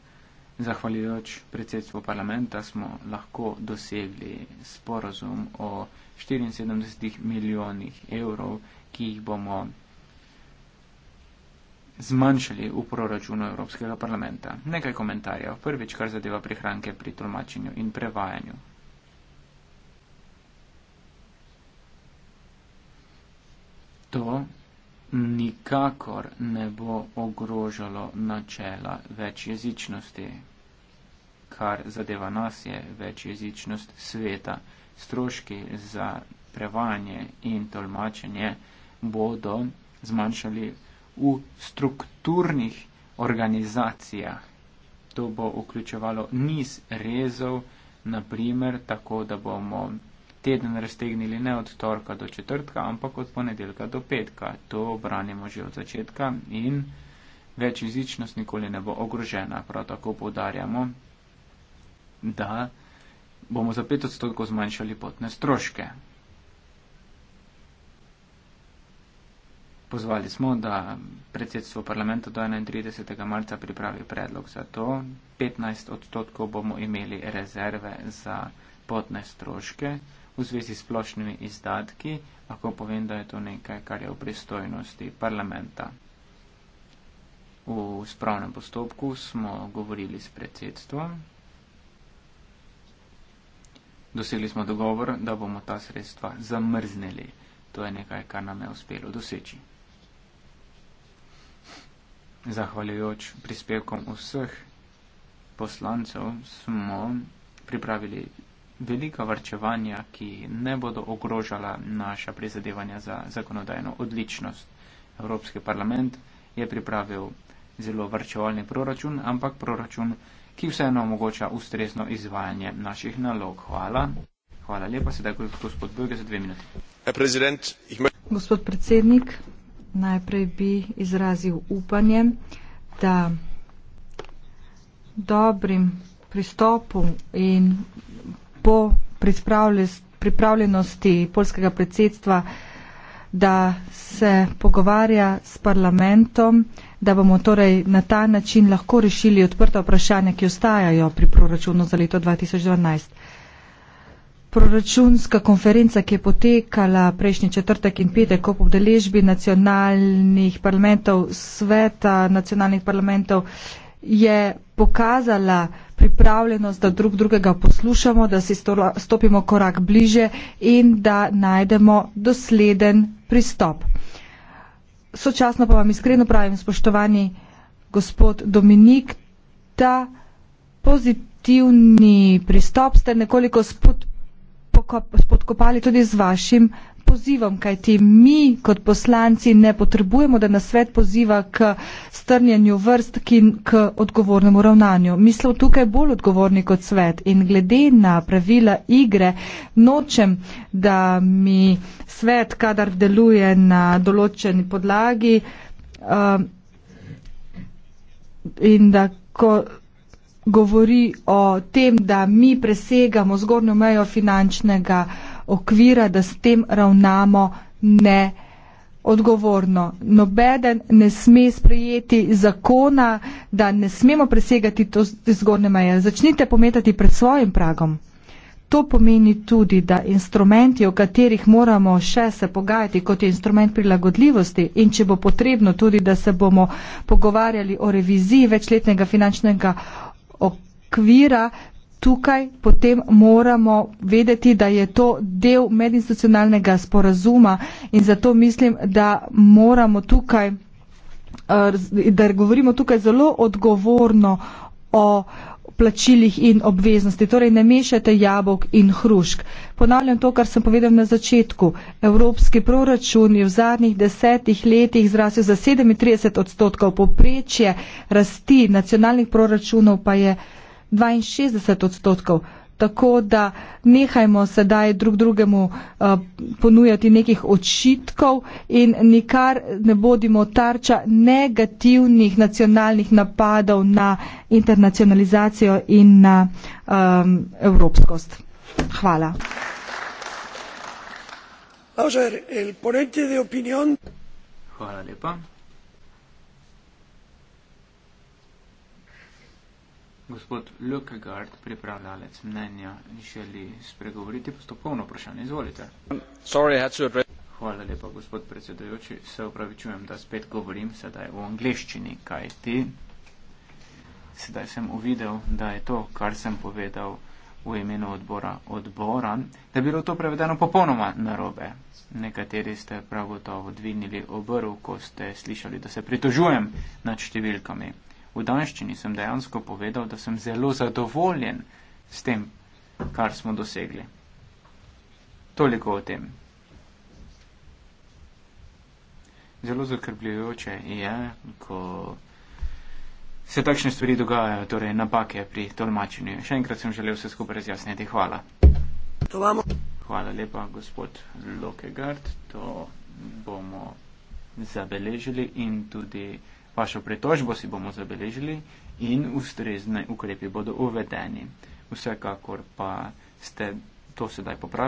zahvaljujoč predsedstvu parlamenta smo lahko dosegli sporozum o 74 milijonih evrov, ki jih bomo zmanjšali v proračunu Evropskega parlamenta. Nekaj komentarjev. Prvič, kar zadeva prihranke pri tolmačenju in prevajanju. To nikakor ne bo ogrožalo načela večjezičnosti. Kar zadeva nas je večjezičnost sveta. Stroški za prevajanje in tolmačenje bodo zmanjšali v strukturnih organizacijah. To bo vključevalo niz rezov, naprimer tako, da bomo teden raztegnili ne od torka do četrtka, ampak od ponedeljka do petka. To branimo že od začetka in več jezičnost nikoli ne bo ogrožena. Prav tako povdarjamo, da bomo za pet odstotkov zmanjšali potne stroške. Pozvali smo, da predsedstvo parlamenta do 31. marca pripravi predlog za to. 15 odstotkov bomo imeli rezerve za potne stroške, V zvezi s splošnimi izdatki lahko povem, da je to nekaj, kar je v pristojnosti parlamenta. V spravnem postopku smo govorili s predsedstvom. Dosegli smo dogovor, da bomo ta sredstva zamrznili. To je nekaj, kar nam je uspelo doseči. Zahvaljujoč prispevkom vseh poslancev smo pripravili velika varčevanja, ki ne bodo ogrožala naša prizadevanja za zakonodajno odličnost. Evropski parlament je pripravil zelo varčevalni proračun, ampak proračun, ki vseeno omogoča ustrezno izvajanje naših nalog. Hvala. Hvala lepa. Sedaj gospod Böge za dve minuti. Gospod predsednik, najprej bi izrazil upanje, da dobrim pristopom in lepo pripravljenosti polskega predsedstva, da se pogovarja s parlamentom, da bomo torej na ta način lahko rešili odprta vprašanja, ki ostajajo pri proračunu za leto 2012. Proračunska konferenca, ki je potekala prejšnji četrtek in petek ob obdeležbi nacionalnih parlamentov, sveta nacionalnih parlamentov, je pokazala, pripravljenost, da drug drugega poslušamo, da si stopimo korak bliže in da najdemo dosleden pristop. Sočasno pa vam iskreno pravim, spoštovani gospod Dominik, ta pozitivni pristop ste nekoliko spod, spodkopali tudi z vašim pozivom, kajti mi kot poslanci ne potrebujemo, da nas svet poziva k strnjenju vrst, ki k odgovornemu ravnanju. Mi smo tukaj bolj odgovorni kot svet in glede na pravila igre nočem, da mi svet, kadar deluje na določeni podlagi uh, in da ko govori o tem, da mi presegamo zgornjo mejo finančnega okvira, da s tem ravnamo ne odgovorno. Nobeden ne sme sprejeti zakona, da ne smemo presegati to zgornje meje. Začnite pometati pred svojim pragom. To pomeni tudi, da instrumenti, o katerih moramo še se pogajati, kot je instrument prilagodljivosti in če bo potrebno tudi, da se bomo pogovarjali o reviziji večletnega finančnega okvira, tukaj, potem moramo vedeti, da je to del medinstitucionalnega sporazuma in zato mislim, da moramo tukaj, eh, da govorimo tukaj zelo odgovorno o plačilih in obveznosti. Torej, ne mešajte jabolk in hrušk. Ponavljam to, kar sem povedal na začetku. Evropski proračun je v zadnjih desetih letih zrasel za 37 odstotkov. Poprečje rasti nacionalnih proračunov pa je 62 odstotkov. Tako da nehajmo sedaj drug drugemu uh, ponujati nekih očitkov in nikar ne bodimo tarča negativnih nacionalnih napadov na internacionalizacijo in na um, evropskost. Hvala. Hvala lepa. Gospod Lukegard, pripravljalec mnenja, želi spregovoriti postopkovno vprašanje. Izvolite. Hvala lepa, gospod predsedujoči. Se upravičujem, da spet govorim sedaj v angliščini, kaj ti. Sedaj sem uvidel, da je to, kar sem povedal v imenu odbora odbora, da je bilo to prevedeno popolnoma narobe. Nekateri ste prav gotovo dvignili obrv, ko ste slišali, da se pritožujem nad številkami v danščini sem dejansko povedal, da sem zelo zadovoljen s tem, kar smo dosegli. Toliko o tem. Zelo zakrbljujoče je, ko se takšne stvari dogajajo, torej napake pri tolmačenju. Še enkrat sem želel vse skupaj razjasniti. Hvala. Hvala lepa, gospod Lokegard. To bomo zabeležili in tudi. Vašo pritožbo si bomo zabeležili in ustrezne ukrepi bodo uvedeni. Vsekakor pa ste to sedaj popravili.